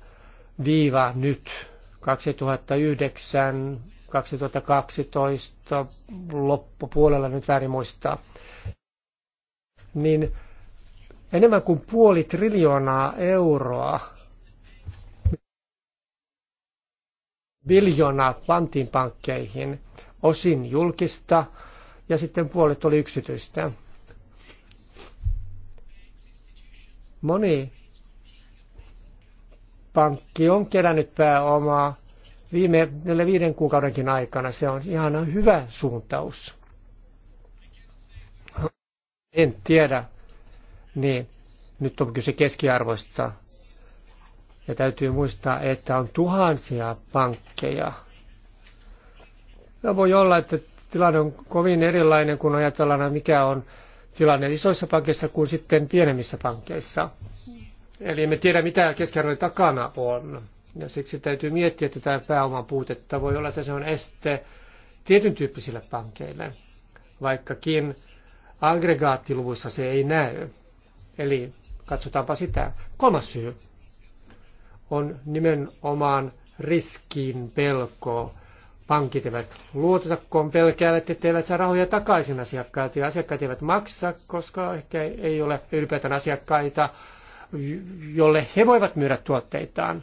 viiva nyt 2009 2012 loppupuolella, nyt väärin muistaa, niin enemmän kuin puoli triljoonaa euroa biljoonaa pantiin pankkeihin, osin julkista ja sitten puolet oli yksityistä. Moni pankki on kerännyt pääomaa viime neljä viiden kuukaudenkin aikana. Se on ihan hyvä suuntaus. En tiedä. Niin, nyt on kyse keskiarvoista. Ja täytyy muistaa, että on tuhansia pankkeja. Ja voi olla, että tilanne on kovin erilainen, kun ajatellaan, mikä on tilanne niin isoissa pankeissa kuin sitten pienemmissä pankeissa. Eli emme tiedä, mitä keskiarvojen takana on. Ja siksi täytyy miettiä tätä pääoman puutetta. Voi olla, että se on este tietyn tyyppisille pankeille, vaikkakin aggregaattiluvuissa se ei näy. Eli katsotaanpa sitä. Kolmas syy on nimenomaan riskin pelko Pankit eivät luotetakoon pelkäävät, eivät saa rahoja takaisin asiakkaat ja asiakkaat eivät maksa, koska ehkä ei ole ylipäätään asiakkaita, jolle he voivat myydä tuotteitaan.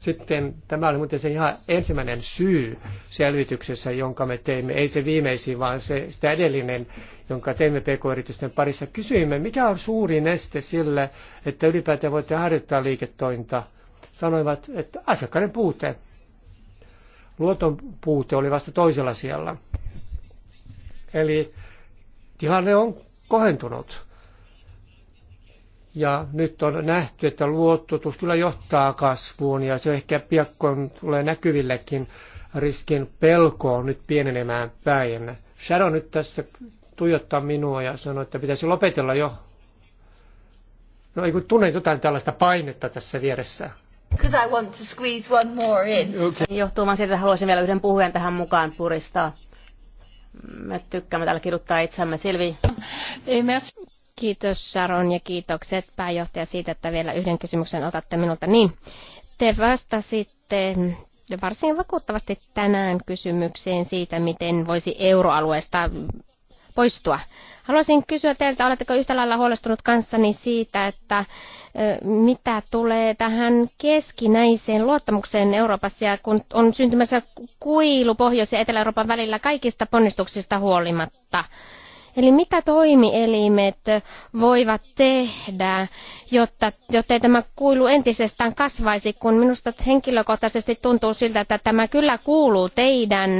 Sitten tämä oli muuten se ihan ensimmäinen syy selvityksessä, jonka me teimme, ei se viimeisin, vaan se, sitä edellinen, jonka teimme pk-yritysten parissa. Kysyimme, mikä on suurin este sille, että ylipäätään voitte harjoittaa liiketointa. Sanoivat, että asiakkaiden puute luoton puute oli vasta toisella siellä. Eli tilanne on kohentunut. Ja nyt on nähty, että luottotus kyllä johtaa kasvuun ja se ehkä piakkoon tulee näkyvillekin riskin pelkoon nyt pienenemään päin. Shadow nyt tässä tuijottaa minua ja sanoi, että pitäisi lopetella jo. No ei kun tunnen jotain tällaista painetta tässä vieressä. I want to squeeze one more in. Okay. Johtuu vaan siitä, että haluaisin vielä yhden puhujan tähän mukaan puristaa. Me tykkäämme täällä kiduttaa itsemme Silvi. Kiitos Sharon ja kiitokset pääjohtaja siitä, että vielä yhden kysymyksen otatte minulta. Niin, te vastasitte varsin vakuuttavasti tänään kysymykseen siitä, miten voisi euroalueesta poistua. Haluaisin kysyä teiltä, oletteko yhtä lailla huolestunut kanssani siitä, että mitä tulee tähän keskinäiseen luottamukseen Euroopassa ja kun on syntymässä kuilu Pohjois- ja Etelä-Euroopan välillä kaikista ponnistuksista huolimatta. Eli mitä toimielimet voivat tehdä, jotta, jotta ei tämä kuilu entisestään kasvaisi, kun minusta henkilökohtaisesti tuntuu siltä, että tämä kyllä kuuluu teidän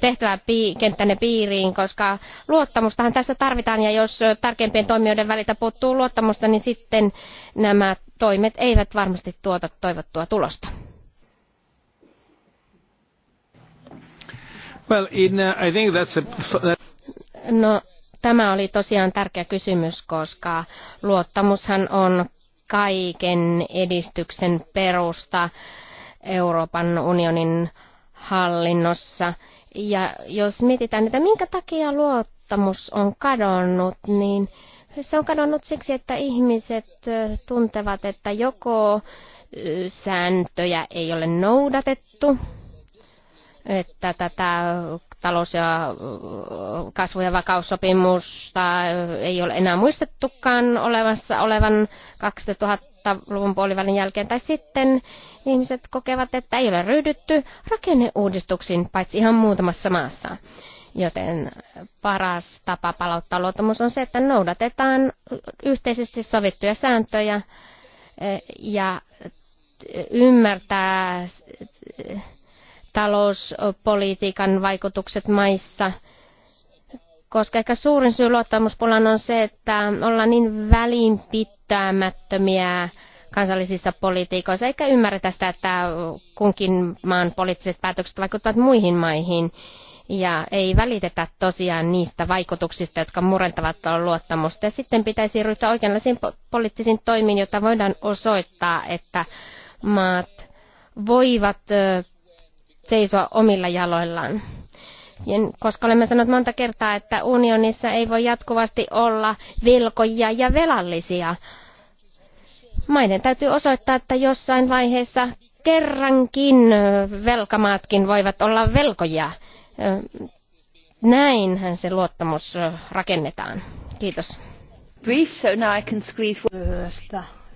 tehtäväkenttänne piiriin, koska luottamustahan tässä tarvitaan ja jos tärkeimpien toimijoiden väliltä puuttuu luottamusta, niin sitten nämä toimet eivät varmasti tuota toivottua tulosta. Well, in, uh, I think that's a... No, Tämä oli tosiaan tärkeä kysymys, koska luottamushan on kaiken edistyksen perusta Euroopan unionin hallinnossa. Ja jos mietitään, että minkä takia luottamus on kadonnut, niin se on kadonnut siksi, että ihmiset tuntevat, että joko sääntöjä ei ole noudatettu, että tätä talous- ja kasvu- ja vakaussopimusta ei ole enää muistettukaan olevassa, olevan 2000-luvun puolivälin jälkeen. Tai sitten ihmiset kokevat, että ei ole ryhdytty rakenneuudistuksiin, paitsi ihan muutamassa maassa. Joten paras tapa palauttaa luottamus on se, että noudatetaan yhteisesti sovittuja sääntöjä ja ymmärtää talouspolitiikan vaikutukset maissa. Koska ehkä suurin syy luottamuspulaan on se, että ollaan niin välinpitämättömiä kansallisissa politiikoissa, eikä ymmärretä sitä, että kunkin maan poliittiset päätökset vaikuttavat muihin maihin ja ei välitetä tosiaan niistä vaikutuksista, jotka murentavat luottamusta. Ja sitten pitäisi ryhtyä oikeanlaisiin poliittisiin toimiin, jotta voidaan osoittaa, että maat voivat seisoa omilla jaloillaan. Ja koska olemme sanoneet monta kertaa, että unionissa ei voi jatkuvasti olla velkoja ja velallisia. Maiden täytyy osoittaa, että jossain vaiheessa kerrankin velkamaatkin voivat olla velkoja. Näinhän se luottamus rakennetaan. Kiitos. Brief, so now I can squeeze...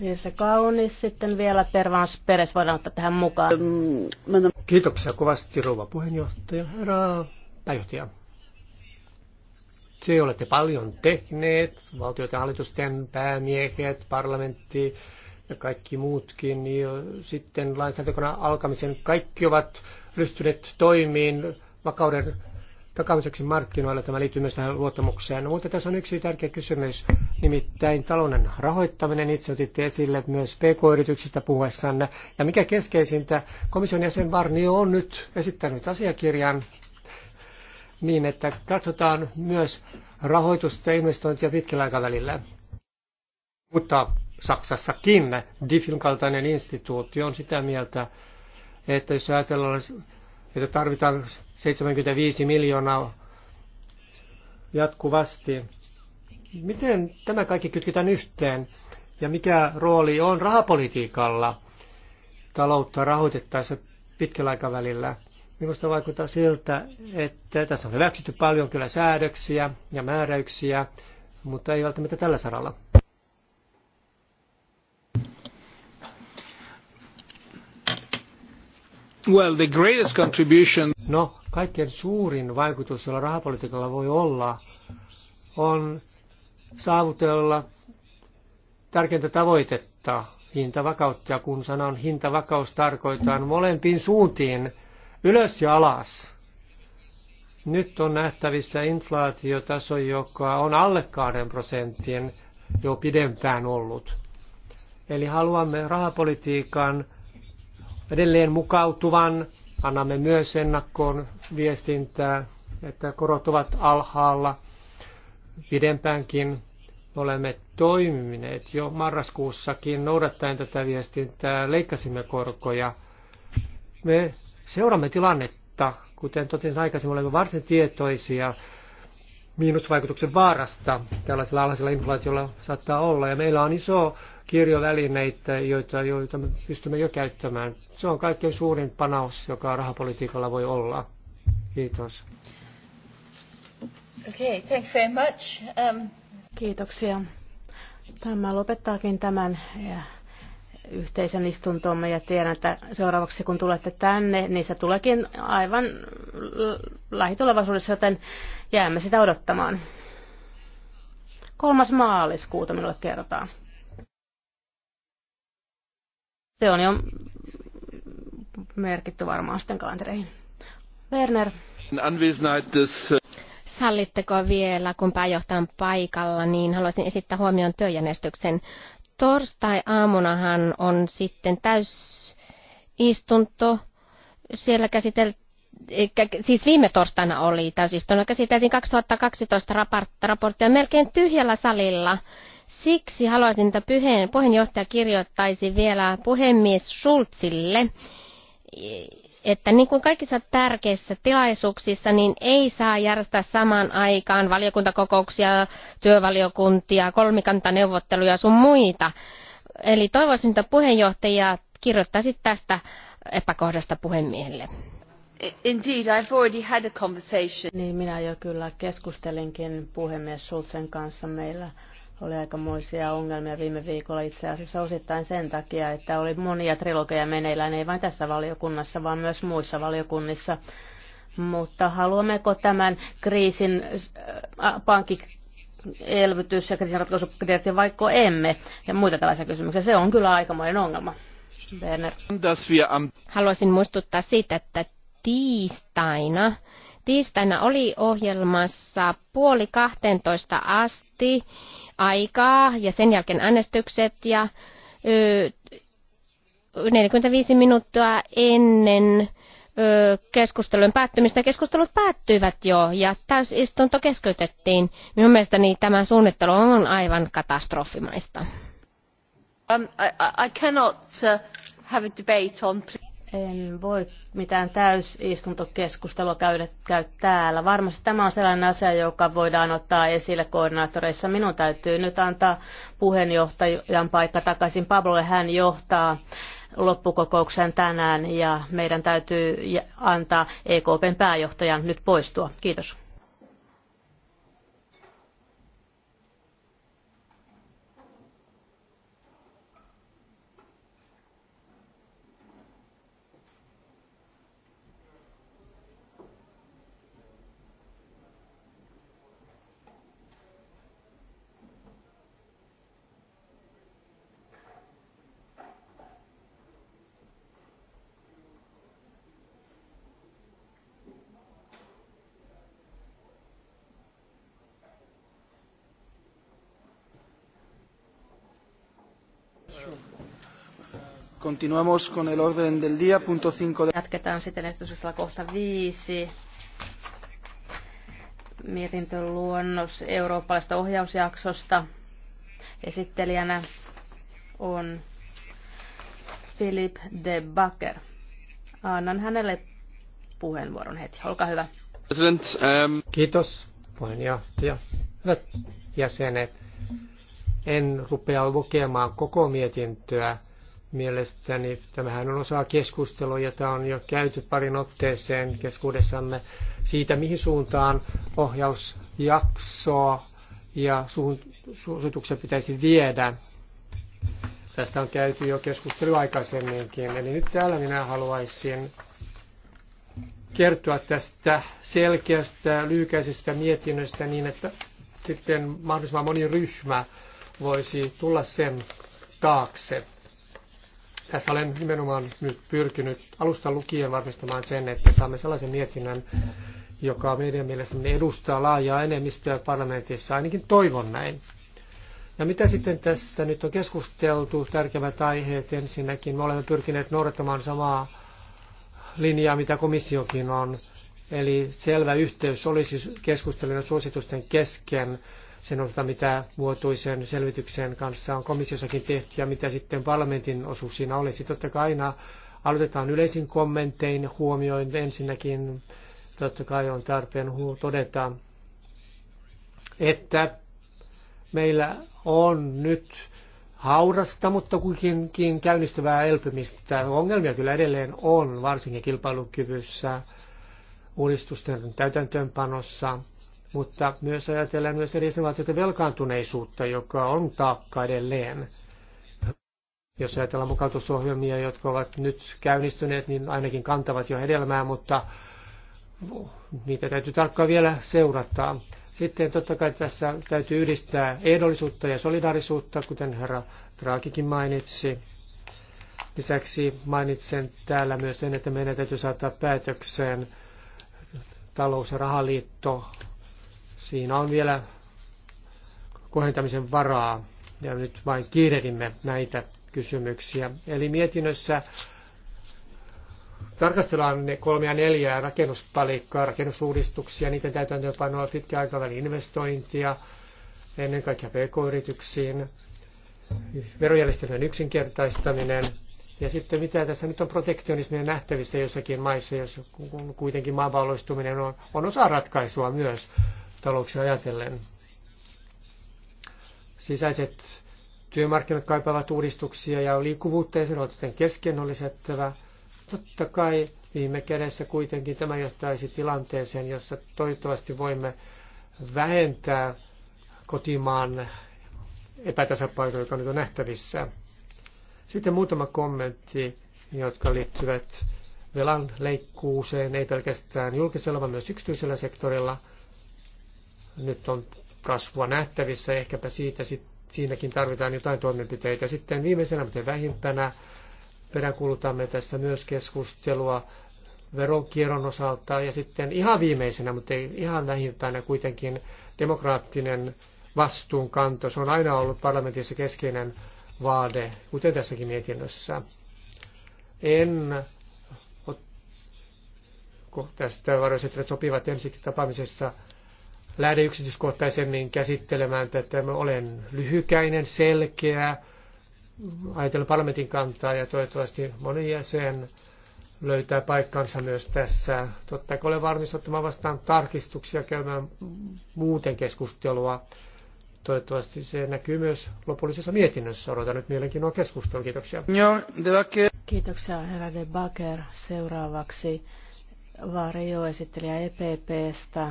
Niin se kaunis. Sitten vielä Pervans Peres voidaan ottaa tähän mukaan. Kiitoksia kovasti rouva puheenjohtaja, herra pääjohtaja. Te olette paljon tehneet, valtiot ja hallitusten päämiehet, parlamentti ja kaikki muutkin. Niin sitten lainsäädäntökona alkamisen kaikki ovat ryhtyneet toimiin vakauden takaamiseksi markkinoilla. Tämä liittyy myös tähän luottamukseen. No, mutta tässä on yksi tärkeä kysymys, nimittäin talouden rahoittaminen. Itse otitte esille myös PK-yrityksistä puhuessanne. Ja mikä keskeisintä, komission jäsen Barnio on nyt esittänyt asiakirjan niin, että katsotaan myös rahoitusta ja investointia pitkällä aikavälillä. Mutta Saksassakin DIFin kaltainen instituutti on sitä mieltä, että jos ajatellaan että tarvitaan 75 miljoonaa jatkuvasti. Miten tämä kaikki kytketään yhteen ja mikä rooli on rahapolitiikalla taloutta rahoitettaessa pitkällä aikavälillä? Minusta vaikuttaa siltä, että tässä on hyväksytty paljon kyllä säädöksiä ja määräyksiä, mutta ei välttämättä tällä saralla. Well, the greatest contribution... No, kaikkein suurin vaikutus, jolla rahapolitiikalla voi olla, on saavutella tärkeintä tavoitetta, hintavakautta. Ja kun sanan hintavakaus tarkoitan molempiin suuntiin, ylös ja alas. Nyt on nähtävissä inflaatiotaso, joka on alle 2 prosentin jo pidempään ollut. Eli haluamme rahapolitiikan edelleen mukautuvan. Annamme myös ennakkoon viestintää, että korot ovat alhaalla pidempäänkin. Olemme toimineet jo marraskuussakin noudattaen tätä viestintää, leikkasimme korkoja. Me seuraamme tilannetta, kuten totesin aikaisemmin, olemme varsin tietoisia miinusvaikutuksen vaarasta tällaisella alhaisella inflaatiolla saattaa olla. Ja meillä on iso kirjovälineitä, joita, joita me pystymme jo käyttämään. Se on kaikkein suurin panaus, joka rahapolitiikalla voi olla. Kiitos. Okay, thank very much. Um... Kiitoksia. Tämä lopettaakin tämän yhteisen istuntomme ja tiedän, että seuraavaksi kun tulette tänne, niin se tuleekin aivan lähitulevaisuudessa, joten jäämme sitä odottamaan. Kolmas maaliskuuta minulle kerrotaan. Se on jo merkitty varmaan sitten kalentereihin. Werner. Sallitteko vielä, kun pääjohtaja on paikalla, niin haluaisin esittää huomioon työjärjestyksen. Torstai-aamunahan on sitten täysistunto. Siellä käsiteltiin siis viime torstaina oli täysistunnolla, käsiteltiin 2012 raporttia melkein tyhjällä salilla. Siksi haluaisin, että puheenjohtaja kirjoittaisi vielä puhemies Schulzille, että niin kuin kaikissa tärkeissä tilaisuuksissa, niin ei saa järjestää samaan aikaan valiokuntakokouksia, työvaliokuntia, kolmikantaneuvotteluja sun muita. Eli toivoisin, että puheenjohtaja kirjoittaisi tästä epäkohdasta puhemiehelle. Indeed, I've already had a conversation. Niin, minä jo kyllä keskustelinkin puhemies Sultsen kanssa meillä oli aikamoisia ongelmia viime viikolla itse asiassa osittain sen takia, että oli monia trilogeja meneillään, ei vain tässä valiokunnassa, vaan myös muissa valiokunnissa. Mutta haluammeko tämän kriisin, äh, pankki, elvytys- ja kriisinratkaisukriteerit, vaikka emme, ja muita tällaisia kysymyksiä. Se on kyllä aikamoinen ongelma. Werner. Haluaisin muistuttaa siitä, että tiistaina, tiistaina oli ohjelmassa puoli 12 asti aikaa ja sen jälkeen äänestykset ja 45 minuuttia ennen keskustelun päättymistä. Keskustelut päättyivät jo ja täysistunto keskeytettiin. Minun mielestäni tämä suunnittelu on aivan katastrofimaista. Um, I, I cannot, uh, have a debate on... En voi mitään täysistuntokeskustelua käydä, käydä täällä. Varmasti tämä on sellainen asia, joka voidaan ottaa esille koordinaattoreissa. Minun täytyy nyt antaa puheenjohtajan paikka takaisin Pablolle. Hän johtaa loppukokouksen tänään ja meidän täytyy antaa EKPn pääjohtajan nyt poistua. Kiitos. Continuamos con el orden del día, punto 5. de... Jatketaan sitten esityksellä kohta 5. Mietintöluonnos eurooppalaisesta ohjausjaksosta. Esittelijänä on Philip de Backer. Annan hänelle puheenvuoron heti. Olkaa hyvä. President, um... Kiitos puheenjohtaja. Hyvät jäsenet, en rupea lukemaan koko mietintöä, Mielestäni tämähän on osa keskustelua, jota on jo käyty parin otteeseen keskuudessamme siitä, mihin suuntaan ohjausjaksoa ja suosituksia pitäisi viedä. Tästä on käyty jo keskustelu aikaisemminkin. Eli nyt täällä minä haluaisin kertoa tästä selkeästä, lyhykäisestä mietinnöstä niin, että sitten mahdollisimman moni ryhmä voisi tulla sen taakse. Tässä olen nimenomaan nyt pyrkinyt alusta lukien varmistamaan sen, että saamme sellaisen mietinnän, joka meidän mielestämme edustaa laajaa enemmistöä parlamentissa. Ainakin toivon näin. Ja mitä sitten tästä nyt on keskusteltu, tärkeimmät aiheet ensinnäkin. Me olemme pyrkineet noudattamaan samaa linjaa, mitä komissiokin on. Eli selvä yhteys olisi keskustelun ja suositusten kesken sen osalta, mitä vuotuisen selvityksen kanssa on komissiossakin tehty ja mitä sitten parlamentin osuus siinä olisi. Totta kai aina aloitetaan yleisin kommentein huomioin ensinnäkin. Totta kai on tarpeen todeta, että meillä on nyt haurasta, mutta kuitenkin käynnistyvää elpymistä. Ongelmia kyllä edelleen on, varsinkin kilpailukyvyssä, uudistusten täytäntöönpanossa – mutta myös ajatellaan myös eri jäsenvaltioiden velkaantuneisuutta, joka on taakka edelleen. Jos ajatellaan mukautusohjelmia, jotka ovat nyt käynnistyneet, niin ainakin kantavat jo hedelmää, mutta niitä täytyy tarkkaan vielä seurata. Sitten totta kai tässä täytyy yhdistää ehdollisuutta ja solidaarisuutta, kuten herra Draakikin mainitsi. Lisäksi mainitsen täällä myös sen, että meidän täytyy saattaa päätökseen talous- ja rahaliitto Siinä on vielä kohentamisen varaa ja nyt vain kiirehdimme näitä kysymyksiä. Eli mietinnössä tarkastellaan ne kolme ja neljää rakennuspalikkaa, rakennusuudistuksia, niiden täytäntöönpanoa, pitkäaikavälin investointia, ennen kaikkea pk-yrityksiin, verojärjestelmän yksinkertaistaminen, ja sitten mitä tässä nyt on protektionismia nähtävissä jossakin maissa, jos kuitenkin maanvalloistuminen on, on osa ratkaisua myös talouksia ajatellen. Sisäiset työmarkkinat kaipaavat uudistuksia ja liikkuvuutta ja sen on kesken on lisättävä. Totta kai viime kädessä kuitenkin tämä johtaisi tilanteeseen, jossa toivottavasti voimme vähentää kotimaan epätasapainoa, joka nyt on nähtävissä. Sitten muutama kommentti, jotka liittyvät velan leikkuuseen, ei pelkästään julkisella, vaan myös yksityisellä sektorilla – nyt on kasvua nähtävissä, ehkäpä siitä sit, siinäkin tarvitaan jotain toimenpiteitä. Sitten viimeisenä, mutta vähimpänä, peräkulutamme tässä myös keskustelua veronkierron osalta ja sitten ihan viimeisenä, mutta ei ihan vähimpänä kuitenkin demokraattinen vastuunkanto. Se on aina ollut parlamentissa keskeinen vaade, kuten tässäkin mietinnössä. En tästä varoiset sopivat ensiksi tapaamisessa lähde yksityiskohtaisemmin käsittelemään tätä. Mä olen lyhykäinen, selkeä, ajatellen parlamentin kantaa ja toivottavasti moni jäsen löytää paikkansa myös tässä. Totta kai olen valmis ottamaan vastaan tarkistuksia, käymään muuten keskustelua. Toivottavasti se näkyy myös lopullisessa mietinnössä. Odotan nyt mielenkiinnolla keskustelua. Kiitoksia. Kiitoksia, herra De Baker. Seuraavaksi EPP: e EPPstä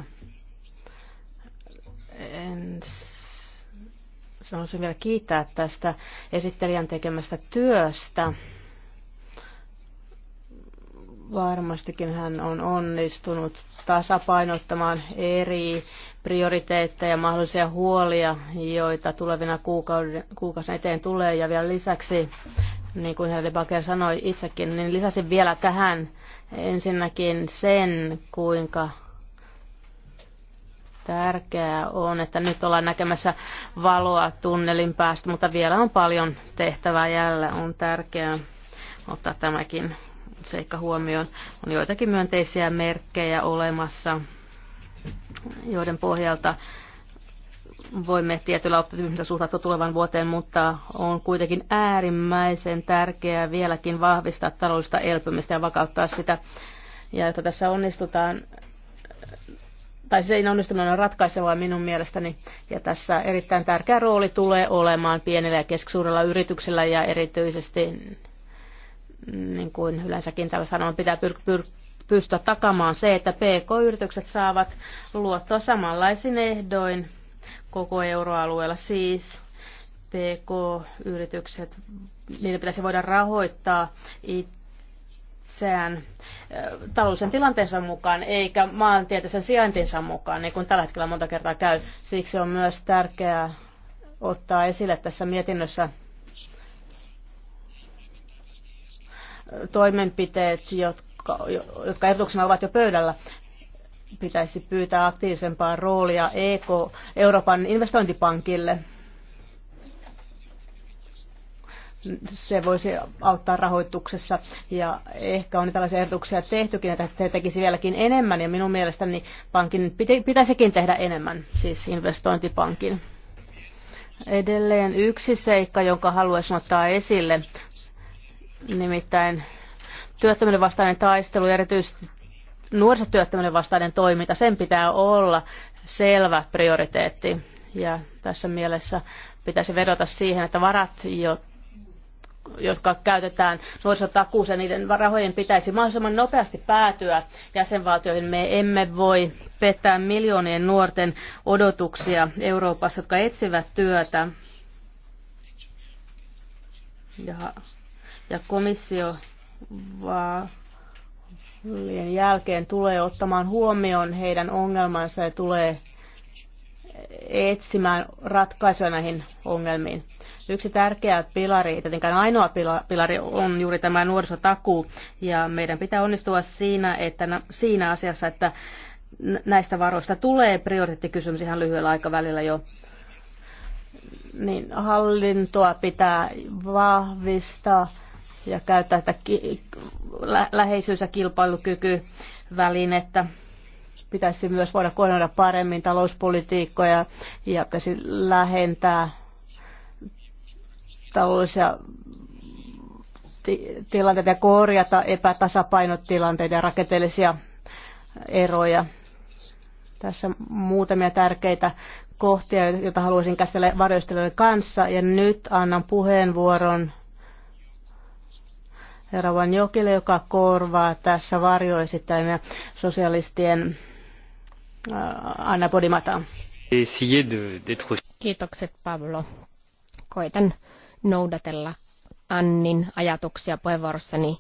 sanoisin vielä kiittää tästä esittelijän tekemästä työstä. Varmastikin hän on onnistunut tasapainottamaan eri prioriteetteja ja mahdollisia huolia, joita tulevina kuukausina eteen tulee. Ja vielä lisäksi, niin kuin Heli Baker sanoi itsekin, niin lisäsin vielä tähän ensinnäkin sen, kuinka Tärkeää on, että nyt ollaan näkemässä valoa tunnelin päästä, mutta vielä on paljon tehtävää jäljellä. On tärkeää ottaa tämäkin seikka huomioon. On joitakin myönteisiä merkkejä olemassa, joiden pohjalta voimme tietyllä optimismilla suhtautua tulevan vuoteen, mutta on kuitenkin äärimmäisen tärkeää vieläkin vahvistaa taloudellista elpymistä ja vakauttaa sitä. Ja jotta tässä onnistutaan, tai se ei on ratkaisevaa minun mielestäni, ja tässä erittäin tärkeä rooli tulee olemaan pienellä ja keskisuurella yrityksellä, ja erityisesti, niin kuin yleensäkin täällä sanon, pitää pyr- pyr- pystyä takamaan se, että PK-yritykset saavat luottoa samanlaisin ehdoin koko euroalueella. Siis PK-yritykset, niitä pitäisi voida rahoittaa itse itseään talousen tilanteensa mukaan, eikä maantieteisen sijaintinsa mukaan, niin kuin tällä hetkellä monta kertaa käy. Siksi on myös tärkeää ottaa esille tässä mietinnössä toimenpiteet, jotka, jotka ehdotuksena ovat jo pöydällä pitäisi pyytää aktiivisempaa roolia EK, Euroopan investointipankille – se voisi auttaa rahoituksessa. Ja ehkä on tällaisia ehdotuksia tehtykin, että se tekisi vieläkin enemmän. Ja minun mielestäni pankin pitäisikin tehdä enemmän, siis investointipankin. Edelleen yksi seikka, jonka haluaisin ottaa esille, nimittäin työttömyyden vastainen taistelu, erityisesti nuorisotyöttömyyden vastainen toiminta, sen pitää olla selvä prioriteetti. Ja tässä mielessä pitäisi vedota siihen, että varat, jotka käytetään nuorisotakuuseen, niiden rahojen pitäisi mahdollisimman nopeasti päätyä jäsenvaltioihin. Me emme voi pettää miljoonien nuorten odotuksia Euroopassa, jotka etsivät työtä. Ja, ja komissio vaalien jälkeen tulee ottamaan huomioon heidän ongelmansa ja tulee etsimään ratkaisuja näihin ongelmiin Yksi tärkeä pilari, tietenkään ainoa pilari, on juuri tämä nuorisotakuu. Ja meidän pitää onnistua siinä, että, siinä asiassa, että näistä varoista tulee prioriteettikysymys ihan lyhyellä aikavälillä jo. Niin hallintoa pitää vahvistaa ja käyttää tätä ki- lä- läheisyys- ja kilpailukykyvälinettä. Pitäisi myös voida koordinoida paremmin talouspolitiikkoja ja pitäisi lähentää taloudellisia tilanteita ja korjata epätasapainotilanteita ja rakenteellisia eroja. Tässä muutamia tärkeitä kohtia, joita haluaisin käsitellä varjoistelijoiden kanssa. Ja nyt annan puheenvuoron herra Van Jokille, joka korvaa tässä ja sosialistien äh, Anna Podimata. Kiitokset Pablo. Koitan noudatella Annin ajatuksia puheenvuorossani.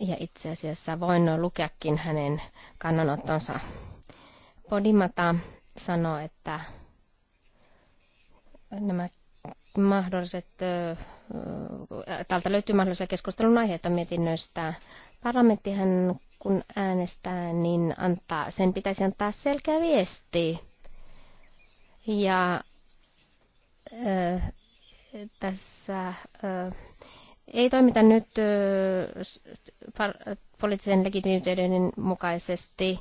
Ja itse asiassa voin lukeakin hänen kannanottonsa. Podimata sanoo, että nämä mahdolliset, täältä löytyy mahdollisia keskustelun aiheita mietinnöistä. Parlamenttihan kun äänestää, niin antaa, sen pitäisi antaa selkeä viesti. Ja tässä ei toimita nyt poliittisen legitimiteetin mukaisesti.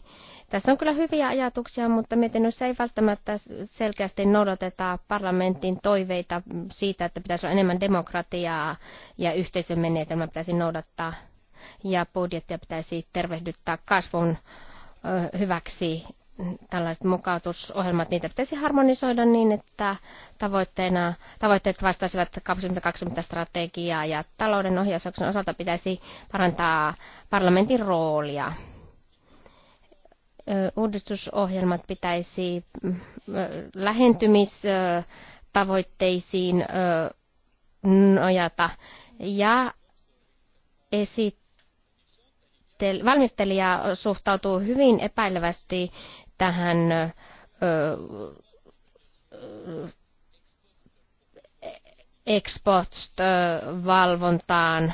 Tässä on kyllä hyviä ajatuksia, mutta mietinnössä ei välttämättä selkeästi noudateta parlamentin toiveita siitä, että pitäisi olla enemmän demokratiaa ja yhteisön menetelmä pitäisi noudattaa ja budjettia pitäisi tervehdyttää kasvun hyväksi tällaiset mukautusohjelmat, niitä pitäisi harmonisoida niin, että tavoitteena, tavoitteet vastaisivat 2020 strategiaa ja talouden ohjausjakson osalta pitäisi parantaa parlamentin roolia. Uudistusohjelmat pitäisi mm, lähentymistavoitteisiin nojata ja esittää valmistelija suhtautuu hyvin epäilevästi tähän export-valvontaan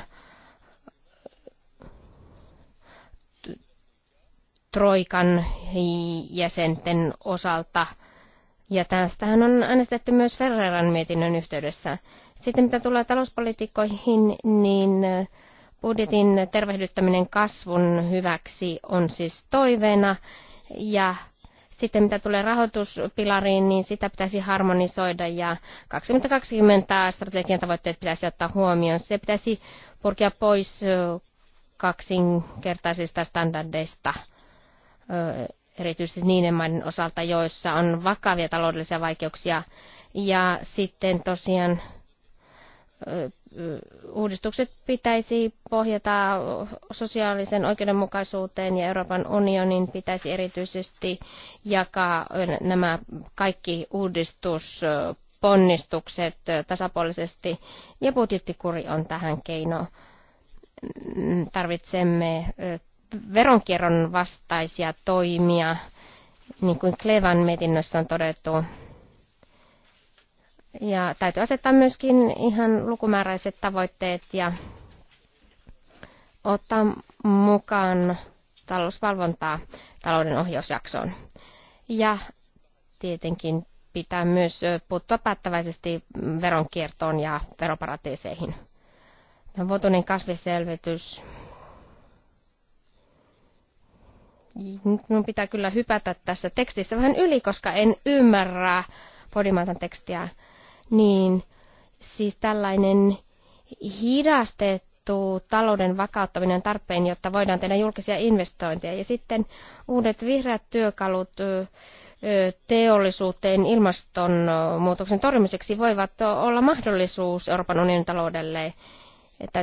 Troikan jäsenten osalta. Ja tästähän on äänestetty myös Ferreran mietinnön yhteydessä. Sitten mitä tulee talouspolitiikkoihin, niin budjetin tervehdyttäminen kasvun hyväksi on siis toiveena. Ja sitten mitä tulee rahoituspilariin, niin sitä pitäisi harmonisoida ja 2020 strategian tavoitteet pitäisi ottaa huomioon. Se pitäisi purkia pois kaksinkertaisista standardeista, erityisesti niiden maiden osalta, joissa on vakavia taloudellisia vaikeuksia. Ja sitten tosiaan uudistukset pitäisi pohjata sosiaalisen oikeudenmukaisuuteen ja Euroopan unionin pitäisi erityisesti jakaa nämä kaikki uudistusponnistukset tasapuolisesti ja budjettikuri on tähän keino. Tarvitsemme veronkierron vastaisia toimia, niin kuin Klevan mietinnössä on todettu ja täytyy asettaa myöskin ihan lukumääräiset tavoitteet ja ottaa mukaan talousvalvontaa talouden ohjausjaksoon. Ja tietenkin pitää myös puuttua päättäväisesti veronkiertoon ja veroparatiiseihin. No, vuotuinen kasviselvitys. Nyt minun pitää kyllä hypätä tässä tekstissä vähän yli, koska en ymmärrä podimaatan tekstiä niin siis tällainen hidastettu talouden vakauttaminen on tarpeen, jotta voidaan tehdä julkisia investointeja. Ja sitten uudet vihreät työkalut teollisuuteen ilmastonmuutoksen torjumiseksi voivat olla mahdollisuus Euroopan unionin taloudelle.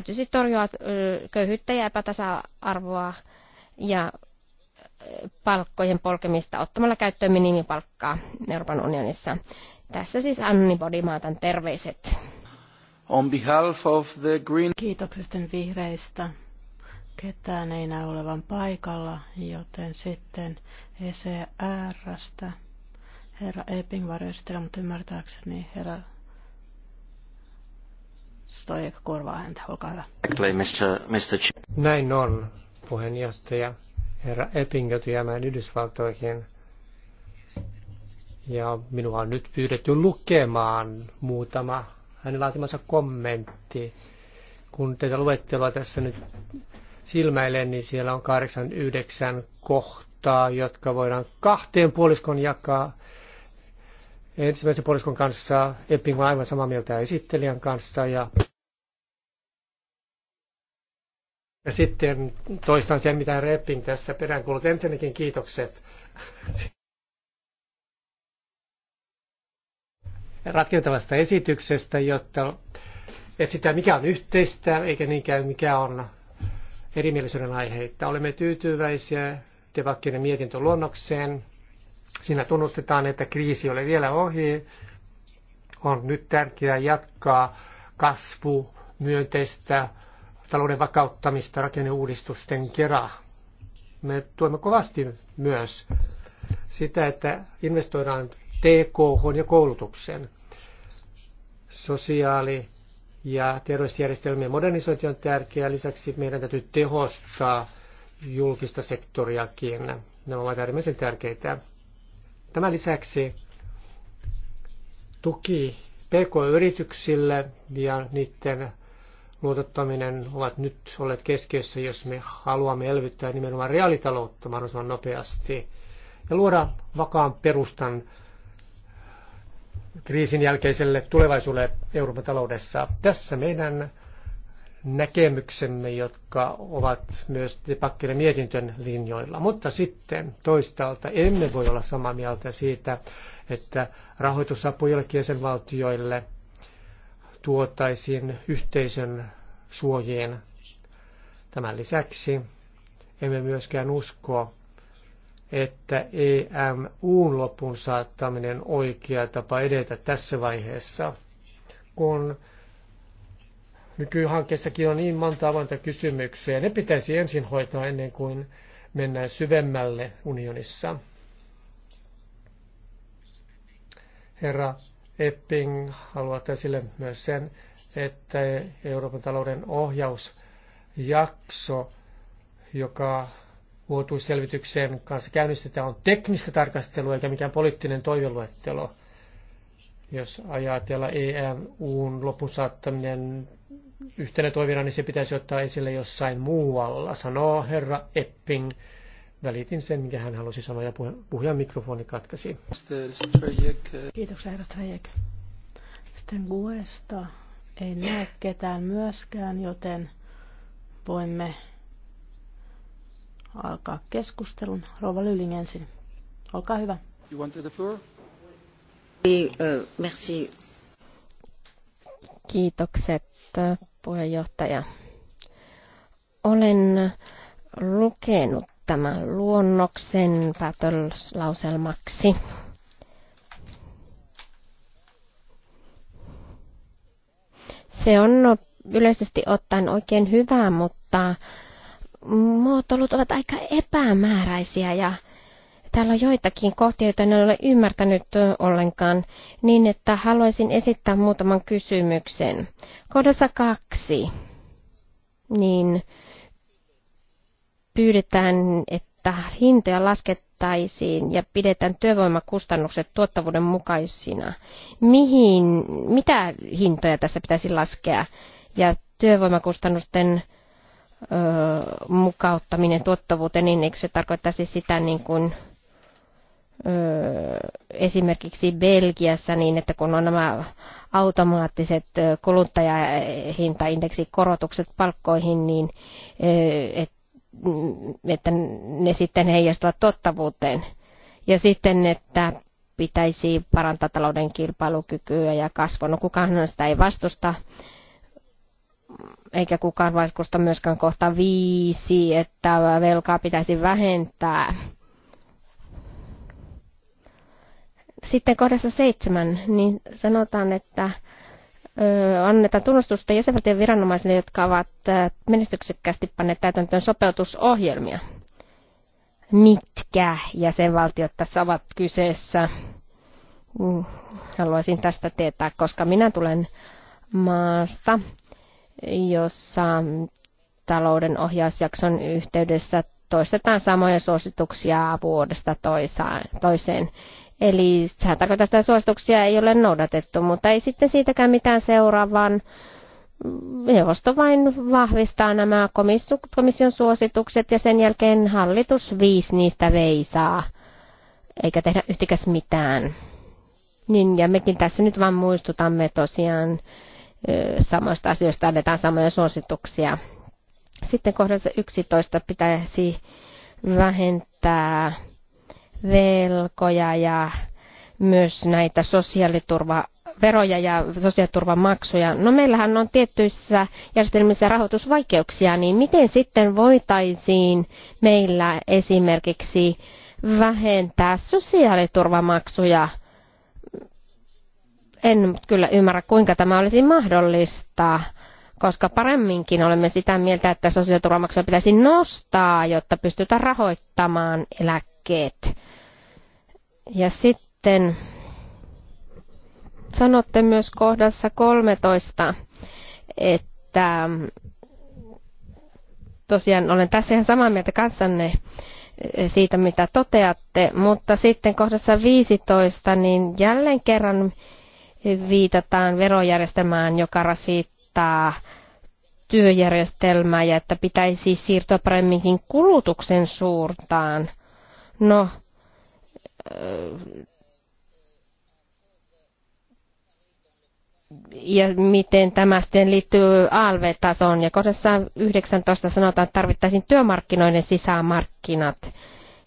sitten torjua köyhyyttä ja epätasa-arvoa ja palkkojen polkemista ottamalla käyttöön minimipalkkaa Euroopan unionissa. Tässä siis Anni Bodimaatan terveiset. On behalf of the Green... Kiitoksisten vihreistä. Ketään ei näy olevan paikalla, joten sitten ECRstä. Herra Epping varjoistelee, mutta ymmärtääkseni herra Stoik korvaa häntä. Olkaa hyvä. Näin on, puheenjohtaja. Herra Epping joutui jäämään Yhdysvaltoihin – ja minua on nyt pyydetty lukemaan muutama hänen laatimansa kommentti. Kun tätä luettelua tässä nyt silmäilen, niin siellä on 89 kohtaa, jotka voidaan kahteen puoliskon jakaa. Ensimmäisen puoliskon kanssa Epping on aivan samaa mieltä esittelijän kanssa ja ja sitten toistan sen, mitä Reppin tässä peräänkuulut. Ensinnäkin kiitokset ratkentavasta esityksestä, jotta etsitään mikä on yhteistä eikä niinkään mikä on erimielisyyden aiheita. Olemme tyytyväisiä debakkien mietintöluonnokseen. Siinä tunnustetaan, että kriisi ei ole vielä ohi. On nyt tärkeää jatkaa kasvu, myönteistä talouden vakauttamista rakenneuudistusten kera. Me tuemme kovasti myös sitä, että investoidaan TKH ja koulutuksen. Sosiaali- ja terveysjärjestelmien modernisointi on tärkeää. Lisäksi meidän täytyy tehostaa julkista sektoriakin. Nämä ovat äärimmäisen tärkeitä. Tämän lisäksi tuki PK-yrityksille ja niiden luotettaminen ovat nyt olleet keskiössä, jos me haluamme elvyttää nimenomaan reaalitaloutta mahdollisimman nopeasti ja luoda vakaan perustan kriisin jälkeiselle tulevaisuudelle Euroopan taloudessa. Tässä meidän näkemyksemme, jotka ovat myös depakkinen mietintön linjoilla. Mutta sitten toistaalta emme voi olla samaa mieltä siitä, että rahoitusapu joillekin jäsenvaltioille tuotaisiin yhteisön suojien. Tämän lisäksi emme myöskään usko, että EMUn lopun saattaminen oikea tapa edetä tässä vaiheessa, kun nykyhankkeessakin on niin monta avointa kysymyksiä. Ne pitäisi ensin hoitaa ennen kuin mennään syvemmälle unionissa. Herra Epping haluaa esille myös sen, että Euroopan talouden ohjausjakso, joka vuotuisselvityksen kanssa käynnistetään, on teknistä tarkastelua eikä mikään poliittinen toiveluettelo. Jos ajatella EMUn lopun saattaminen yhtenä toivina, niin se pitäisi ottaa esille jossain muualla, sanoo herra Epping. Välitin sen, minkä hän halusi sanoa, ja puhujan mikrofoni katkesi. Kiitoksia, herra Strajek. Sitten Guesta ei näe ketään myöskään, joten voimme alkaa keskustelun. Rouva Lyling ensin. Olkaa hyvä. You wanted the floor? Euh, merci. Kiitokset puheenjohtaja. Olen lukenut tämän luonnoksen päätöslauselmaksi. Se on yleisesti ottaen oikein hyvä, mutta muotoilut ovat aika epämääräisiä ja täällä on joitakin kohtia, joita en ole ymmärtänyt ollenkaan, niin että haluaisin esittää muutaman kysymyksen. Kohdassa kaksi, niin pyydetään, että hintoja laskettaisiin ja pidetään työvoimakustannukset tuottavuuden mukaisina. Mihin, mitä hintoja tässä pitäisi laskea ja työvoimakustannusten mukauttaminen tuottavuuteen niin eikö niin tarkoittaisi sitä niin kuin esimerkiksi Belgiassa niin, että kun on nämä automaattiset kuluttajahintaindeksikorotukset palkkoihin, niin mm, että ne sitten heijastuvat tuottavuuteen. Ja sitten, että pitäisi parantaa talouden kilpailukykyä ja kasvua. No kukaan sitä ei vastusta, eikä kukaan vaikusta myöskään kohta viisi, että velkaa pitäisi vähentää. Sitten kohdassa seitsemän, niin sanotaan, että annetaan tunnustusta jäsenvaltion viranomaisille, jotka ovat menestyksekkäästi panneet täytäntöön sopeutusohjelmia. Mitkä jäsenvaltiot tässä ovat kyseessä? Mm, haluaisin tästä tietää, koska minä tulen maasta, jossa talouden ohjausjakson yhteydessä toistetaan samoja suosituksia vuodesta toiseen. Eli sehän tarkoittaa, että suosituksia ei ole noudatettu, mutta ei sitten siitäkään mitään seuraa, vaan neuvosto vain vahvistaa nämä komission suositukset ja sen jälkeen hallitus viisi niistä veisaa, eikä tehdä yhtikäs mitään. Niin, ja mekin tässä nyt vain muistutamme tosiaan samoista asioista annetaan samoja suosituksia. Sitten kohdassa 11 pitäisi vähentää velkoja ja myös näitä sosiaaliturva veroja ja sosiaaliturvamaksuja. No meillähän on tiettyissä järjestelmissä rahoitusvaikeuksia, niin miten sitten voitaisiin meillä esimerkiksi vähentää sosiaaliturvamaksuja en kyllä ymmärrä, kuinka tämä olisi mahdollista, koska paremminkin olemme sitä mieltä, että sosiaaliturvamaksuja pitäisi nostaa, jotta pystytään rahoittamaan eläkkeet. Ja sitten sanotte myös kohdassa 13, että tosiaan olen tässä ihan samaa mieltä kanssanne siitä, mitä toteatte, mutta sitten kohdassa 15, niin jälleen kerran viitataan verojärjestelmään, joka rasittaa työjärjestelmää ja että pitäisi siirtyä paremminkin kulutuksen suuntaan. No, ja miten tämä sitten liittyy ALV-tasoon. Ja kohdassa 19 sanotaan, että tarvittaisiin työmarkkinoiden sisämarkkinat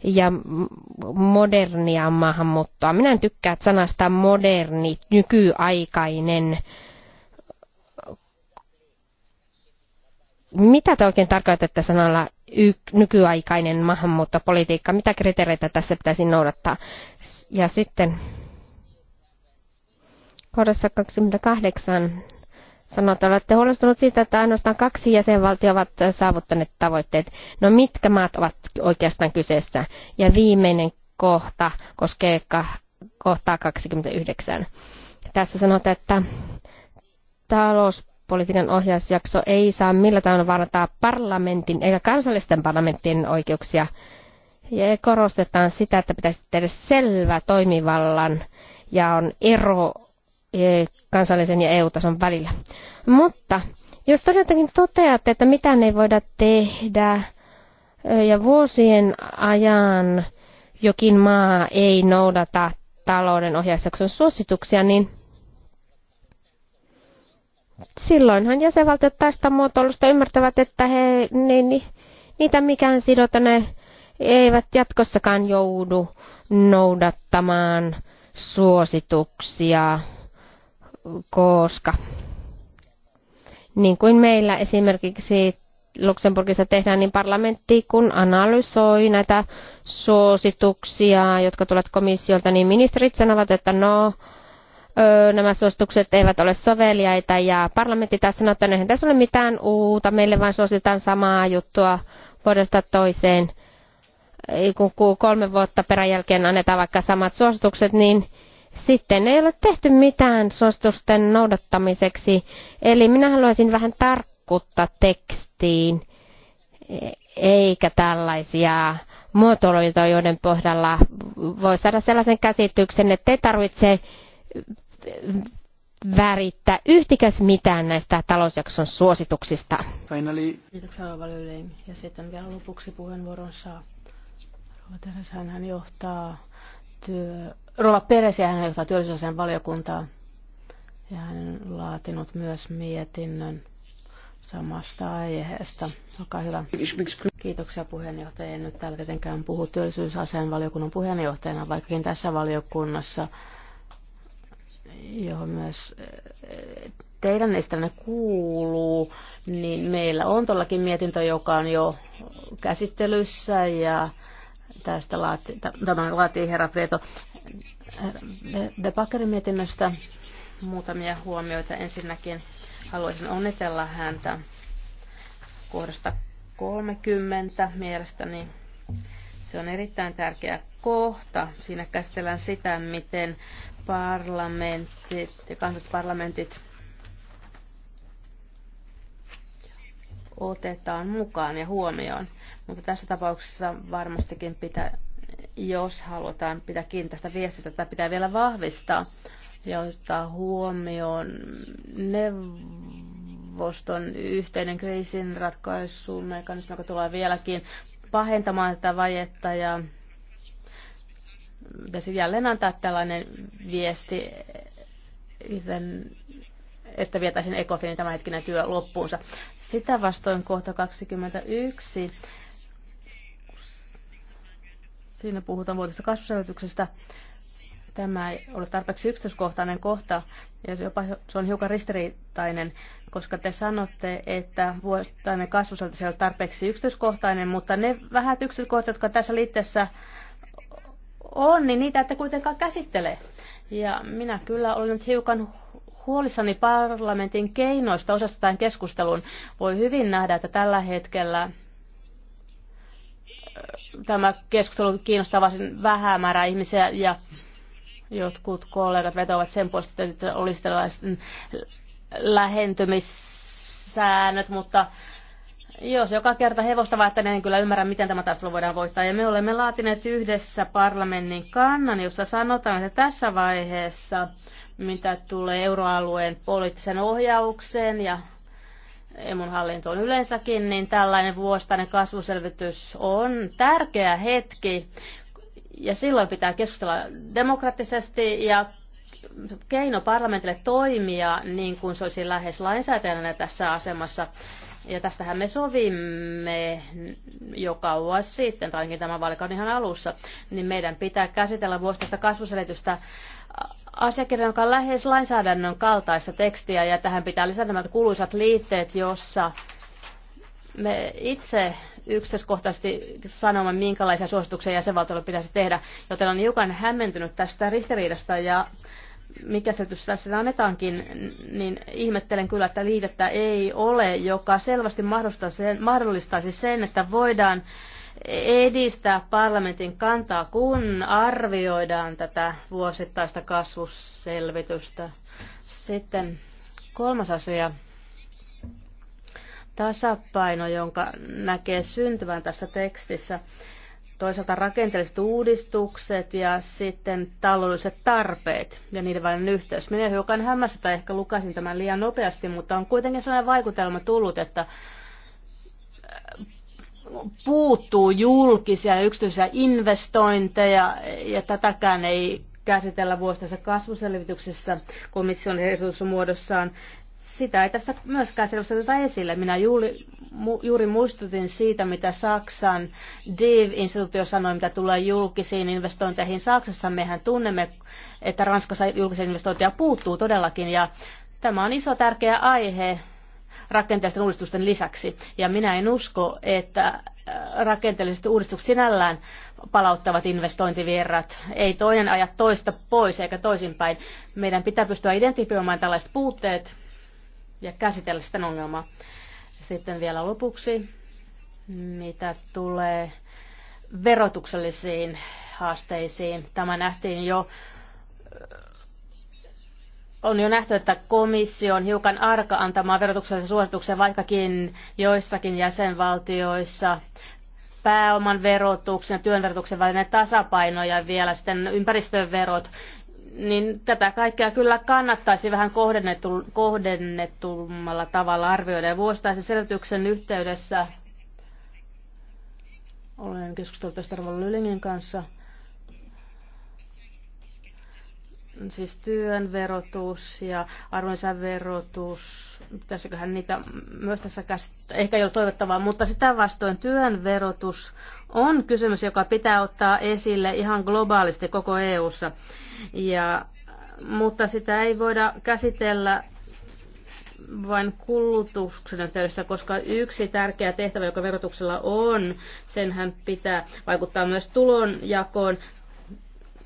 ja modernia maahanmuuttoa. Minä en tykkää sanasta moderni, nykyaikainen. Mitä te oikein tarkoitatte sanalla nykyaikainen maahanmuuttopolitiikka? Mitä kriteereitä tässä pitäisi noudattaa? Ja sitten kohdassa 28 sanoo, että olette huolestunut siitä, että ainoastaan kaksi jäsenvaltiota ovat äh, saavuttaneet tavoitteet. No mitkä maat ovat oikeastaan kyseessä? Ja viimeinen kohta koskee kohtaa 29. Tässä sanotaan, että talouspolitiikan ohjausjakso ei saa millään tavalla vaarantaa parlamentin eikä kansallisten parlamenttien oikeuksia. Ja korostetaan sitä, että pitäisi tehdä selvä toimivallan ja on ero e, kansallisen ja EU-tason välillä. Mutta jos todellakin toteatte, että mitään ei voida tehdä ja vuosien ajan jokin maa ei noudata talouden ohjausjakson suosituksia, niin silloinhan jäsenvaltiot tästä muotoilusta ymmärtävät, että he, niin, niin, niitä mikään sidota, ne eivät jatkossakaan joudu noudattamaan suosituksia koska niin kuin meillä esimerkiksi Luxemburgissa tehdään, niin parlamentti kun analysoi näitä suosituksia, jotka tulevat komissiolta, niin ministerit sanovat, että no, öö, nämä suositukset eivät ole soveliaita ja parlamentti taas sanoo, että no, eihän tässä ole mitään uutta, meille vain suositaan samaa juttua vuodesta toiseen. Kun kolme vuotta peräjälkeen annetaan vaikka samat suositukset, niin sitten ei ole tehty mitään suositusten noudattamiseksi. Eli minä haluaisin vähän tarkkuutta tekstiin, eikä tällaisia muotoiluja, joiden pohdalla voi saada sellaisen käsityksen, että ei tarvitse värittää yhtikäs mitään näistä talousjakson suosituksista. Finally. Kiitoksia Alvalylein. Ja sitten vielä lopuksi puheenvuoron saa. Hän johtaa työ, Rova Peresiä, hän johtaa työllisyysasian valiokuntaa. Ja hän on laatinut myös mietinnön samasta aiheesta. Olkaa hyvä. Kiitoksia puheenjohtaja. En nyt täällä tietenkään puhu työllisyysasian valiokunnan puheenjohtajana, vaikkakin tässä valiokunnassa, johon myös eh, teidän estänne kuuluu, niin meillä on tuollakin mietintö, joka on jo käsittelyssä ja Tästä laati, tämän laatii herra Preto. De Bakkerin mietinnöstä muutamia huomioita. Ensinnäkin haluaisin onnitella häntä kohdasta 30 mielestäni. Se on erittäin tärkeä kohta. Siinä käsitellään sitä, miten parlamentit ja kansallisparlamentit otetaan mukaan ja huomioon. Mutta tässä tapauksessa varmastikin pitää, jos halutaan pitää kiinni tästä viestistä, tätä pitää vielä vahvistaa ja ottaa huomioon neuvoston yhteinen kriisinratkaisumekanismi, joka tulee vieläkin pahentamaan tätä vajetta ja pitäisi jälleen antaa tällainen viesti, että vietäisiin ECOFINin tämänhetkinen työ loppuunsa. Sitä vastoin kohta 21 Siinä puhutaan vuodesta kasvuselvityksestä. Tämä ei ole tarpeeksi yksityiskohtainen kohta, ja se, jopa, se on hiukan ristiriitainen, koska te sanotte, että vuosittainen kasvuselvitys ei ole tarpeeksi yksityiskohtainen, mutta ne vähät yksityiskohtat, jotka tässä liitteessä on, niin niitä ette kuitenkaan käsittele. Ja minä kyllä olen nyt hiukan huolissani parlamentin keinoista osastotaan keskustelun. Voi hyvin nähdä, että tällä hetkellä tämä keskustelu kiinnostaa varsin vähämäärää ihmisiä ja jotkut kollegat vetovat sen puolesta, että olisi tällaiset lähentymissäännöt, mutta jos joka kerta hevosta vaihtaa, niin en kyllä ymmärrä, miten tämä taistelu voidaan voittaa. Ja me olemme laatineet yhdessä parlamentin kannan, jossa sanotaan, että tässä vaiheessa, mitä tulee euroalueen poliittisen ohjaukseen ja emun hallintoon yleensäkin, niin tällainen vuostainen kasvuselvitys on tärkeä hetki, ja silloin pitää keskustella demokraattisesti ja keino parlamentille toimia niin kuin se olisi lähes lainsäätäjänä tässä asemassa. Ja tästähän me sovimme jo kauas sitten, tai ainakin tämän vaalikauden ihan alussa, niin meidän pitää käsitellä vuosittaista kasvuselitystä asiakirja, joka on lähes lainsäädännön kaltaista tekstiä, ja tähän pitää lisätä nämä kuluisat liitteet, jossa me itse yksityiskohtaisesti sanomme, minkälaisia suosituksia jäsenvaltiolle pitäisi tehdä, joten on hiukan hämmentynyt tästä ristiriidasta ja mikä selitys tässä annetaankin, niin ihmettelen kyllä, että liitettä ei ole, joka selvästi mahdollistaisi sen, että voidaan edistää parlamentin kantaa, kun arvioidaan tätä vuosittaista kasvuselvitystä. Sitten kolmas asia, tasapaino, jonka näkee syntyvän tässä tekstissä. Toisaalta rakenteelliset uudistukset ja sitten taloudelliset tarpeet ja niiden välinen yhteys. Minä hiukan hämmästytä, ehkä lukasin tämän liian nopeasti, mutta on kuitenkin sellainen vaikutelma tullut, että puuttuu julkisia ja yksityisiä investointeja ja tätäkään ei käsitellä vuosittaisessa kasvuselvityksessä komission muodossaan. Sitä ei tässä myöskään selvitetä esille. Minä juuri, mu, juuri muistutin siitä, mitä Saksan DIV-instituutio sanoi, mitä tulee julkisiin investointeihin. Saksassa mehän tunnemme, että Ranskassa julkisia investointeja puuttuu todellakin ja tämä on iso tärkeä aihe rakenteellisten uudistusten lisäksi. Ja minä en usko, että äh, rakenteelliset uudistukset sinällään palauttavat investointivirrat. Ei toinen aja toista pois eikä toisinpäin. Meidän pitää pystyä identifioimaan tällaiset puutteet ja käsitellä sitä ongelmaa. Sitten vielä lopuksi, mitä tulee verotuksellisiin haasteisiin. Tämä nähtiin jo on jo nähty, että komissio on hiukan arka antamaan verotuksellisen suosituksen, vaikkakin joissakin jäsenvaltioissa pääoman verotuksen ja työn verotuksen välinen tasapaino ja vielä sitten ympäristöverot, niin tätä kaikkea kyllä kannattaisi vähän kohdennettu, kohdennetummalla tavalla arvioida. Ja vuosittaisen selvityksen yhteydessä olen keskustellut tästä Arvon Lylingin kanssa – siis työn verotus ja arvonlisäverotus, pitäisiköhän niitä myös tässä käsittää, ehkä ei ole toivottavaa, mutta sitä vastoin työn verotus on kysymys, joka pitää ottaa esille ihan globaalisti koko EU:ssa, ja, mutta sitä ei voida käsitellä vain kulutuksen yhteydessä, koska yksi tärkeä tehtävä, joka verotuksella on, senhän pitää vaikuttaa myös tulonjakoon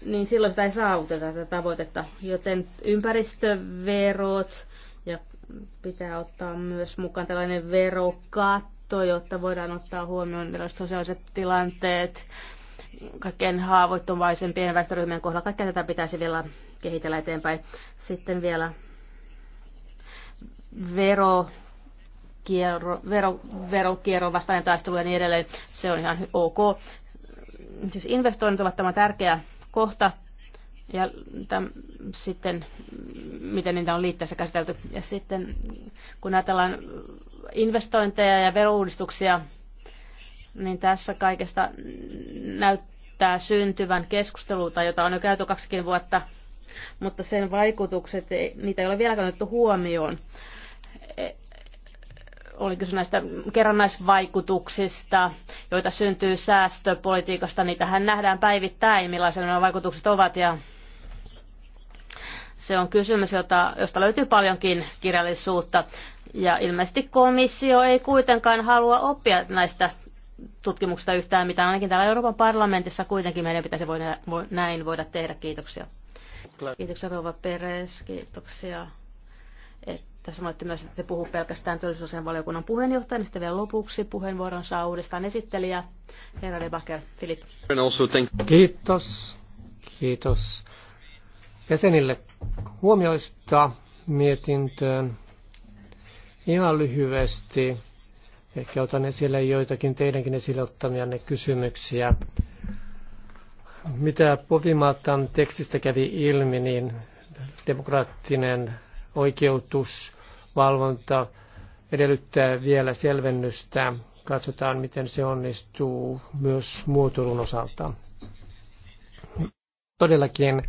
niin silloin sitä ei saavuteta tätä tavoitetta. Joten ympäristöverot ja pitää ottaa myös mukaan tällainen verokatto, jotta voidaan ottaa huomioon erilaiset sosiaaliset tilanteet kaikkein haavoittuvaisempien väestöryhmien kohdalla. Kaikkea tätä pitäisi vielä kehitellä eteenpäin. Sitten vielä vero kierro, vero, verokierron vastainen taistelu ja niin edelleen. Se on ihan ok. Siis investoinnit ovat tämä tärkeä kohta ja täm, sitten miten niitä on liitteessä käsitelty. Ja sitten kun ajatellaan investointeja ja verouudistuksia, niin tässä kaikesta näyttää syntyvän keskusteluta, jota on jo käyty kaksikin vuotta, mutta sen vaikutukset, niitä ei ole vieläkään kannettu huomioon. Oliko se näistä kerrannaisvaikutuksista, joita syntyy säästöpolitiikasta. Niitähän nähdään päivittäin, millaisia nämä vaikutukset ovat. Ja se on kysymys, jota, josta löytyy paljonkin kirjallisuutta. Ja ilmeisesti komissio ei kuitenkaan halua oppia näistä tutkimuksista yhtään mitään. Ainakin täällä Euroopan parlamentissa kuitenkin meidän pitäisi näin voida tehdä. Kiitoksia. Kiitoksia Rova Peres, kiitoksia. Et tässä sanoitte myös, että te puhu pelkästään työllisyysasian valiokunnan puheenjohtajana. Sitten vielä lopuksi puheenvuoron saa uudestaan esittelijä Herra Debaker, Filip. Kiitos. Kiitos jäsenille huomioista mietintöön. Ihan lyhyesti. Ehkä otan esille joitakin teidänkin esille ottamianne kysymyksiä. Mitä Povimaatan tekstistä kävi ilmi, niin demokraattinen oikeutus valvonta edellyttää vielä selvennystä. Katsotaan, miten se onnistuu myös muotoilun osalta. Todellakin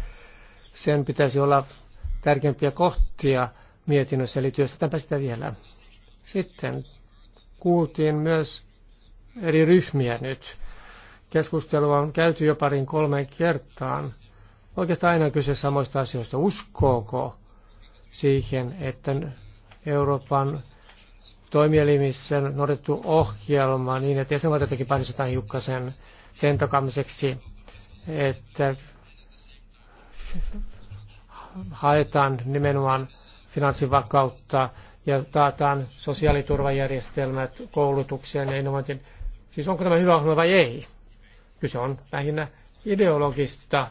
sen pitäisi olla tärkeimpiä kohtia mietinnössä, eli työstetäänpä sitä vielä. Sitten kuultiin myös eri ryhmiä nyt. Keskustelua on käyty jo parin kolmeen kertaan. Oikeastaan aina on kyse samoista asioista. Uskooko siihen, että Euroopan toimielimissä noudattu ohjelma niin, että jäsenvaltio jotenkin pärjätään hiukkasen sen takamiseksi, että haetaan nimenomaan finanssivakautta ja taataan sosiaaliturvajärjestelmät koulutukseen ja innovointiin. Siis onko tämä hyvä ohjelma vai ei? Kyse on lähinnä ideologista.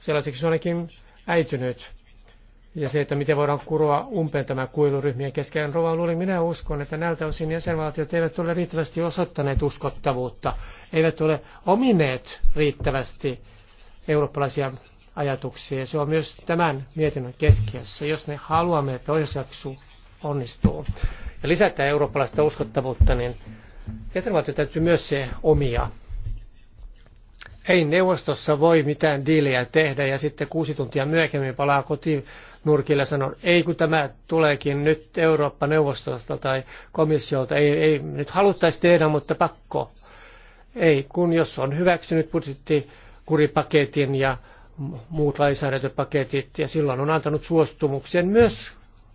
Sellaiseksi se on ainakin äitynyt ja se, että miten voidaan kuroa umpeen tämä kuiluryhmien kesken. Rova luulin, minä uskon, että näiltä osin jäsenvaltiot eivät ole riittävästi osoittaneet uskottavuutta, eivät ole omineet riittävästi eurooppalaisia ajatuksia. Se on myös tämän mietinnön keskiössä, jos me haluamme, että ohjausjakso onnistuu. Ja lisätään eurooppalaista uskottavuutta, niin jäsenvaltiot täytyy myös se omia. Ei neuvostossa voi mitään diilejä tehdä ja sitten kuusi tuntia myöhemmin palaa kotiin nurkille sanon, ei kun tämä tuleekin nyt Eurooppa-neuvostolta tai komissiolta, ei, ei nyt haluttaisi tehdä, mutta pakko. Ei, kun jos on hyväksynyt budjettikuripaketin ja muut lainsäädäntöpaketit, ja silloin on antanut suostumuksen myös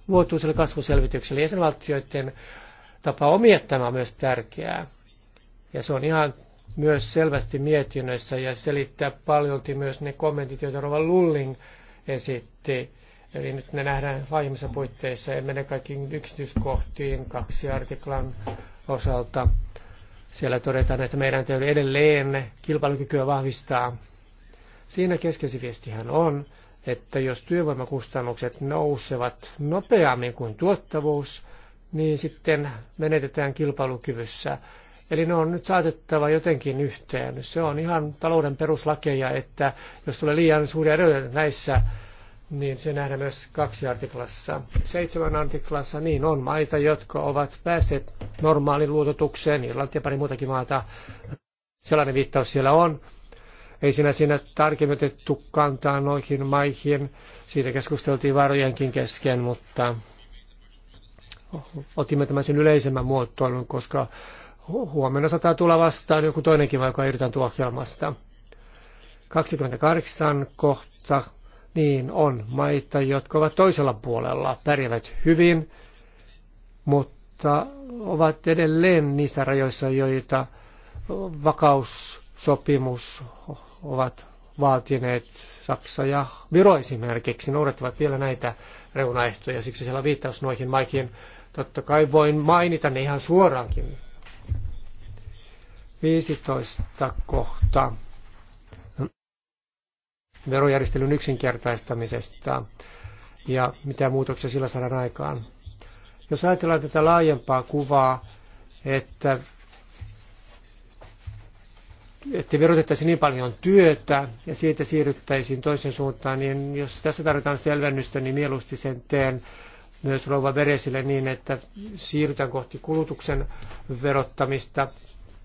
vuotuiselle kasvuselvitykselle jäsenvaltioiden tapa omia tämä on myös tärkeää. Ja se on ihan myös selvästi mietinnössä ja selittää paljolti myös ne kommentit, joita Rova Lulling esitti Eli nyt ne nähdään laajemmissa puitteissa. En mene kaikkiin yksityiskohtiin kaksi artiklan osalta. Siellä todetaan, että meidän täytyy edelleen kilpailukykyä vahvistaa. Siinä keskeisin hän on, että jos työvoimakustannukset nousevat nopeammin kuin tuottavuus, niin sitten menetetään kilpailukyvyssä. Eli ne on nyt saatettava jotenkin yhteen. Se on ihan talouden peruslakeja, että jos tulee liian suuria eroja näissä, niin se nähdään myös kaksi artiklassa. Seitsemän artiklassa niin on maita, jotka ovat päässeet normaalin luototukseen, Irlanti ja pari muutakin maata. Sellainen viittaus siellä on. Ei siinä siinä tarkemmin kantaa noihin maihin. Siitä keskusteltiin varojenkin kesken, mutta otimme tämän sen yleisemmän muotoilun, koska huomenna saattaa tulla vastaan joku toinenkin, vaikka irtaan ohjelmasta. 28 kohta niin on maita, jotka ovat toisella puolella, pärjäävät hyvin, mutta ovat edelleen niissä rajoissa, joita vakaussopimus ovat vaatineet Saksa ja Viro esimerkiksi noudattavat vielä näitä reunaehtoja, siksi siellä on viittaus noihin maihin. Totta kai voin mainita ne ihan suoraankin. 15 kohta verojärjestelyn yksinkertaistamisesta ja mitä muutoksia sillä saadaan aikaan. Jos ajatellaan tätä laajempaa kuvaa, että että verotettaisiin niin paljon työtä ja siitä siirryttäisiin toisen suuntaan, niin jos tässä tarvitaan selvennystä, niin mieluusti sen teen myös rouva veresille niin, että siirrytään kohti kulutuksen verottamista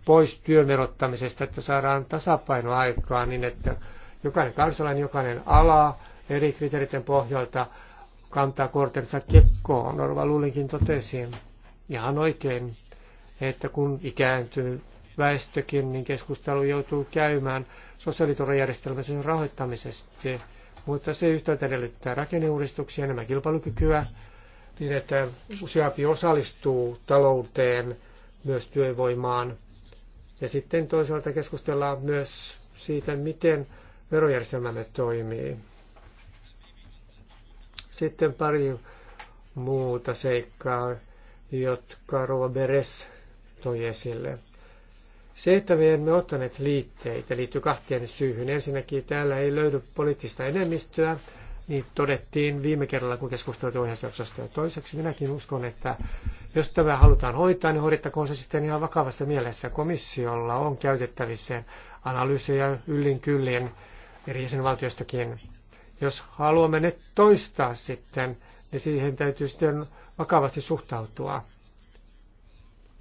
pois työn verottamisesta, että saadaan tasapaino aikaa niin, että Jokainen kansalainen, jokainen ala eri kriteereiden pohjalta kantaa kortensa kekkoon. Norva Lullinkin totesi ihan oikein, että kun ikääntyy väestökin, niin keskustelu joutuu käymään sosiaaliturvajärjestelmän sen rahoittamisesta. Mutta se yhtäältä edellyttää rakenneuudistuksia, enemmän kilpailukykyä, niin että useampi osallistuu talouteen, myös työvoimaan. Ja sitten toisaalta keskustellaan myös siitä, miten verojärjestelmämme toimii. Sitten pari muuta seikkaa, jotka Rova Beres toi esille. Se, että me emme ottaneet liitteitä, liittyy kahteen syyhyn. Ensinnäkin täällä ei löydy poliittista enemmistöä, niin todettiin viime kerralla, kun keskusteltiin ohjausjaksosta. Ja toiseksi minäkin uskon, että jos tämä halutaan hoitaa, niin hoidettakoon se sitten ihan vakavassa mielessä. Komissiolla on käytettävissä analyysejä yllin kyllin eri jäsenvaltioistakin. Jos haluamme ne toistaa sitten, niin siihen täytyy sitten vakavasti suhtautua.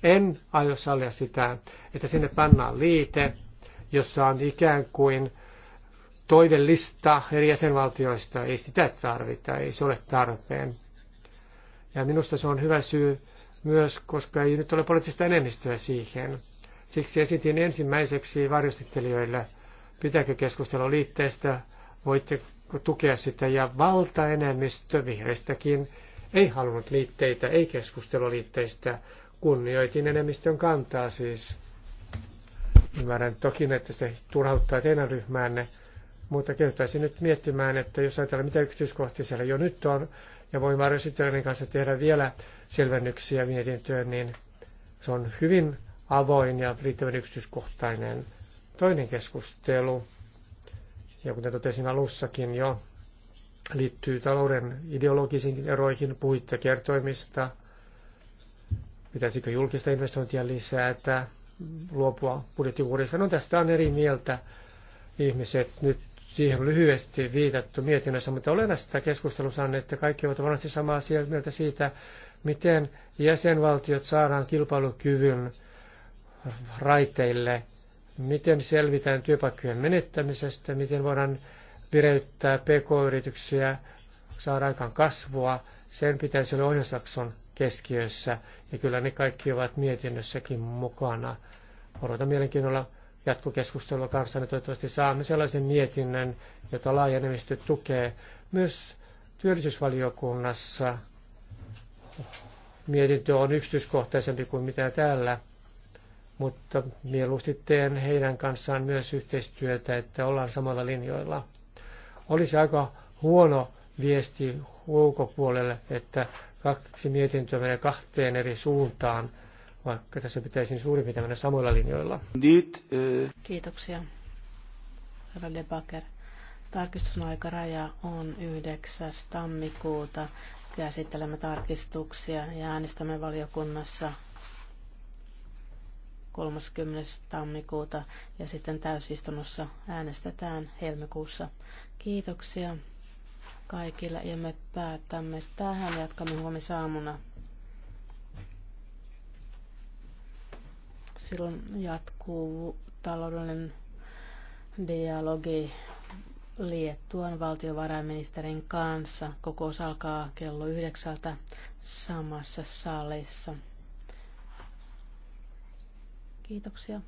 En aio sallia sitä, että sinne pannaan liite, jossa on ikään kuin toivellista eri jäsenvaltioista. Ei sitä tarvita, ei se ole tarpeen. Ja minusta se on hyvä syy myös, koska ei nyt ole poliittista enemmistöä siihen. Siksi esitin ensimmäiseksi varjostettelijoille – Pitääkö keskustella liitteestä? voitte tukea sitä? Ja valtaenemmistö vihreistäkin ei halunnut liitteitä, ei keskustelua liitteistä. Kunnioitin enemmistön kantaa siis. Ymmärrän toki, että se turhauttaa teidän ryhmäänne, mutta kehottaisin nyt miettimään, että jos ajatellaan mitä yksityiskohtia siellä jo nyt on, ja voin varjoesittelijöiden kanssa tehdä vielä selvennyksiä mietintöön, niin se on hyvin avoin ja riittävän yksityiskohtainen. Toinen keskustelu, ja kuten totesin alussakin jo, liittyy talouden ideologisiin eroihin, puhuitte kertoimista, pitäisikö julkista investointia lisätä, luopua budjettivuodesta. No tästä on eri mieltä ihmiset. Nyt siihen lyhyesti viitattu mietinnössä, mutta olennaista keskustelussa on, että kaikki ovat varmasti samaa mieltä siitä, miten jäsenvaltiot saadaan kilpailukyvyn raiteille miten selvitään työpaikkojen menettämisestä, miten voidaan vireyttää pk-yrityksiä, saada aikaan kasvua, sen pitäisi olla ohjausjakson keskiössä, ja kyllä ne kaikki ovat mietinnössäkin mukana. Odotan mielenkiinnolla jatkokeskustelua niin Toivottavasti saamme sellaisen mietinnön, jota laajenemistö tukee myös työllisyysvaliokunnassa. Mietintö on yksityiskohtaisempi kuin mitä täällä mutta mieluusti teen heidän kanssaan myös yhteistyötä, että ollaan samalla linjoilla. Olisi aika huono viesti ulkopuolelle, että kaksi mietintöä menee kahteen eri suuntaan, vaikka tässä pitäisi suurin piirtein mennä samoilla linjoilla. Äh, Kiitoksia, herra Debaker. Tarkistuksen aikaraja on 9. tammikuuta. Käsittelemme tarkistuksia ja äänestämme valiokunnassa 30. tammikuuta ja sitten täysistunnossa äänestetään helmikuussa. Kiitoksia kaikille ja me päätämme tähän. Jatkamme huomisaamuna. Silloin jatkuu taloudellinen dialogi Liettuan valtiovarainministerin kanssa. Kokous alkaa kello yhdeksältä samassa salissa. Kiitoksia.